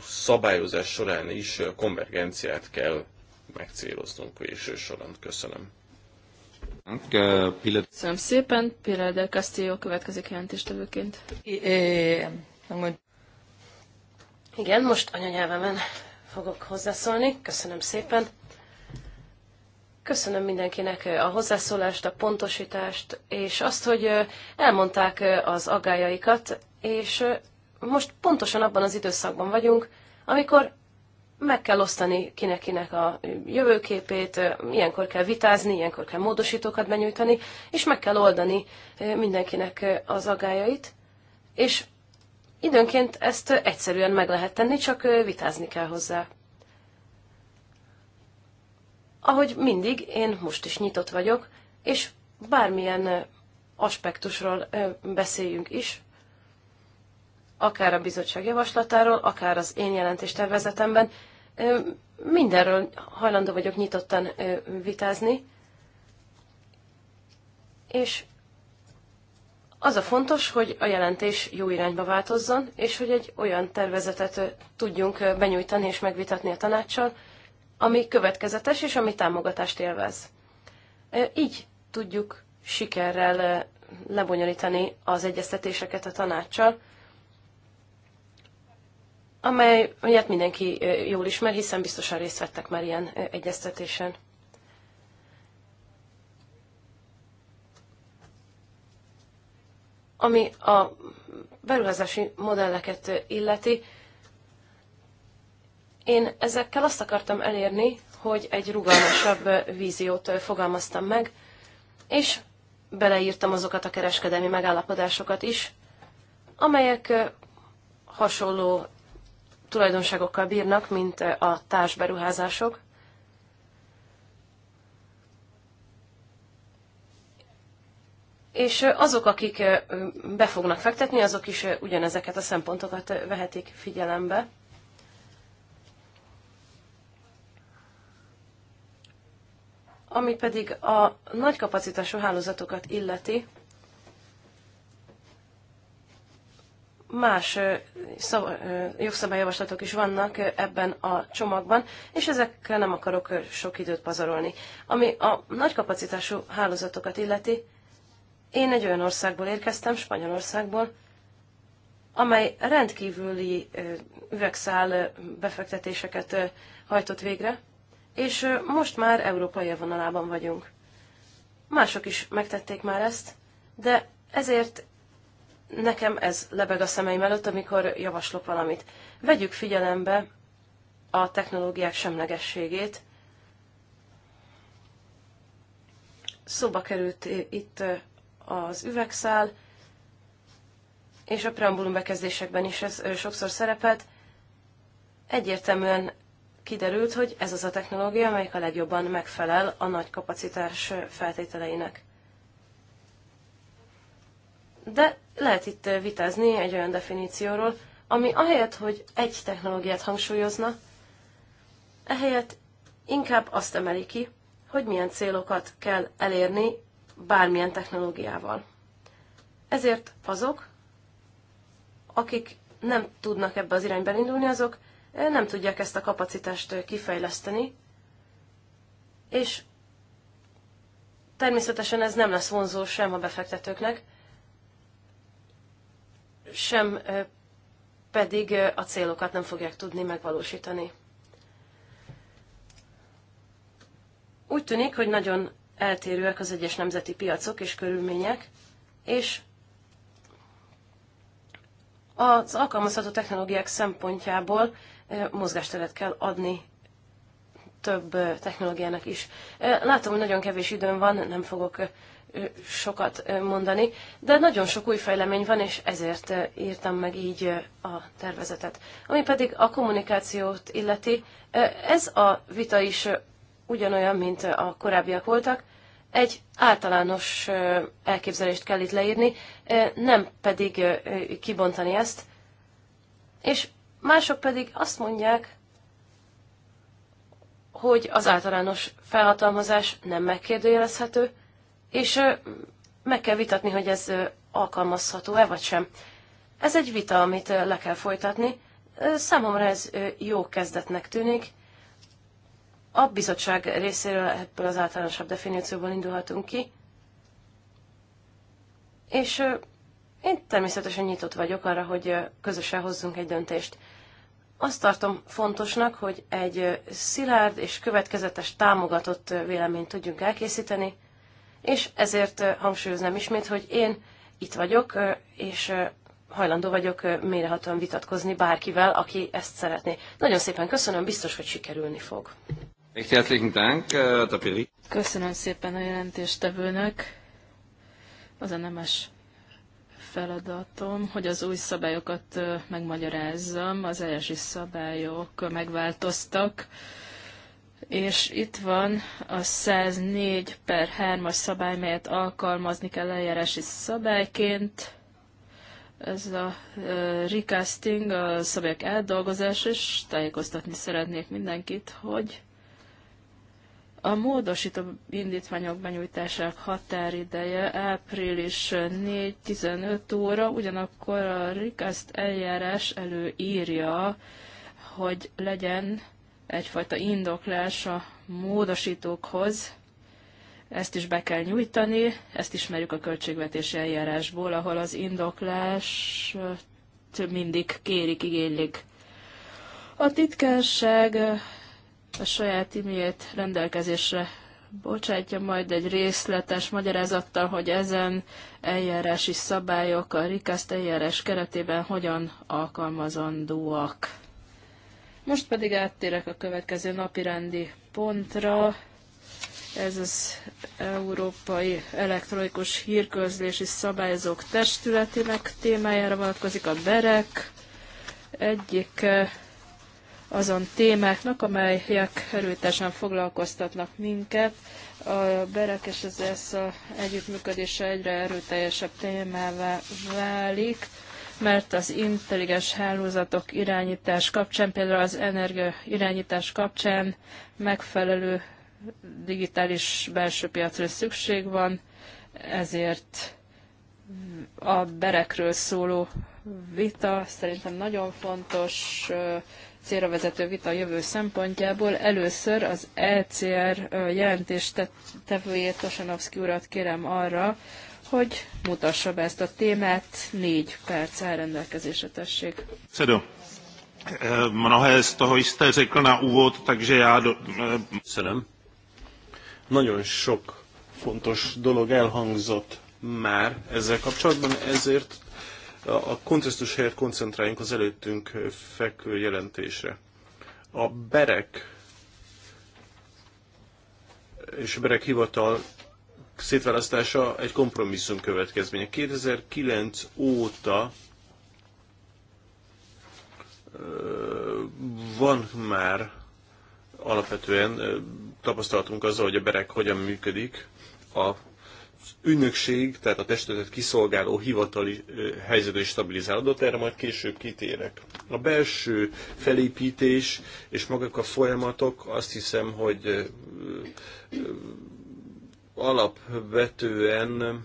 szabályozás során is konvergenciát kell megcéloznunk végső során Köszönöm. Köszönöm szépen. Pilar del Castillo következik jelentéstevőként. Igen, most anyanyelvemen fogok hozzászólni. Köszönöm szépen. Köszönöm mindenkinek a hozzászólást, a pontosítást, és azt, hogy elmondták az agályaikat, és most pontosan abban az időszakban vagyunk, amikor meg kell osztani kinek-kinek a jövőképét, ilyenkor kell vitázni, ilyenkor kell módosítókat benyújtani, és meg kell oldani eh, mindenkinek eh, az agájait, és időnként ezt eh, egyszerűen meg lehet tenni, csak vitázni kell hozzá. Ahogy mindig, én most is nyitott vagyok, és bármilyen aspektusról beszéljünk is, akár a bizottság javaslatáról, akár az én jelentéstervezetemben. Mindenről hajlandó vagyok nyitottan vitázni. És az a fontos, hogy a jelentés jó irányba változzon, és hogy egy olyan tervezetet tudjunk benyújtani és megvitatni a tanácssal, ami következetes és ami támogatást élvez. Így tudjuk sikerrel lebonyolítani az egyeztetéseket a tanácssal, amelyet mindenki jól ismer, hiszen biztosan részt vettek már ilyen egyeztetésen. Ami a beruházási modelleket illeti, én ezekkel azt akartam elérni, hogy egy rugalmasabb víziót fogalmaztam meg, és beleírtam azokat a kereskedelmi megállapodásokat is, amelyek hasonló tulajdonságokkal bírnak, mint eh, a társberuházások. És eh, azok, akik eh, be fognak fektetni, azok is ugyanezeket a szempontokat vehetik figyelembe. Ami pedig a nagykapacitású hálózatokat illeti, más jogszabályjavaslatok is vannak ebben a csomagban, és ezekre nem akarok sok időt pazarolni. Ami a nagy kapacitású hálózatokat illeti, én egy olyan országból érkeztem, Spanyolországból, amely rendkívüli üvegszál befektetéseket hajtott végre, és most már európai vonalában vagyunk. Mások is megtették már ezt, de ezért nekem ez lebeg a szemeim előtt, amikor javaslok valamit. Vegyük figyelembe a technológiák semlegességét. Szóba került itt az üvegszál, és a preambulum bekezdésekben is ez sokszor szerepelt. Egyértelműen kiderült, hogy ez az a technológia, amelyik a legjobban megfelel a nagy kapacitás feltételeinek. De lehet itt vitázni egy olyan definícióról, ami ahelyett, hogy egy technológiát hangsúlyozna, ehelyett inkább azt emeli ki, hogy milyen célokat kell elérni bármilyen technológiával. Ezért azok, akik nem tudnak ebbe az irányba indulni, azok nem tudják ezt a kapacitást kifejleszteni, és természetesen ez nem lesz vonzó sem a befektetőknek, sem pedig a célokat nem fogják tudni megvalósítani. Úgy tűnik, hogy nagyon eltérőek az egyes nemzeti piacok és körülmények, és az alkalmazható technológiák szempontjából mozgásteret kell adni több technológiának is. Látom, hogy nagyon kevés időm van, nem fogok sokat mondani, de nagyon sok új fejlemény van, és ezért írtam meg így a tervezetet. Ami pedig a kommunikációt illeti, ez a vita is ugyanolyan, mint a korábbiak voltak. Egy általános elképzelést kell itt leírni, nem pedig kibontani ezt. És mások pedig azt mondják, hogy az általános felhatalmazás nem megkérdőjelezhető, és meg kell vitatni, hogy ez alkalmazható-e vagy sem. Ez egy vita, amit le kell folytatni. Számomra ez jó kezdetnek tűnik. A bizottság részéről ebből az általánosabb definícióból indulhatunk ki. És én természetesen nyitott vagyok arra, hogy közösen hozzunk egy döntést. Azt tartom fontosnak, hogy egy szilárd és következetes támogatott véleményt tudjunk elkészíteni, és ezért hangsúlyoznám ismét, hogy én itt vagyok, és hajlandó vagyok mélyrehatóan vitatkozni bárkivel, aki ezt szeretné. Nagyon szépen köszönöm, biztos, hogy sikerülni fog. Köszönöm szépen a jelentéstevőnek. Az a nemes feladatom, hogy az új szabályokat megmagyarázzam. Az első szabályok megváltoztak és itt van a 104 per 3-as szabály, melyet alkalmazni kell eljárási szabályként. Ez a uh, recasting, a szabályok eldolgozás, és tájékoztatni szeretnék mindenkit, hogy a módosító indítványok benyújtásának határideje április 4-15 óra, ugyanakkor a recast eljárás előírja, hogy legyen egyfajta indoklás a módosítókhoz. Ezt is be kell nyújtani, ezt ismerjük a költségvetési eljárásból, ahol az indoklás mindig kérik, igénylik. A titkárság a saját imélyét rendelkezésre bocsátja majd egy részletes magyarázattal, hogy ezen eljárási szabályok a rikaszt eljárás keretében hogyan alkalmazandóak. Most pedig áttérek a következő napi rendi pontra. Ez az Európai Elektronikus Hírközlési Szabályozók Testületének témájára vonatkozik a BEREK. Egyik eh, azon témáknak, amelyek erőtesen foglalkoztatnak minket. A Berek és az ESZA együttműködése egyre erőteljesebb témává válik mert az intelligens hálózatok irányítás kapcsán, például az energia irányítás kapcsán megfelelő digitális belső piacra szükség van, ezért a berekről szóló vita szerintem nagyon fontos célra vezető vita a jövő szempontjából. Először az ECR tevőjét, Tosanovszki urat kérem arra, hogy mutassa be ezt a témát. Négy perc elrendelkezésre tessék. Szedő. Eh, mnohé z toho jste řekl na úvod, takže já... Do... Eh, Köszönöm. Nagyon sok fontos dolog elhangzott már ezzel kapcsolatban, ezért a kontextus helyett koncentráljunk az előttünk fekvő jelentésre. A berek és a berek hivatal szétválasztása egy kompromisszum következménye. 2009 óta van már alapvetően tapasztalatunk azzal, hogy a berek hogyan működik. A ünnökség, tehát a testületet kiszolgáló hivatali helyzet is stabilizálódott, erre majd később kitérek. A belső felépítés és maguk a folyamatok azt hiszem, hogy alapvetően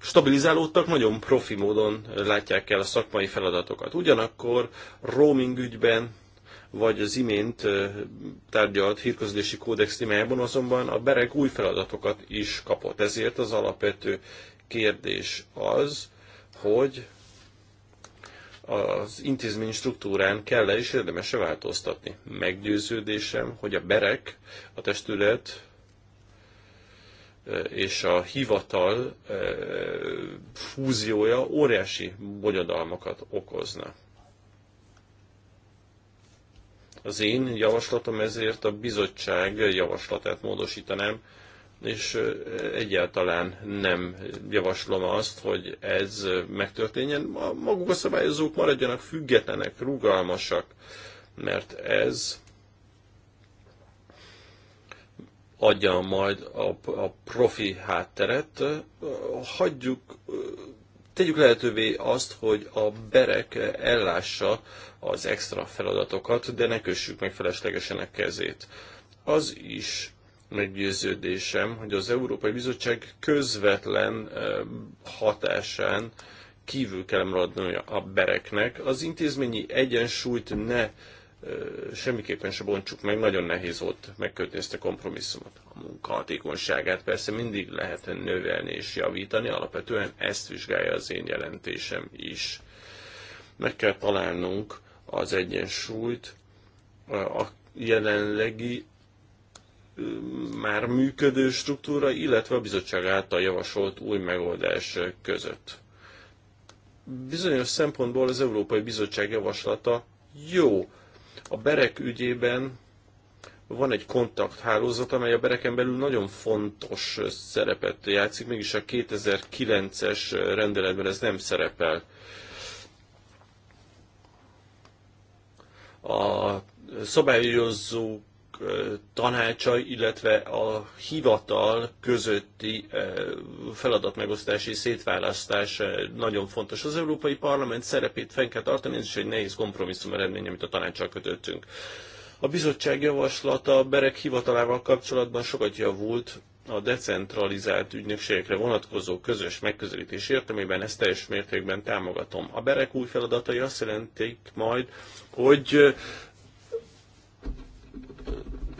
stabilizálódtak, nagyon profi módon látják el a szakmai feladatokat. Ugyanakkor roaming ügyben vagy az imént tárgyalt hírközlési kódex témájában azonban a bereg új feladatokat is kapott. Ezért az alapvető kérdés az, hogy az intézmény struktúrán kell-e és érdemes-e változtatni. Meggyőződésem, hogy a berek, a testület eh, és a hivatal eh, fúziója óriási bonyodalmakat okozna. Az én javaslatom ezért a bizottság javaslatát módosítanám, és egyáltalán nem javaslom azt, hogy ez megtörténjen. Maguk a szabályozók maradjanak függetlenek, rugalmasak, mert ez adja majd a, a profi hátteret. Hagyjuk, tegyük lehetővé azt, hogy a berek ellássa az extra feladatokat, de ne kössük meg feleslegesen a kezét. Az is meggyőződésem, hogy az Európai Bizottság közvetlen hatásán kívül kell maradnia a bereknek. Az intézményi egyensúlyt ne semmiképpen se bontsuk meg, nagyon nehéz volt megkötni ezt a kompromisszumot. A munka hatékonyságát persze mindig lehet növelni és javítani, alapvetően ezt vizsgálja az én jelentésem is. Meg kell találnunk az egyensúlyt a jelenlegi már működő struktúra, illetve a bizottság által javasolt új megoldás között. Bizonyos szempontból az Európai Bizottság javaslata jó. A berek ügyében van egy kontakthálózat, amely a bereken belül nagyon fontos szerepet játszik, mégis a 2009-es rendeletben ez nem szerepel. A szabályozó tanácsa, illetve a hivatal közötti feladatmegosztási szétválasztás nagyon fontos. Az Európai Parlament szerepét fenn kell tartani, ez is egy nehéz kompromisszum eredmény, amit a tanácssal kötöttünk. A bizottság javaslata a Berek hivatalával kapcsolatban sokat javult, a decentralizált ügynökségekre vonatkozó közös megközelítés értelmében ezt teljes mértékben támogatom. A berek új feladatai azt jelentik majd, hogy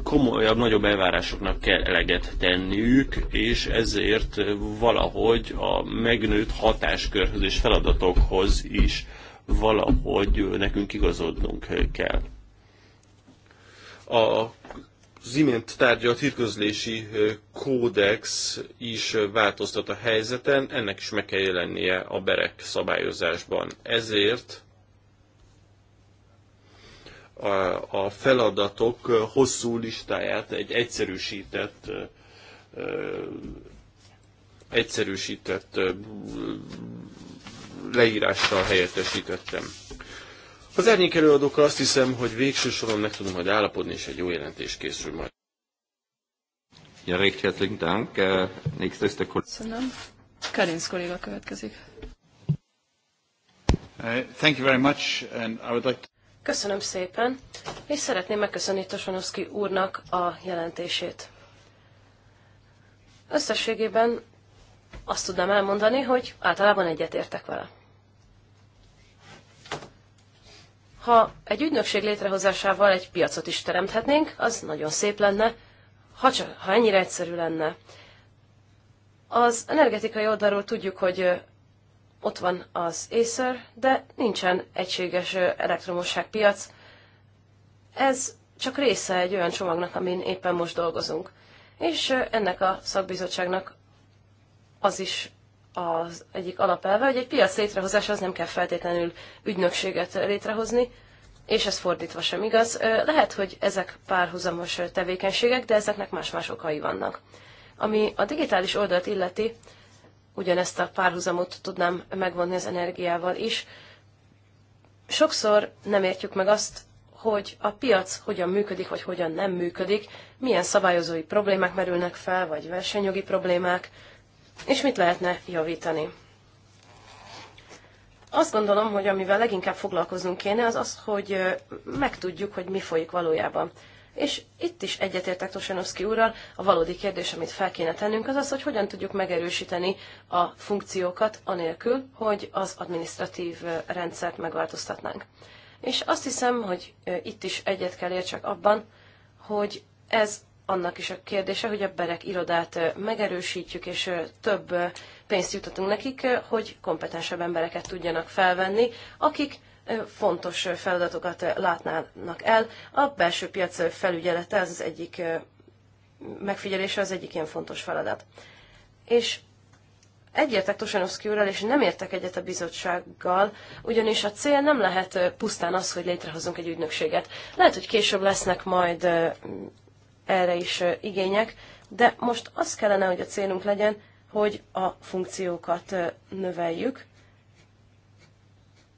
komolyabb, nagyobb elvárásoknak kell eleget tenniük, és ezért valahogy a megnőtt hatáskörhöz és feladatokhoz is valahogy nekünk igazodnunk kell. A az imént tárgyalt hitközlési kódex is változtat a helyzeten, ennek is meg kell jelennie a berek szabályozásban. Ezért a feladatok hosszú listáját egy egyszerűsített egyszerűsített leírással helyettesítettem. Az árnyék előadókkal azt hiszem, hogy végső soron meg tudom majd állapodni, és egy jó jelentés készül majd. Ja, recht herzlichen Dank. ist der Köszönöm. Karinsz kolléga következik. Uh, thank you very much, and I would like to... Köszönöm szépen, és szeretném megköszönni Tosanovszki úrnak a jelentését. Összességében azt tudnám elmondani, hogy általában egyetértek vele. Ha egy ügynökség létrehozásával egy piacot is teremthetnénk, az nagyon szép lenne, ha, csak, ha ennyire egyszerű lenne. Az energetikai oldalról tudjuk, hogy ott van az észer, de nincsen egységes elektromosságpiac. Ez csak része egy olyan csomagnak, amin éppen most dolgozunk. És ennek a szakbizottságnak az is az egyik alapelve, hogy egy piac létrehozása az nem kell feltétlenül ügynökséget létrehozni, és ez fordítva sem igaz. Lehet, hogy ezek párhuzamos tevékenységek, de ezeknek más-más okai vannak. Ami a digitális oldalt illeti, ugyanezt a párhuzamot tudnám megvonni az energiával is. Sokszor nem értjük meg azt, hogy a piac hogyan működik, vagy hogyan nem működik, milyen szabályozói problémák merülnek fel, vagy versenyjogi problémák, és mit lehetne javítani. Azt gondolom, hogy amivel leginkább foglalkoznunk kéne, az az, hogy megtudjuk, hogy mi folyik valójában és itt is egyetértek Tosanowski úrral, a valódi kérdés, amit fel kéne tennünk, az az, hogy hogyan tudjuk megerősíteni a funkciókat, anélkül, hogy az administratív rendszert megváltoztatnánk. És azt hiszem, hogy itt is egyet kell értsek abban, hogy ez annak is a kérdése, hogy a berek irodát megerősítjük, és több pénzt jutatunk nekik, hogy kompetensebb embereket tudjanak felvenni, akik fontos feladatokat látnának el. A belső piac felügyelete ez az egyik megfigyelése az egyik ilyen fontos feladat. És egyértek Tosanovszki úrral, és nem értek egyet a bizottsággal, ugyanis a cél nem lehet pusztán az, hogy létrehozunk egy ügynökséget. Lehet, hogy később lesznek majd erre is igények, de most az kellene, hogy a célunk legyen, hogy a funkciókat növeljük,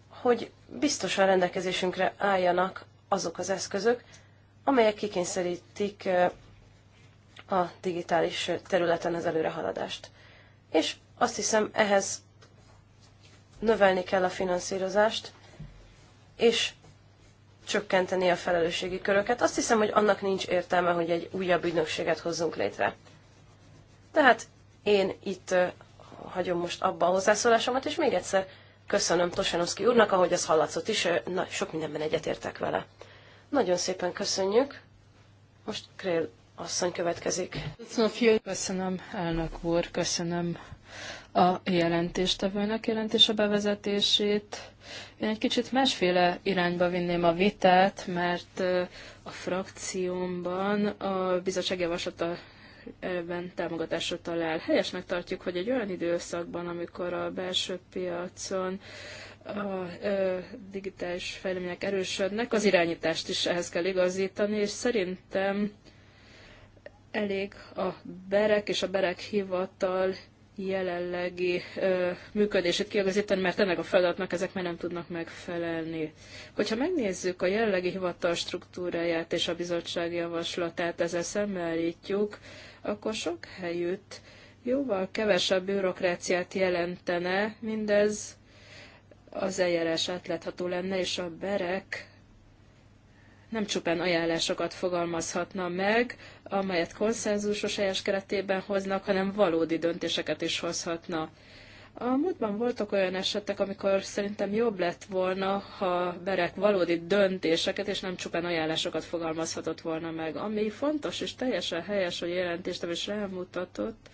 hogy biztosan rendelkezésünkre álljanak azok az eszközök, amelyek kikényszerítik a digitális területen az előrehaladást. És azt hiszem, ehhez növelni kell a finanszírozást, és csökkenteni a felelősségi köröket. Azt hiszem, hogy annak nincs értelme, hogy egy újabb ügynökséget hozzunk létre. Tehát én itt hagyom most abba a hozzászólásomat, és még egyszer Köszönöm Tosanowski úrnak, ahogy az hallatszott is, na, sok mindenben egyetértek vele. Nagyon szépen köszönjük. Most Krél asszony következik. Köszönöm, elnök úr, köszönöm a jelentéstevőnek jelentése bevezetését. Én egy kicsit másféle irányba vinném a vitát, mert a frakciómban a bizottságjavaslata ebben támogatásra talál. Helyesnek tartjuk, hogy egy olyan időszakban, amikor a belső piacon a digitális fejlemények erősödnek, az irányítást is ehhez kell igazítani, és szerintem elég a berek és a berek hivatal jelenlegi ö, működését kiegazítani, mert ennek a feladatnak ezek már nem tudnak megfelelni. Hogyha megnézzük a jelenlegi hivatal struktúráját és a bizottság javaslatát, ezzel szembeállítjuk, akkor sok helyütt jóval kevesebb bürokráciát jelentene, mindez az eljárás átlátható lenne, és a berek nem csupán ajánlásokat fogalmazhatna meg, amelyet konszenzusos eljárás keretében hoznak, hanem valódi döntéseket is hozhatna. A múltban voltak olyan esetek, amikor szerintem jobb lett volna, ha Berek valódi döntéseket és nem csupán ajánlásokat fogalmazhatott volna meg. Ami fontos és teljesen helyes, hogy jelentést, is rámutatott,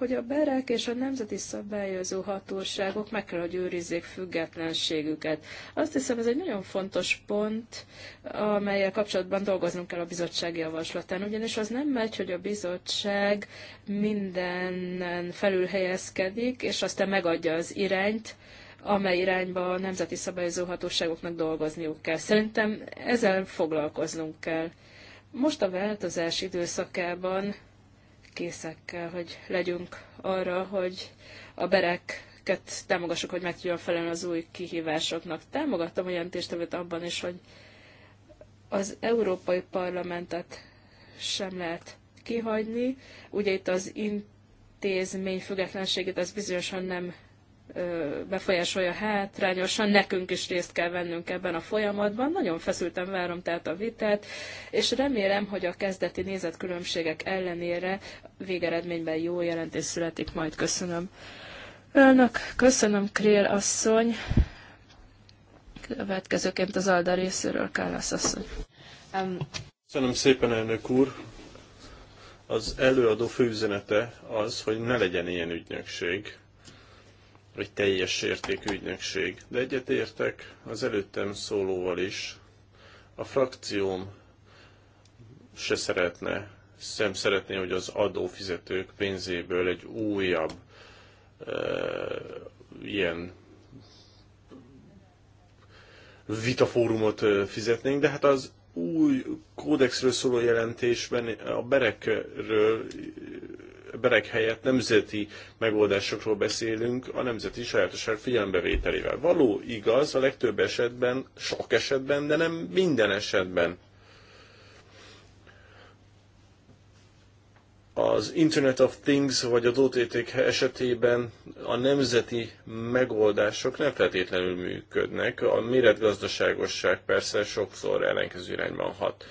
hogy a berek és a nemzeti szabályozó hatóságok meg kell, hogy őrizzék függetlenségüket. Azt hiszem, ez egy nagyon fontos pont, amelyel kapcsolatban dolgoznunk kell a bizottság javaslatán, ugyanis az nem megy, hogy a bizottság mindenen felül helyezkedik, és aztán megadja az irányt, amely irányba a nemzeti szabályozó hatóságoknak dolgozniuk kell. Szerintem ezzel foglalkoznunk kell. Most a változás időszakában készek kell, hogy legyünk arra, hogy a berek támogassuk, hogy meg tudjon felelni az új kihívásoknak. Támogattam a jelentéstevőt abban is, hogy az Európai Parlamentet sem lehet kihagyni. Ugye itt az intézmény függetlenségét az bizonyosan nem befolyásolja hátrányosan, nekünk is részt kell vennünk ebben a folyamatban. Nagyon feszültem várom tehát a vitát, és remélem, hogy a kezdeti nézetkülönbségek ellenére végeredményben jó jelentés születik majd. Köszönöm. Önök, köszönöm, Krél asszony. Következőként az Alda részéről Kállász asszony. Um. Köszönöm szépen, elnök úr. Az előadó főüzenete az, hogy ne legyen ilyen ügynökség, egy teljes értékű ügynökség. De egyetértek az előttem szólóval is. A frakcióm se szeretne, sem szeretné, hogy az adófizetők pénzéből egy újabb e, ilyen vitafórumot fizetnénk, de hát az új kódexről szóló jelentésben a berekről berek helyett nemzeti megoldásokról beszélünk, a nemzeti sajátosság figyelembevételével. Való igaz, a legtöbb esetben, sok esetben, de nem minden esetben. az Internet of Things vagy a dótéték esetében a nemzeti megoldások nem feltétlenül működnek. A méretgazdaságosság persze sokszor ellenkező irányban hat.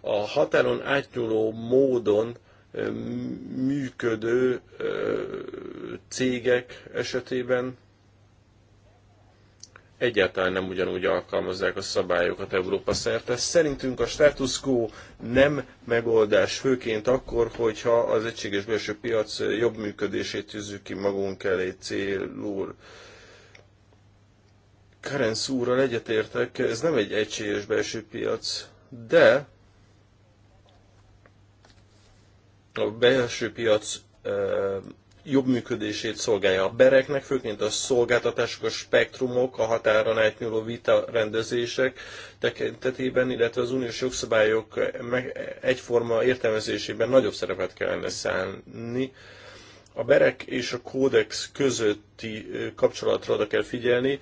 A határon átnyúló módon működő cégek esetében egyáltalán nem ugyanúgy alkalmazzák a szabályokat Európa szerte. Szerintünk a status quo nem megoldás, főként akkor, hogyha az egységes belső piac jobb működését tűzzük ki magunk elé célul. Karen úrral egyetértek, ez nem egy egységes belső piac, de a belső piac jobb működését szolgálja a bereknek, főként a szolgáltatások, a spektrumok, a határon átnyúló vita rendezések tekintetében, illetve az uniós jogszabályok egyforma értelmezésében nagyobb szerepet kellene szállni. A berek és a kódex közötti kapcsolatra oda kell figyelni.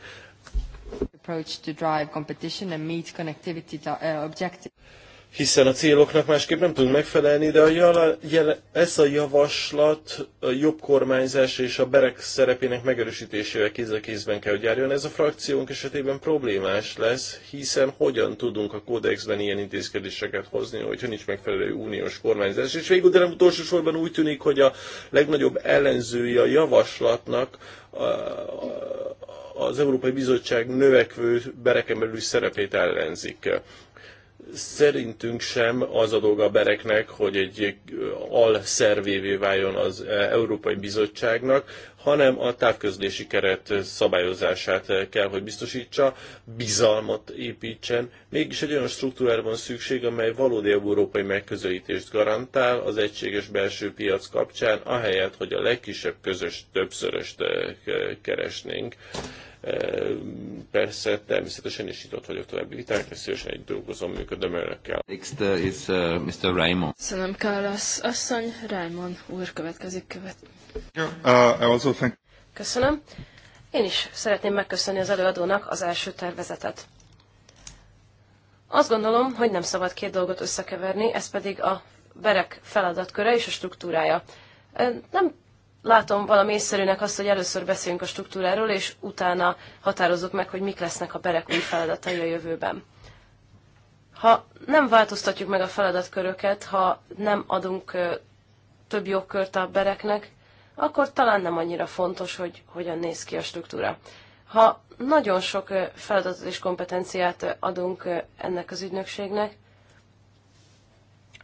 Approach to drive competition and meet connectivity objectives hiszen a céloknak másképp nem tudunk megfelelni, de a jala, jele, ez a javaslat a jobb kormányzás és a berek szerepének megerősítésével kéz a kézben kell, hogy járjon. Ez a frakciónk esetében problémás lesz, hiszen hogyan tudunk a kódexben ilyen intézkedéseket hozni, hogyha nincs megfelelő uniós kormányzás. És végül, de nem utolsó sorban úgy tűnik, hogy a legnagyobb ellenzői a javaslatnak a, a, az Európai Bizottság növekvő bereken belül szerepét ellenzik szerintünk sem az a dolga a bereknek, hogy egy alszervévé váljon az Európai Bizottságnak, hanem a távközlési keret szabályozását kell, hogy biztosítsa, bizalmat építsen. Mégis egy olyan struktúrára van szükség, amely valódi európai megközelítést garantál az egységes belső piac kapcsán, ahelyett, hogy a legkisebb közös többszöröst keresnénk. Persze, természetesen is nyitott vagyok további vitákra, szívesen egy dolgozom, működöm önökkel. Next uh, is uh, Mr. Raymond. Köszönöm, Carlos. Asszony, Raymond úr következik követ. Uh, Köszönöm. Én is szeretném megköszönni az előadónak az első tervezetet. Azt gondolom, hogy nem szabad két dolgot összekeverni, ez pedig a berek feladatköre és a struktúrája. Nem látom valami észszerűnek azt, hogy először beszéljünk a struktúráról, és utána határozzuk meg, hogy mik lesznek a perek új feladatai a jövőben. Ha nem változtatjuk meg a feladatköröket, ha nem adunk több jogkört a bereknek, akkor talán nem annyira fontos, hogy hogyan néz ki a struktúra. Ha nagyon sok feladatot és kompetenciát adunk ennek az ügynökségnek,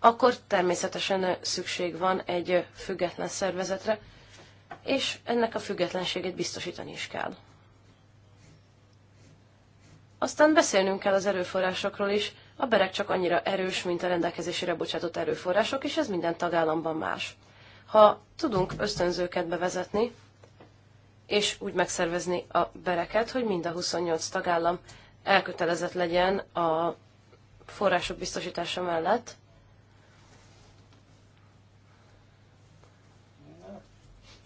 akkor természetesen szükség van egy független szervezetre, és ennek a függetlenségét biztosítani is kell. Aztán beszélnünk kell az erőforrásokról is. A berek csak annyira erős, mint a rendelkezésére bocsátott erőforrások, és ez minden tagállamban más. Ha tudunk ösztönzőket bevezetni, és úgy megszervezni a bereket, hogy mind a 28 tagállam elkötelezett legyen a források biztosítása mellett,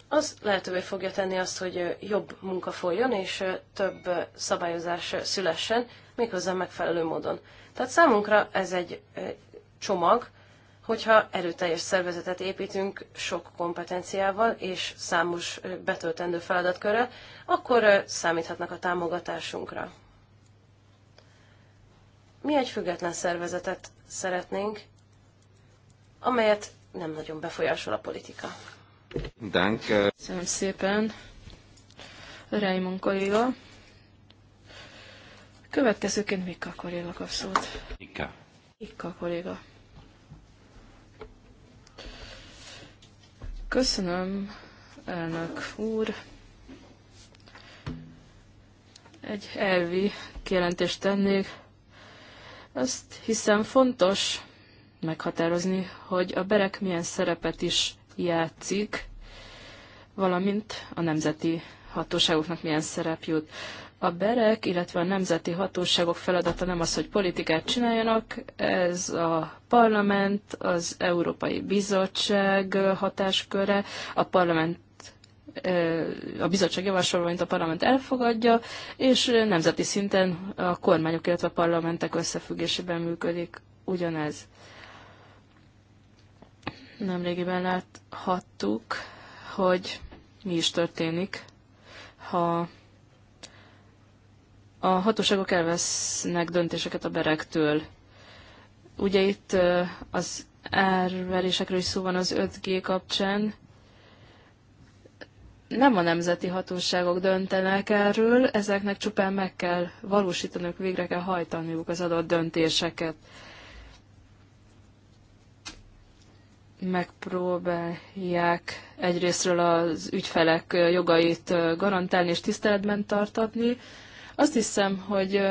az lehetővé fogja tenni azt, hogy jobb munka folyjon, és több szabályozás szülessen, méghozzá megfelelő módon. Tehát számunkra ez egy csomag, hogyha erőteljes szervezetet építünk sok kompetenciával és számos betöltendő feladatkörrel, akkor számíthatnak a támogatásunkra. Mi egy független szervezetet szeretnénk, amelyet nem nagyon befolyásol a politika. Dank. Eh. Köszönöm szépen. Raymond kolléga. Következőként Mika kolléga kap szót. Mika. Mika kolléga. Köszönöm, elnök úr. Egy elvi kijelentést tennék. Azt hiszem fontos meghatározni, hogy a berek milyen szerepet is játszik, valamint a nemzeti hatóságoknak milyen szerep jut. A berek, illetve a nemzeti hatóságok feladata nem az, hogy politikát csináljanak, ez a parlament, az Európai Bizottság hatásköre, a parlament a bizottság javasolványt a parlament elfogadja, és nemzeti szinten a kormányok, illetve a parlamentek összefüggésében működik ugyanez. Nemrégiben láthattuk, hogy mi is történik, ha a hatóságok elvesznek döntéseket a berektől. Ugye itt az árverésekről is szó van az 5G kapcsán. Nem a nemzeti hatóságok döntenek erről, ezeknek csupán meg kell valósítanunk, végre kell hajtaniuk az adott döntéseket. megpróbálják egyrésztről az ügyfelek jogait garantálni és tiszteletben tartatni. Azt hiszem, hogy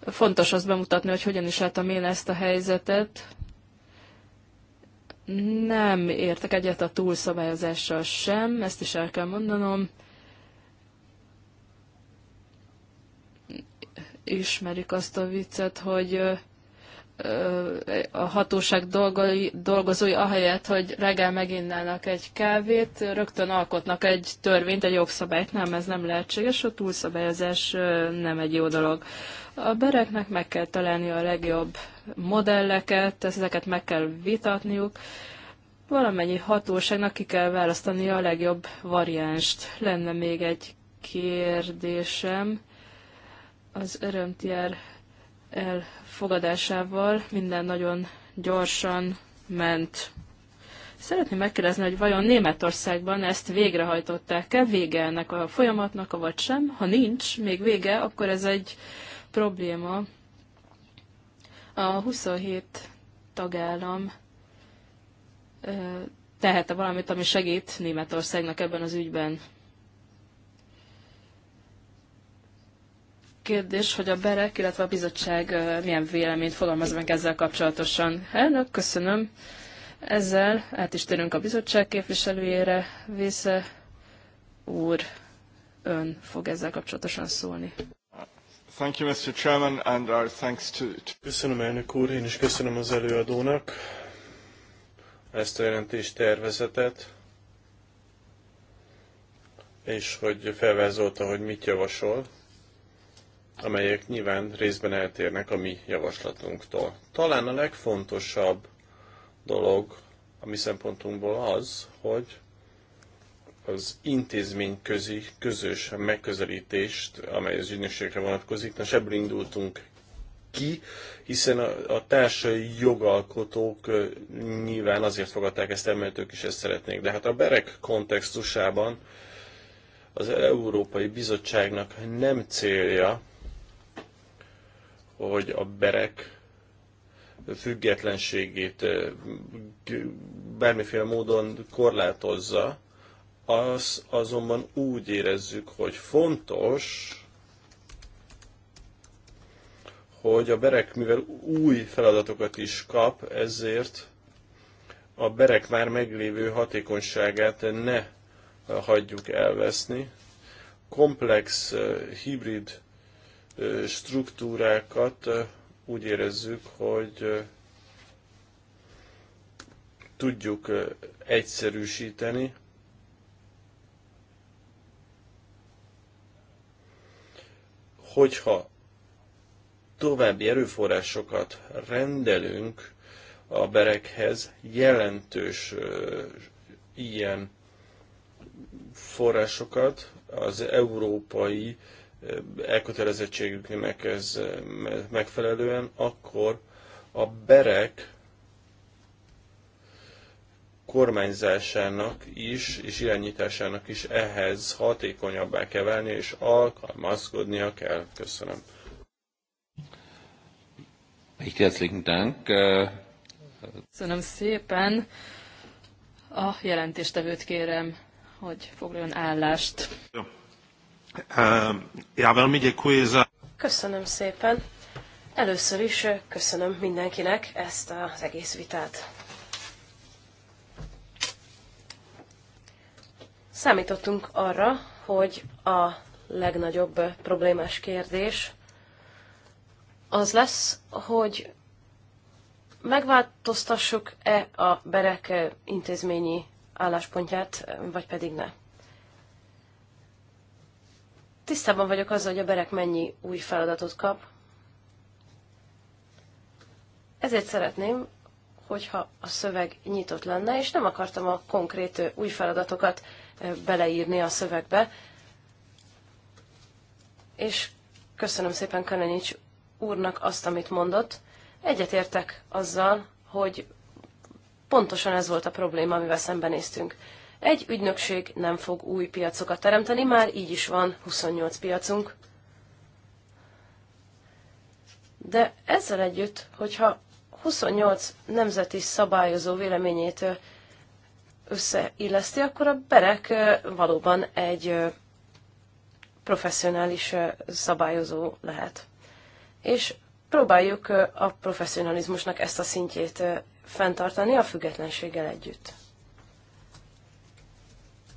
fontos azt bemutatni, hogy hogyan is álltam én ezt a helyzetet. Nem értek egyet a túlszabályozással sem, ezt is el kell mondanom. Ismerik azt a viccet, hogy a hatóság dolgai, dolgozói ahelyett, hogy reggel meginnának egy kávét, rögtön alkotnak egy törvényt, egy jogszabályt. Nem, ez nem lehetséges, a túlszabályozás nem egy jó dolog. A bereknek meg kell találni a legjobb modelleket, ezeket meg kell vitatniuk. Valamennyi hatóságnak ki kell választani a legjobb variánst. Lenne még egy kérdésem az örömtier elfogadásával minden nagyon gyorsan ment. Szeretném megkérdezni, hogy vajon Németországban ezt végrehajtották-e, vége ennek a folyamatnak, vagy sem. Ha nincs még vége, akkor ez egy probléma. A 27 tagállam tehet-e valamit, ami segít Németországnak ebben az ügyben? kérdés, hogy a BEREK, illetve a bizottság milyen véleményt fogalmaz meg ezzel kapcsolatosan. Elnök, köszönöm. Ezzel át is térünk a bizottság képviselőjére. Vésze úr, ön fog ezzel kapcsolatosan szólni. Thank you, Mr. Chairman, and our thanks to... Köszönöm, elnök úr, én is köszönöm az előadónak ezt a jelentést tervezetet, és hogy felvázolta, hogy mit javasol amelyek nyilván részben eltérnek a mi javaslatunktól. Talán a legfontosabb dolog a mi szempontunkból az, hogy az intézményközi közös megközelítést, amely az ügynökségre vonatkozik, most ebből indultunk ki, hiszen a, a társai jogalkotók nyilván azért fogadták ezt, mert ők is ezt szeretnék. De hát a berek kontextusában az Európai Bizottságnak nem célja, hogy a berek függetlenségét bármiféle módon korlátozza, az azonban úgy érezzük, hogy fontos, hogy a berek, mivel új feladatokat is kap, ezért a berek már meglévő hatékonyságát ne hagyjuk elveszni. Komplex, hibrid struktúrákat úgy érezzük, hogy tudjuk egyszerűsíteni, hogyha további erőforrásokat rendelünk a berekhez, jelentős ilyen forrásokat az európai elkötelezettségüknek ez megfelelően, akkor a berek kormányzásának is, és irányításának is ehhez hatékonyabbá kell válni, és alkalmazkodnia kell. Köszönöm. Köszönöm szépen. A jelentéstevőt kérem, hogy foglaljon állást. Ja. Ehm, já velmi děkuji za... Köszönöm szépen. Először is eh, köszönöm mindenkinek ezt az egész vitát. Számítottunk arra, hogy a legnagyobb problémás kérdés az lesz, hogy megváltoztassuk-e a berek eh, intézményi álláspontját, vagy pedig ne. Tisztában vagyok azzal, hogy a berek mennyi új feladatot kap. Ezért szeretném, hogyha a szöveg nyitott lenne, és nem akartam a konkrét új feladatokat beleírni a szövegbe. És köszönöm szépen Kanenics úrnak azt, amit mondott. Egyetértek azzal, hogy pontosan ez volt a probléma, amivel szembenéztünk. Egy ügynökség nem fog új piacokat teremteni, már így is van 28 piacunk. De ezzel együtt, hogyha 28 nemzeti szabályozó véleményét összeilleszti, akkor a berek valóban egy professzionális szabályozó lehet. És próbáljuk a professzionalizmusnak ezt a szintjét fenntartani a függetlenséggel együtt.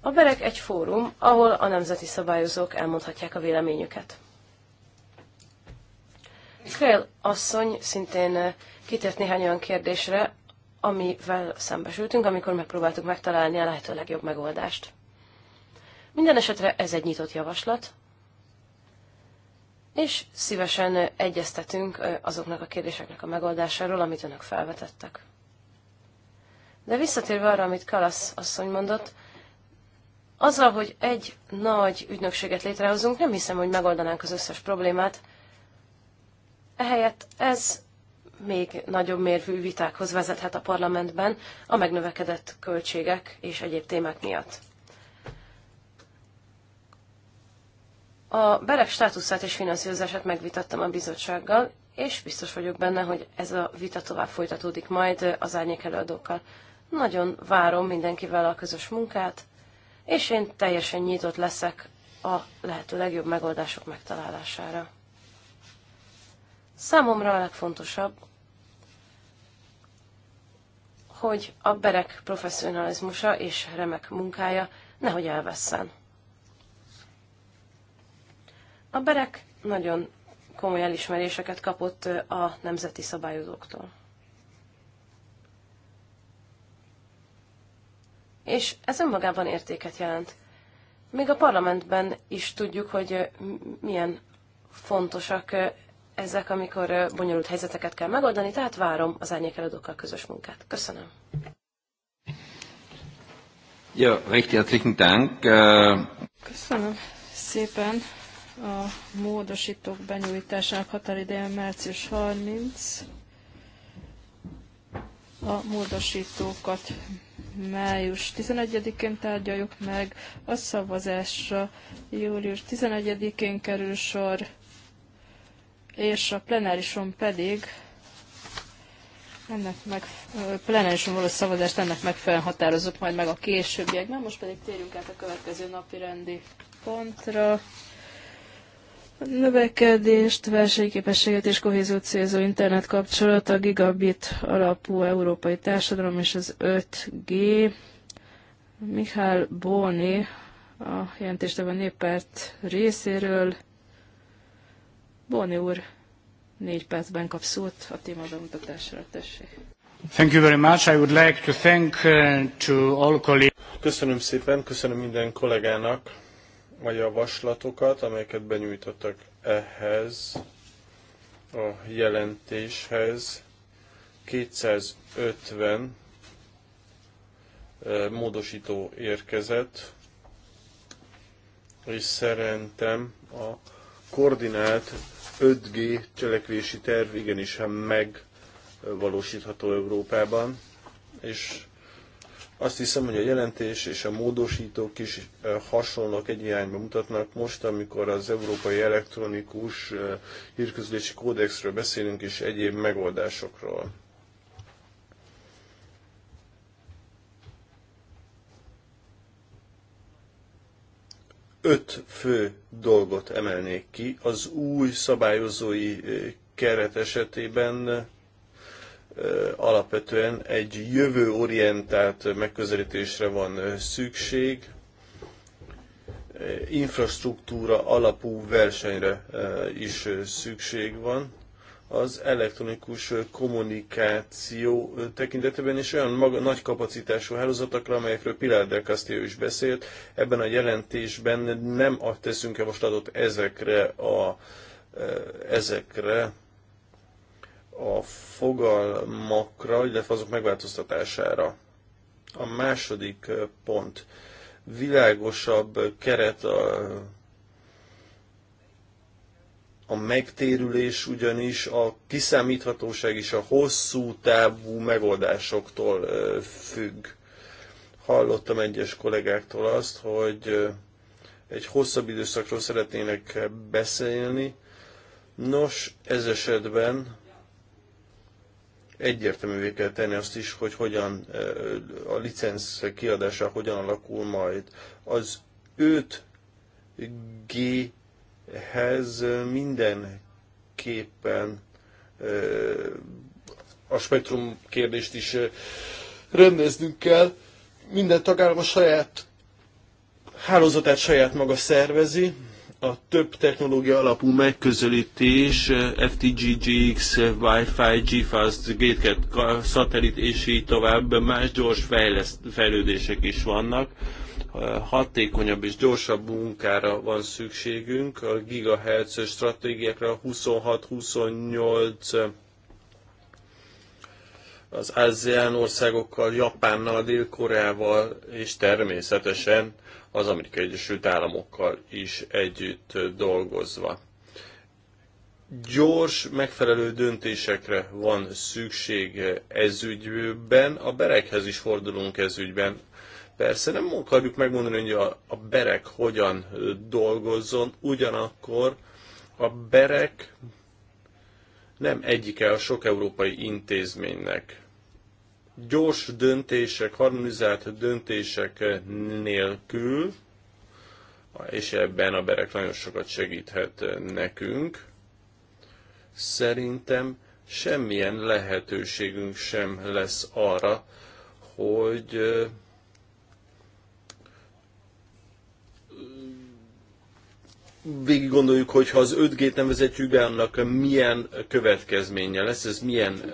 A berek egy fórum, ahol a nemzeti szabályozók elmondhatják a véleményüket. Kél asszony szintén eh, kitért néhány olyan kérdésre, amivel szembesültünk, amikor megpróbáltuk megtalálni a lehető legjobb megoldást. Minden esetre ez egy nyitott javaslat, és szívesen egyeztetünk eh, azoknak a kérdéseknek a megoldásáról, amit önök felvetettek. De visszatérve arra, amit Kalasz asszony mondott, azzal, hogy egy nagy ügynökséget létrehozunk, nem hiszem, hogy megoldanánk az összes problémát. Ehelyett ez még nagyobb mérvű vitákhoz vezethet a parlamentben a megnövekedett költségek és egyéb témák miatt. A berek státuszát és finanszírozását megvitattam a bizottsággal, és biztos vagyok benne, hogy ez a vita tovább folytatódik majd az árnyék előadókkal. Nagyon várom mindenkivel a közös munkát, és én teljesen nyitott leszek a lehető legjobb megoldások megtalálására. Számomra a legfontosabb, hogy a berek professzionalizmusa és remek munkája nehogy elvesszen. A berek nagyon komoly elismeréseket kapott a nemzeti szabályozóktól. és ez önmagában értéket jelent. Még a parlamentben is tudjuk, hogy milyen fontosak ezek, amikor bonyolult helyzeteket kell megoldani, tehát várom az árnyékelődőkkel közös munkát. Köszönöm. Ja, äh, Köszönöm szépen a módosítók benyújtásának határideje március 30. A módosítókat május 11-én tárgyaljuk meg, a szavazásra július 11-én kerül sor, és a plenárison pedig ennek meg, plenárison való szavazást ennek megfelelően határozott majd meg a későbbiekben, most pedig térjünk át a következő napi rendi pontra. Növekedést, versenyképességet és kohéziót célzó internet kapcsolat, a gigabit alapú európai társadalom és az 5G. Mihály Bóni, a jelentést a néppárt részéről. Bóni úr, négy percben kap szót a téma bemutatásra, tessék. Thank you very much. I would like to thank uh, to all colleagues. Köszönöm szépen, köszönöm minden kollégának, a javaslatokat, amelyeket benyújtottak ehhez a jelentéshez. 250 eh, módosító érkezett, és szerintem a koordinált 5G cselekvési terv igenis megvalósítható Európában, és azt hiszem, hogy a jelentés és a módosítók is hasonlók egy irányba mutatnak. Most, amikor az Európai Elektronikus Hírközlési Kódexről beszélünk, és egyéb megoldásokról. Öt fő dolgot emelnék ki. Az új szabályozói keret esetében alapvetően egy jövőorientált megközelítésre van szükség, infrastruktúra alapú versenyre is szükség van. Az elektronikus kommunikáció tekintetében is olyan maga, nagy kapacitású hálózatokra, amelyekről Pilar del Castillo is beszélt, ebben a jelentésben nem teszünk javaslatot ezekre a ezekre a fogalmakra, illetve azok megváltoztatására. A második pont. Világosabb keret a, a megtérülés ugyanis a kiszámíthatóság és a hosszú távú megoldásoktól függ. Hallottam egyes kollégáktól azt, hogy egy hosszabb időszakról szeretnének beszélni. Nos, ez esetben Egyértelművé kell tenni azt is, hogy hogyan a licensz kiadása hogyan alakul majd. Az 5G-hez mindenképpen a spektrum kérdést is rendeznünk kell. Minden tagállam a saját hálózatát saját maga szervezi, a több technológia alapú megközelítés, FTG, GX, Wi-Fi, GFast, Gatecat, szatellit és így tovább más gyors fejleszt, fejlődések is vannak. Hatékonyabb és gyorsabb munkára van szükségünk, a gigahertz stratégiákra 26-28 az ASEAN országokkal, Japánnal, Dél-Koreával és természetesen az Amerikai Egyesült Államokkal is együtt dolgozva. Gyors, megfelelő döntésekre van szükség ezügyben, a berekhez is fordulunk ezügyben. Persze nem akarjuk megmondani, hogy a, a berek hogyan dolgozzon, ugyanakkor a berek nem egyike a sok európai intézménynek gyors döntések, harmonizált döntések nélkül, és ebben a berek nagyon sokat segíthet nekünk, szerintem semmilyen lehetőségünk sem lesz arra, hogy végig gondoljuk, hogy ha az 5G-t nem vezetjük be, annak milyen következménye lesz, ez milyen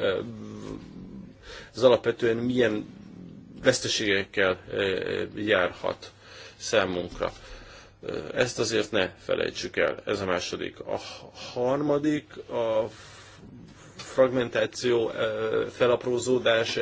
ez alapvetően milyen veszteségekkel eh, eh, járhat számunkra. Eh, ezt azért ne felejtsük el, ez a második. A harmadik, a fragmentáció, felaprózódás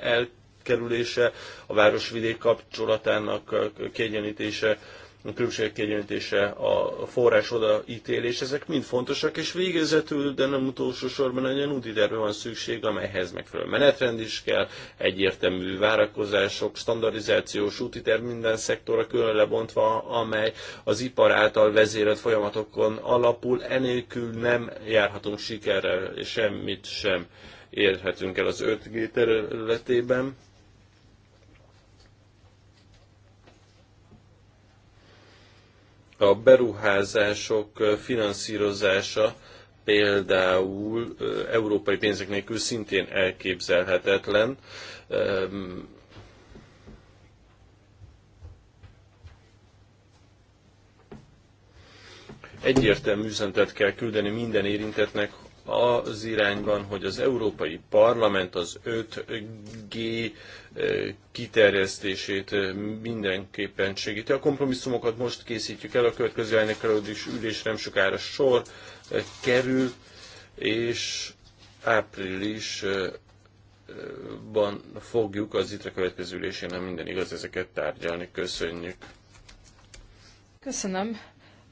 elkerülése, a városvidék kapcsolatának kiegyenítése, a különbségek kiegyenlítése, a forrás odaítélés, ezek mind fontosak, és végezetül, de nem utolsó sorban egy olyan van szükség, amelyhez megfelelő menetrend is kell, egyértelmű várakozások, standardizációs útiterv minden szektorra külön lebontva, amely az ipar által vezérelt folyamatokon alapul, enélkül nem járhatunk sikerrel, és semmit sem érhetünk el az 5G területében A beruházások finanszírozása például európai pénzek nélkül szintén elképzelhetetlen. Egyértelmű üzenetet kell küldeni minden érintetnek, az irányban, hogy az Európai Parlament az 5G eh, kiterjesztését eh, mindenképpen segíti. A kompromisszumokat most készítjük el, a következő elnökelődés ülés nem sokára sor eh, kerül, és áprilisban fogjuk az itt a következő ülésén, ha minden igaz, ezeket tárgyalni. Köszönjük! Köszönöm,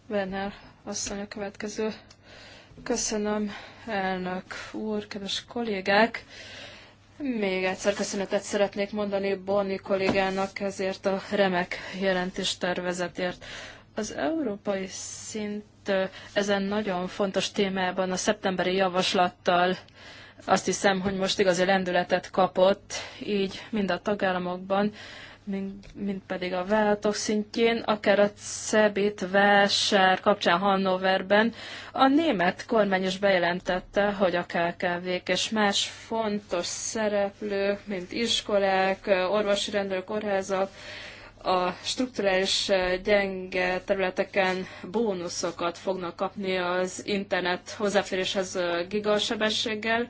Werner asszony a következő Köszönöm, elnök úr, kedves kollégák! Még egyszer köszönetet szeretnék mondani Bonni kollégának ezért a remek jelentéstervezetért. Az európai szint ezen nagyon fontos témában a szeptemberi javaslattal azt hiszem, hogy most igazi lendületet kapott, így mind a tagállamokban, mint, mint pedig a vállalatok szintjén, akár a CEBIT vásár kapcsán Hannoverben. A német kormány is bejelentette, hogy a kkv és más fontos szereplők, mint iskolák, orvosi rendőr, kórházak, a strukturális gyenge területeken bónuszokat fognak kapni az internet hozzáféréshez gigasebességgel,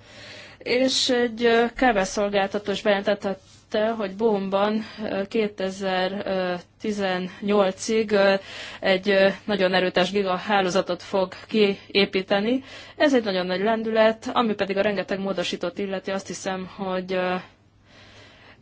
és egy kábelszolgáltatós bejelentette a említette, hogy Bohumban 2018-ig egy nagyon erőtes hálózatot fog kiépíteni. Ez egy nagyon nagy lendület, ami pedig a rengeteg módosított illeti, azt hiszem, hogy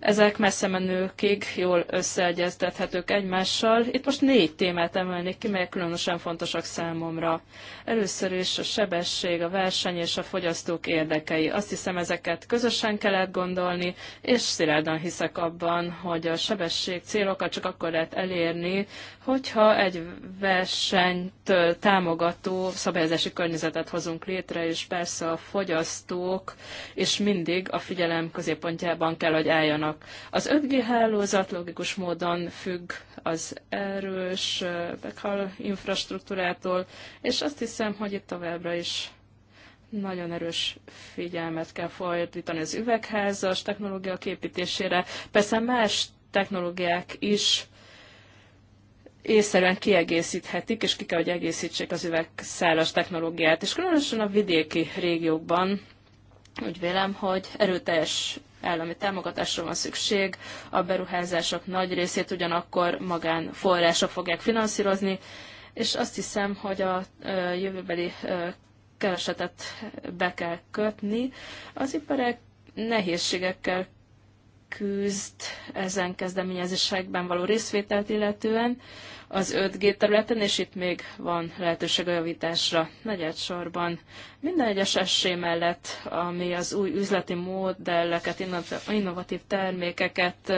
ezek messze menőkig jól összeegyeztethetők egymással. Itt most négy témát emelnék ki, melyek különösen fontosak számomra. Először is a sebesség, a verseny és a fogyasztók érdekei. Azt hiszem, ezeket közösen kell gondolni, és szirádan hiszek abban, hogy a sebesség célokat csak akkor lehet elérni, hogyha egy versenyt támogató szabályozási környezetet hozunk létre, és persze a fogyasztók, és mindig a figyelem középpontjában kell, hogy álljanak vannak. Az 5G hálózat logikus módon függ az erős bekal infrastruktúrától, és azt hiszem, hogy itt továbbra is nagyon erős figyelmet kell fordítani az üvegházas technológia képítésére. Persze más technológiák is észszerűen kiegészíthetik, és ki kell, hogy egészítsék az üvegszálas technológiát. És különösen a vidéki régiókban úgy vélem, hogy erőteljes állami támogatásra van szükség, a beruházások nagy részét ugyanakkor magán források fogják finanszírozni, és azt hiszem, hogy a jövőbeli keresetet be kell kötni. Az iparek nehézségekkel küzd ezen kezdeményezésekben való részvételt illetően, az 5G területen, és itt még van lehetőség a javításra negyedsorban. Minden egyes esély mellett, ami az új üzleti modelleket, innovatív termékeket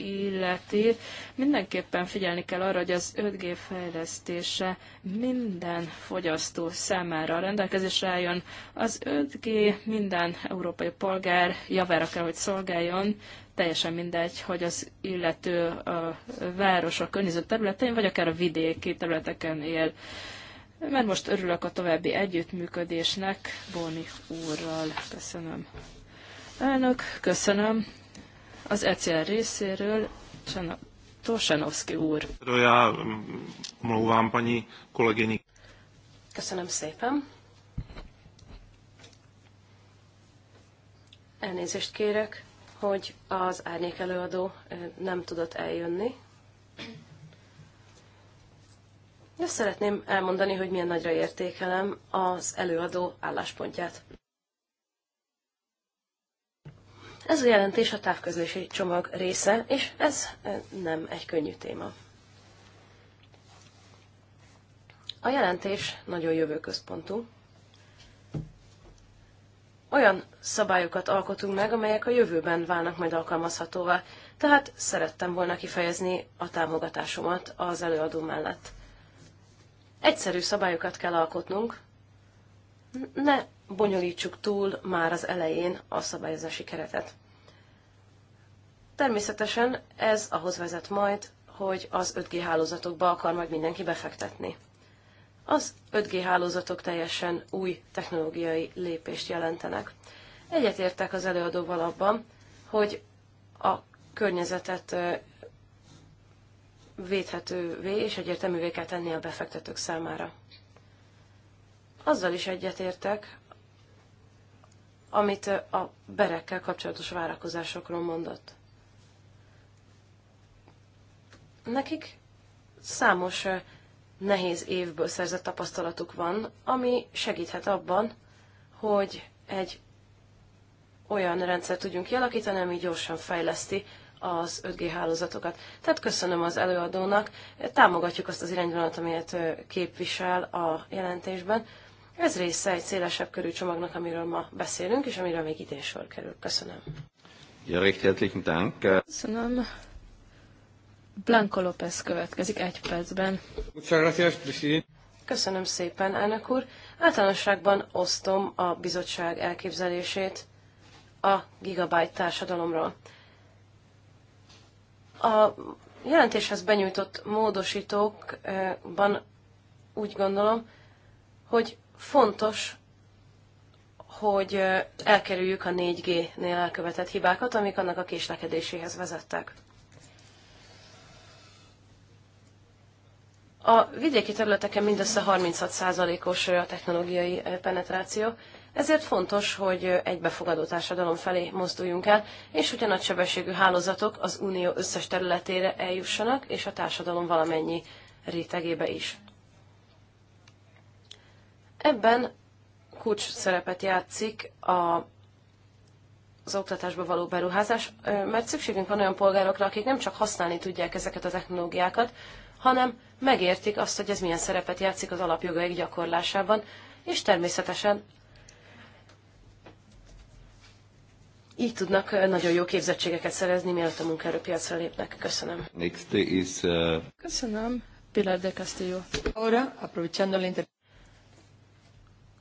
illeti, mindenképpen figyelni kell arra, hogy az 5G fejlesztése minden fogyasztó számára rendelkezésre álljon. Az 5G minden európai polgár javára kell, hogy szolgáljon, teljesen mindegy, hogy az illető a város, a környező területein, vagy akár a vidéki területeken él. Mert most örülök a további együttműködésnek bóni úrral. Köszönöm. Elnök, köszönöm. Az ECR részéről Csana Tosanovszki úr. mluvám paní kolegyni. Köszönöm szépen. Elnézést kérek hogy az árnyék előadó nem tudott eljönni. De szeretném elmondani, hogy milyen nagyra értékelem az előadó álláspontját. Ez a jelentés a távközlési csomag része, és ez nem egy könnyű téma. A jelentés nagyon jövőközpontú olyan szabályokat alkotunk meg, amelyek a jövőben válnak majd alkalmazhatóvá. Tehát szerettem volna kifejezni a támogatásomat az előadó mellett. Egyszerű szabályokat kell alkotnunk, ne bonyolítsuk túl már az elején a szabályozási keretet. Természetesen ez ahhoz vezet majd, hogy az 5G hálózatokba akar majd mindenki befektetni az 5G hálózatok teljesen új technológiai lépést jelentenek. Egyetértek az előadóval abban, hogy a környezetet védhetővé és egyértelművé kell tenni a befektetők számára. Azzal is egyetértek, amit a berekkel kapcsolatos várakozásokról mondott. Nekik számos nehéz évből szerzett tapasztalatuk van, ami segíthet abban, hogy egy olyan rendszer tudjunk kialakítani, ami gyorsan fejleszti az 5G hálózatokat. Tehát köszönöm az előadónak, támogatjuk azt az irányvonalat, amelyet képvisel a jelentésben. Ez része egy szélesebb körű csomagnak, amiről ma beszélünk, és amiről még idén sor kerül. Köszönöm. Ja, Dank. Köszönöm Blanco López következik egy percben. Köszönöm szépen, elnök úr. Általánosságban osztom a bizottság elképzelését a gigabyte társadalomról. A jelentéshez benyújtott módosítókban úgy gondolom, hogy fontos, hogy elkerüljük a 4G-nél elkövetett hibákat, amik annak a késlekedéséhez vezettek. A vidéki területeken mindössze 36%-os a technológiai penetráció, ezért fontos, hogy egybefogadó társadalom felé mozduljunk el, és hogy a nagysebességű hálózatok az unió összes területére eljussanak, és a társadalom valamennyi rétegébe is. Ebben kulcs szerepet játszik a az oktatásba való beruházás, mert szükségünk van olyan polgárokra, akik nem csak használni tudják ezeket a technológiákat, hanem megértik azt, hogy ez milyen szerepet játszik az alapjogaik gyakorlásában, és természetesen így tudnak nagyon jó képzettségeket szerezni, mielőtt a munkaerőpiacra lépnek. Köszönöm. Next is, uh... Köszönöm. Pilar de Castillo. Ahora, aprovechando la inter...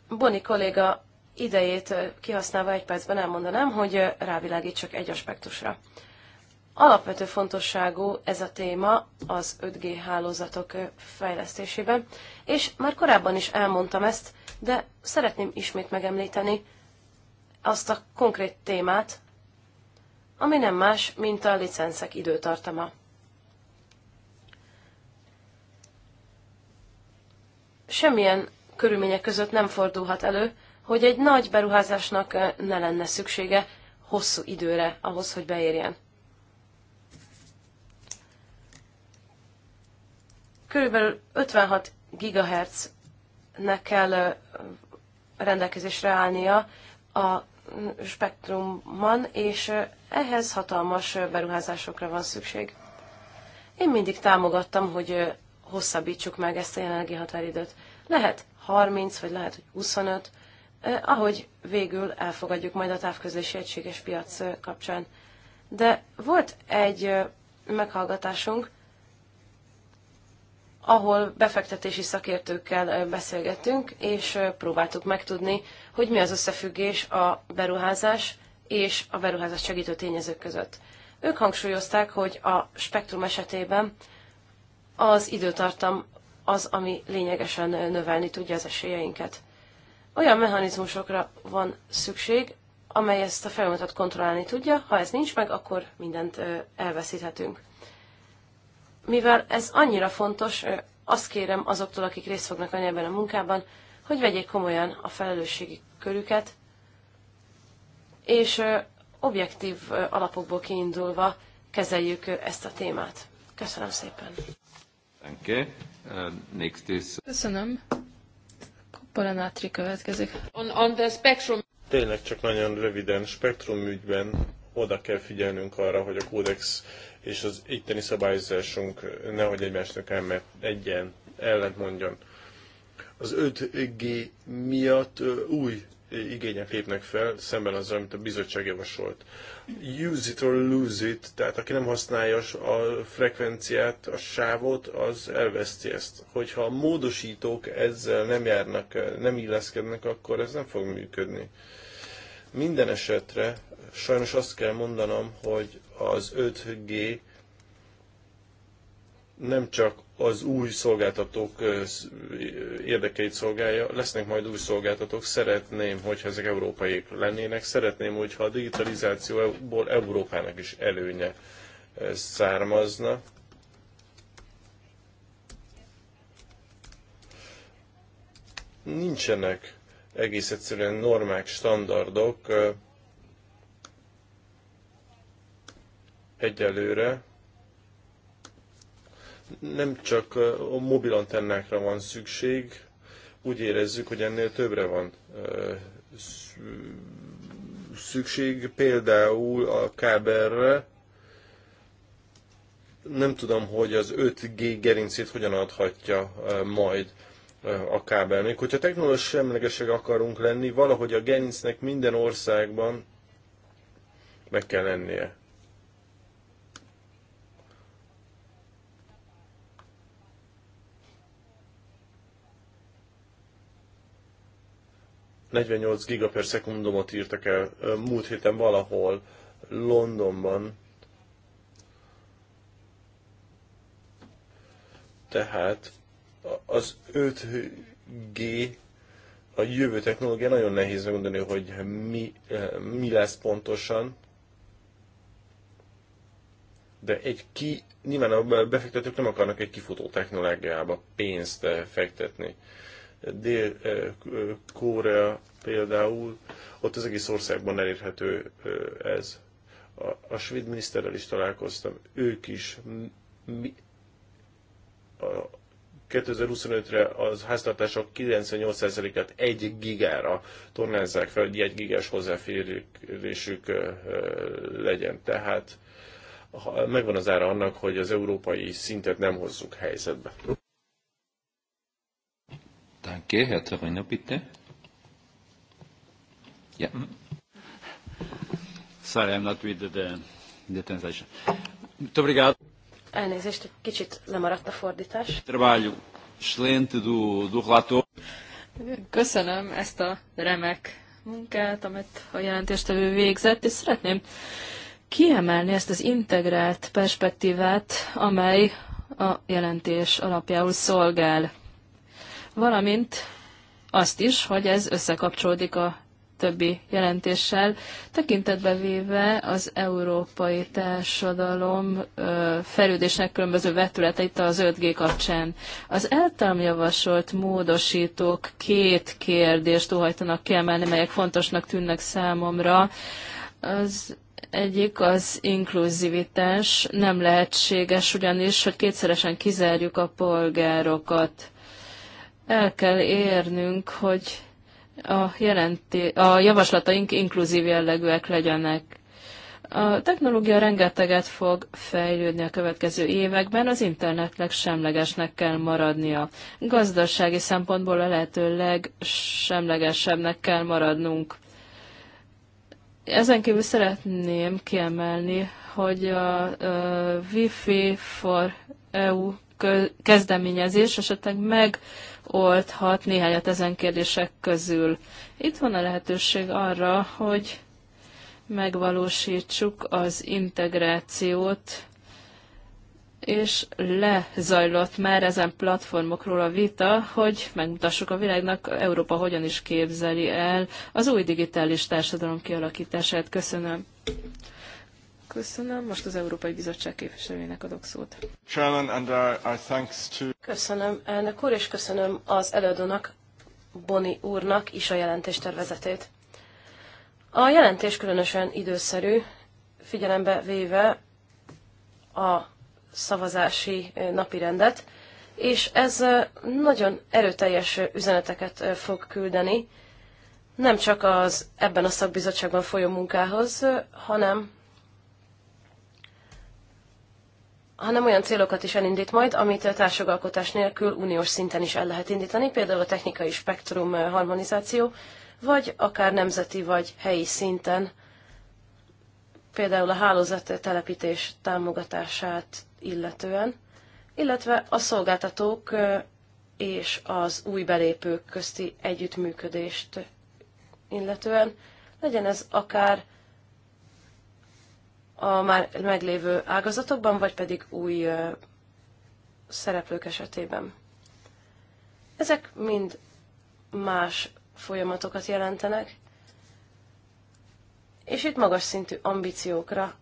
Boni kolléga idejét kihasználva egy percben elmondanám, hogy rávilágítsak egy aspektusra. Alapvető fontosságú ez a téma az 5G hálózatok fejlesztésében, és már korábban is elmondtam ezt, de szeretném ismét megemlíteni azt a konkrét témát, ami nem más, mint a licenszek időtartama. Semmilyen körülmények között nem fordulhat elő, hogy egy nagy beruházásnak ne lenne szüksége hosszú időre ahhoz, hogy beérjen. körülbelül 56 GHz-nek kell rendelkezésre állnia a spektrumban, és ehhez hatalmas beruházásokra van szükség. Én mindig támogattam, hogy hosszabbítsuk meg ezt a jelenlegi határidőt. Lehet 30, vagy lehet, hogy 25, ahogy végül elfogadjuk majd a távközlési egységes piac kapcsán. De volt egy meghallgatásunk, ahol befektetési szakértőkkel beszélgettünk, és próbáltuk megtudni, hogy mi az összefüggés a beruházás és a beruházás segítő tényezők között. Ők hangsúlyozták, hogy a spektrum esetében az időtartam az, ami lényegesen növelni tudja az esélyeinket. Olyan mechanizmusokra van szükség, amely ezt a folyamatot kontrollálni tudja, ha ez nincs meg, akkor mindent elveszíthetünk mivel ez annyira fontos, azt kérem azoktól, akik részt fognak venni ebben a munkában, hogy vegyék komolyan a felelősségi körüket, és objektív alapokból kiindulva kezeljük ezt a témát. Köszönöm szépen. Uh, Köszönöm. Polenátri következik. On, on the spectrum. Tényleg csak nagyon röviden, spektrum ügyben oda kell figyelnünk arra, hogy a kódex és az itteni szabályozásunk nehogy egymásnak el, mert egyen ellent mondjon. Az 5G miatt új igények lépnek fel, szemben azzal, amit a bizottság javasolt. Use it or lose it, tehát aki nem használja a frekvenciát, a sávot, az elveszti ezt. Hogyha a módosítók ezzel nem járnak, nem illeszkednek, akkor ez nem fog működni. Minden esetre Sajnos azt kell mondanom, hogy az 5G nem csak az új szolgáltatók érdekeit szolgálja, lesznek majd új szolgáltatók, szeretném, hogyha ezek európai lennének, szeretném, hogyha a digitalizációból Európának is előnye származna. Nincsenek egész egyszerűen normák, standardok, egyelőre nem csak a mobil antennákra van szükség, úgy érezzük, hogy ennél többre van szükség, például a kábelre. Nem tudom, hogy az 5G gerincét hogyan adhatja majd a kábel. Még hogyha technológiai semlegesek akarunk lenni, valahogy a gerincnek minden országban meg kell lennie. 48 giga per szekundomot írtak el múlt héten valahol Londonban. Tehát az 5G a jövő technológia nagyon nehéz megmondani, hogy mi, mi lesz pontosan, de egy ki, nyilván a befektetők nem akarnak egy kifutó technológiába pénzt fektetni. Dél-Korea például, ott az egész országban elérhető ez. A, a svéd miniszterrel is találkoztam, ők is mi, a 2025-re az háztartások 98%-át egy gigára tornázzák fel, hogy egy gigás hozzáférésük legyen. Tehát megvan az ára annak, hogy az európai szintet nem hozzuk helyzetbe. Danke, Herr bitte. Mm-hmm. Sorry, I'm not with the, the translation. Muito obrigado. Elnézést, egy kicsit lemaradt a fordítás. Trabalho excelente do, do relator. Köszönöm ezt a remek munkát, amit a jelentéstevő végzett, és szeretném kiemelni ezt az integrált perspektívát, amely a jelentés alapjául szolgál valamint azt is, hogy ez összekapcsolódik a többi jelentéssel, tekintetbe véve az európai társadalom fejlődésnek különböző vetületeit az 5G kapcsán. Az általam javasolt módosítók két kérdést óhajtanak kiemelni, melyek fontosnak tűnnek számomra. Az egyik az inkluzivitás, nem lehetséges ugyanis, hogy kétszeresen kizárjuk a polgárokat el kell érnünk, hogy a, jelenti, a javaslataink inkluzív jellegűek legyenek. A technológia rengeteget fog fejlődni a következő években, az internetnek semlegesnek kell maradnia. Gazdasági szempontból a lehető legsemlegesebbnek kell maradnunk. Ezen kívül szeretném kiemelni, hogy a, a Wi-Fi for EU kezdeményezés esetleg meg oldhat néhányat ezen kérdések közül. Itt van a lehetőség arra, hogy megvalósítsuk az integrációt, és lezajlott már ezen platformokról a vita, hogy megmutassuk a világnak, Európa hogyan is képzeli el az új digitális társadalom kialakítását. Köszönöm. Köszönöm. Most az Európai Bizottság képviselőjének adok szót. and our, uh, thanks to... Köszönöm elnök úr, és köszönöm az előadónak, Boni úrnak is a jelentés tervezetét. A jelentés különösen időszerű, figyelembe véve a szavazási napirendet, és ez nagyon erőteljes üzeneteket fog küldeni, nem csak az ebben a szakbizottságban folyó munkához, hanem hanem olyan célokat is elindít majd, amit társjogalkotás nélkül uniós szinten is el lehet indítani, például a technikai spektrum eh, harmonizáció, vagy akár nemzeti vagy helyi szinten, például a hálózat telepítés támogatását illetően, illetve a szolgáltatók eh, és az új belépők közti együttműködést illetően, legyen ez akár a már meglévő ágazatokban, vagy pedig új szereplők esetében. Ezek mind más folyamatokat jelentenek, és itt magas szintű ambíciókra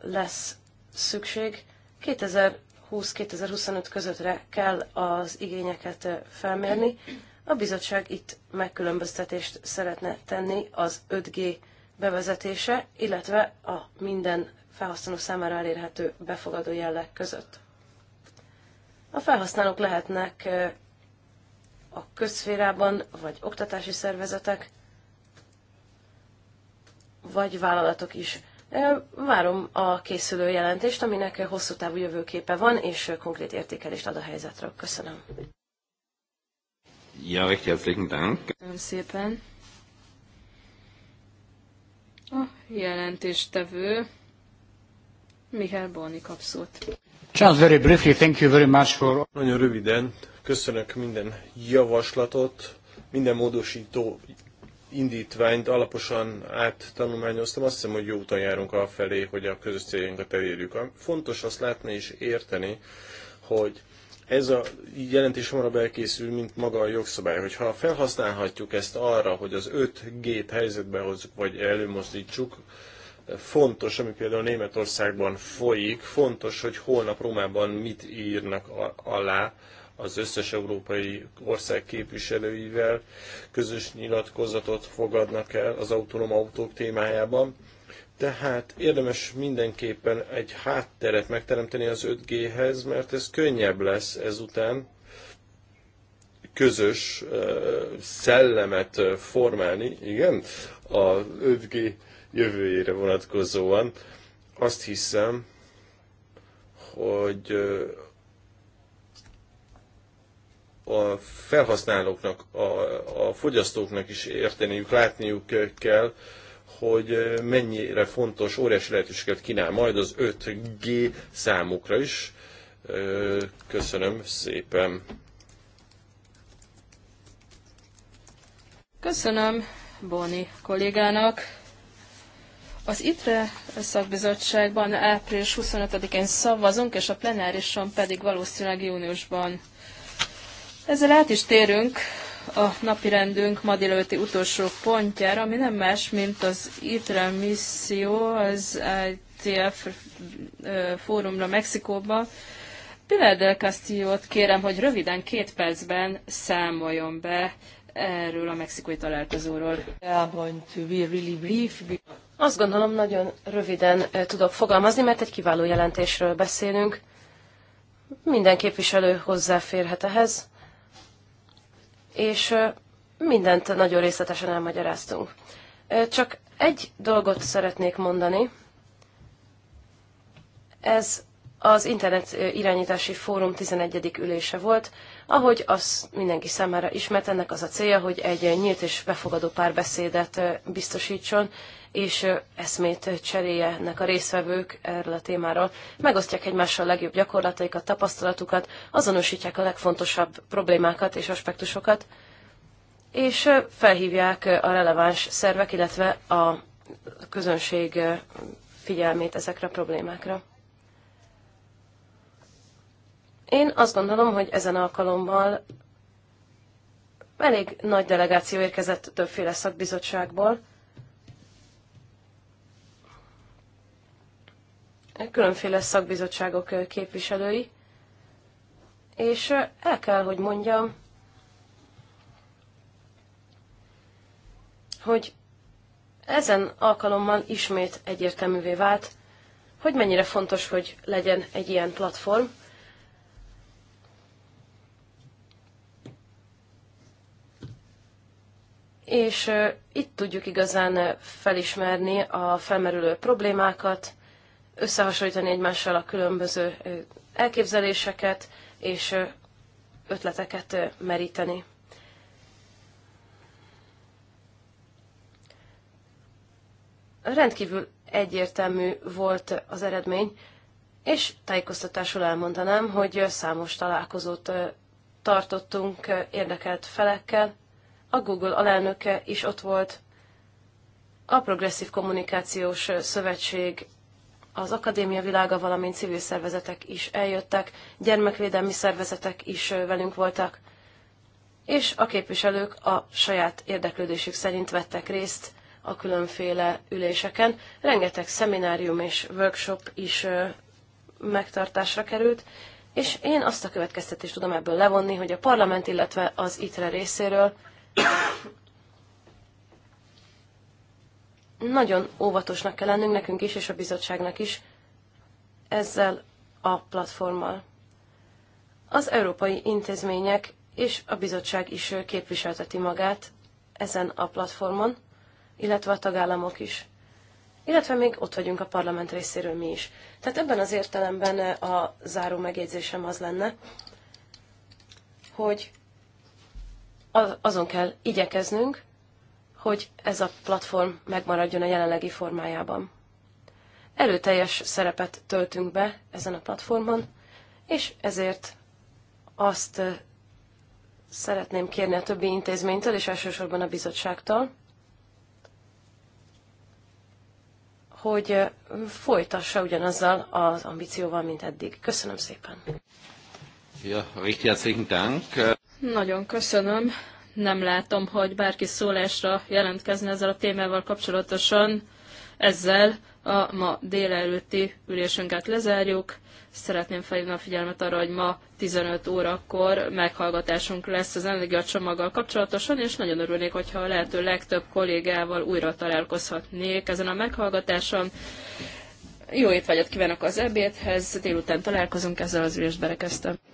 lesz szükség. 2020-2025 közöttre kell az igényeket felmérni. A bizottság itt megkülönböztetést szeretne tenni az 5G bevezetése, illetve a minden felhasználó számára elérhető befogadó jelleg között. A felhasználók lehetnek a közszférában, vagy oktatási szervezetek, vagy vállalatok is. Várom a készülő jelentést, aminek hosszú távú jövőképe van, és konkrét értékelést ad a helyzetről. Köszönöm. Ja, recht herzlichen Dank. Köszönöm szépen. A jelentéstevő Mihály Just very briefly, thank you very much for... Nagyon röviden, köszönök minden javaslatot, minden módosító indítványt alaposan áttanulmányoztam. Azt hiszem, hogy jó úton járunk afelé, hogy a közös céljainkat elérjük. Fontos azt látni és érteni, hogy ez a jelentés hamarabb elkészül, mint maga a jogszabály. Hogyha felhasználhatjuk ezt arra, hogy az 5G-t helyzetbe hozzuk, vagy előmozdítsuk, Fontos, ami például Németországban folyik, fontos, hogy holnap Rómában mit írnak alá az összes európai ország képviselőivel, közös nyilatkozatot fogadnak el az autonóm autók témájában. Tehát érdemes mindenképpen egy hátteret megteremteni az 5G-hez, mert ez könnyebb lesz ezután közös szellemet formálni, igen, a 5G jövőjére vonatkozóan. Azt hiszem, hogy a felhasználóknak, a, a fogyasztóknak is érteniük, látniuk kell, hogy mennyire fontos, óriási lehetőséget kínál majd az 5G számukra is. Köszönöm szépen! Köszönöm Boni kollégának. Az ITRE szakbizottságban április 25-én szavazunk, és a plenárison pedig valószínűleg júniusban. Ezzel át is térünk a napirendünk ma délőtti utolsó pontjára, ami nem más, mint az ITRE misszió az ITF fórumra Mexikóba. Pilar del castillo kérem, hogy röviden, két percben számoljon be erről a mexikói találkozóról. Azt gondolom, nagyon röviden tudok fogalmazni, mert egy kiváló jelentésről beszélünk. Minden képviselő hozzáférhet ehhez, és mindent nagyon részletesen elmagyaráztunk. Csak egy dolgot szeretnék mondani. Ez az Internet Irányítási Fórum 11. ülése volt. Ahogy az mindenki számára ismert, ennek az a célja, hogy egy nyílt és befogadó párbeszédet biztosítson és eszmét cseréljenek a résztvevők erről a témáról. Megosztják egymással a legjobb gyakorlataikat, tapasztalatukat, azonosítják a legfontosabb problémákat és aspektusokat, és felhívják a releváns szervek, illetve a közönség figyelmét ezekre a problémákra. Én azt gondolom, hogy ezen alkalommal elég nagy delegáció érkezett többféle szakbizottságból, különféle szakbizottságok képviselői, és el kell, hogy mondjam, hogy ezen alkalommal ismét egyértelművé vált, hogy mennyire fontos, hogy legyen egy ilyen platform. És itt tudjuk igazán felismerni a felmerülő problémákat, összehasonlítani egymással a különböző elképzeléseket és ötleteket meríteni. Rendkívül egyértelmű volt az eredmény, és tájékoztatásul elmondanám, hogy számos találkozót tartottunk érdekelt felekkel. A Google alelnöke is ott volt, a Progresszív Kommunikációs Szövetség az akadémia világa, valamint civil szervezetek is eljöttek, gyermekvédelmi szervezetek is velünk voltak, és a képviselők a saját érdeklődésük szerint vettek részt a különféle üléseken. Rengeteg szeminárium és workshop is megtartásra került, és én azt a következtetést tudom ebből levonni, hogy a parlament, illetve az ITRE részéről nagyon óvatosnak kell lennünk nekünk is, és a bizottságnak is ezzel a platformmal. Az európai intézmények és a bizottság is képviselteti magát ezen a platformon, illetve a tagállamok is. Illetve még ott vagyunk a parlament részéről mi is. Tehát ebben az értelemben a záró megjegyzésem az lenne, hogy azon kell igyekeznünk, hogy ez a platform megmaradjon a jelenlegi formájában. Előteljes szerepet töltünk be ezen a platformon, és ezért azt szeretném kérni a többi intézménytől, és elsősorban a bizottságtól, hogy folytassa ugyanazzal az ambícióval, mint eddig. Köszönöm szépen. Ja, richtig Dank. Nagyon köszönöm. Nem látom, hogy bárki szólásra jelentkezne ezzel a témával kapcsolatosan. Ezzel a ma délelőtti ülésünket lezárjuk. Szeretném felhívni a figyelmet arra, hogy ma 15 órakor meghallgatásunk lesz az energiacsomaggal kapcsolatosan, és nagyon örülnék, hogyha a lehető legtöbb kollégával újra találkozhatnék ezen a meghallgatáson. Jó étvágyat kívánok az ebédhez, délután találkozunk, ezzel az ülésbe rekeztem.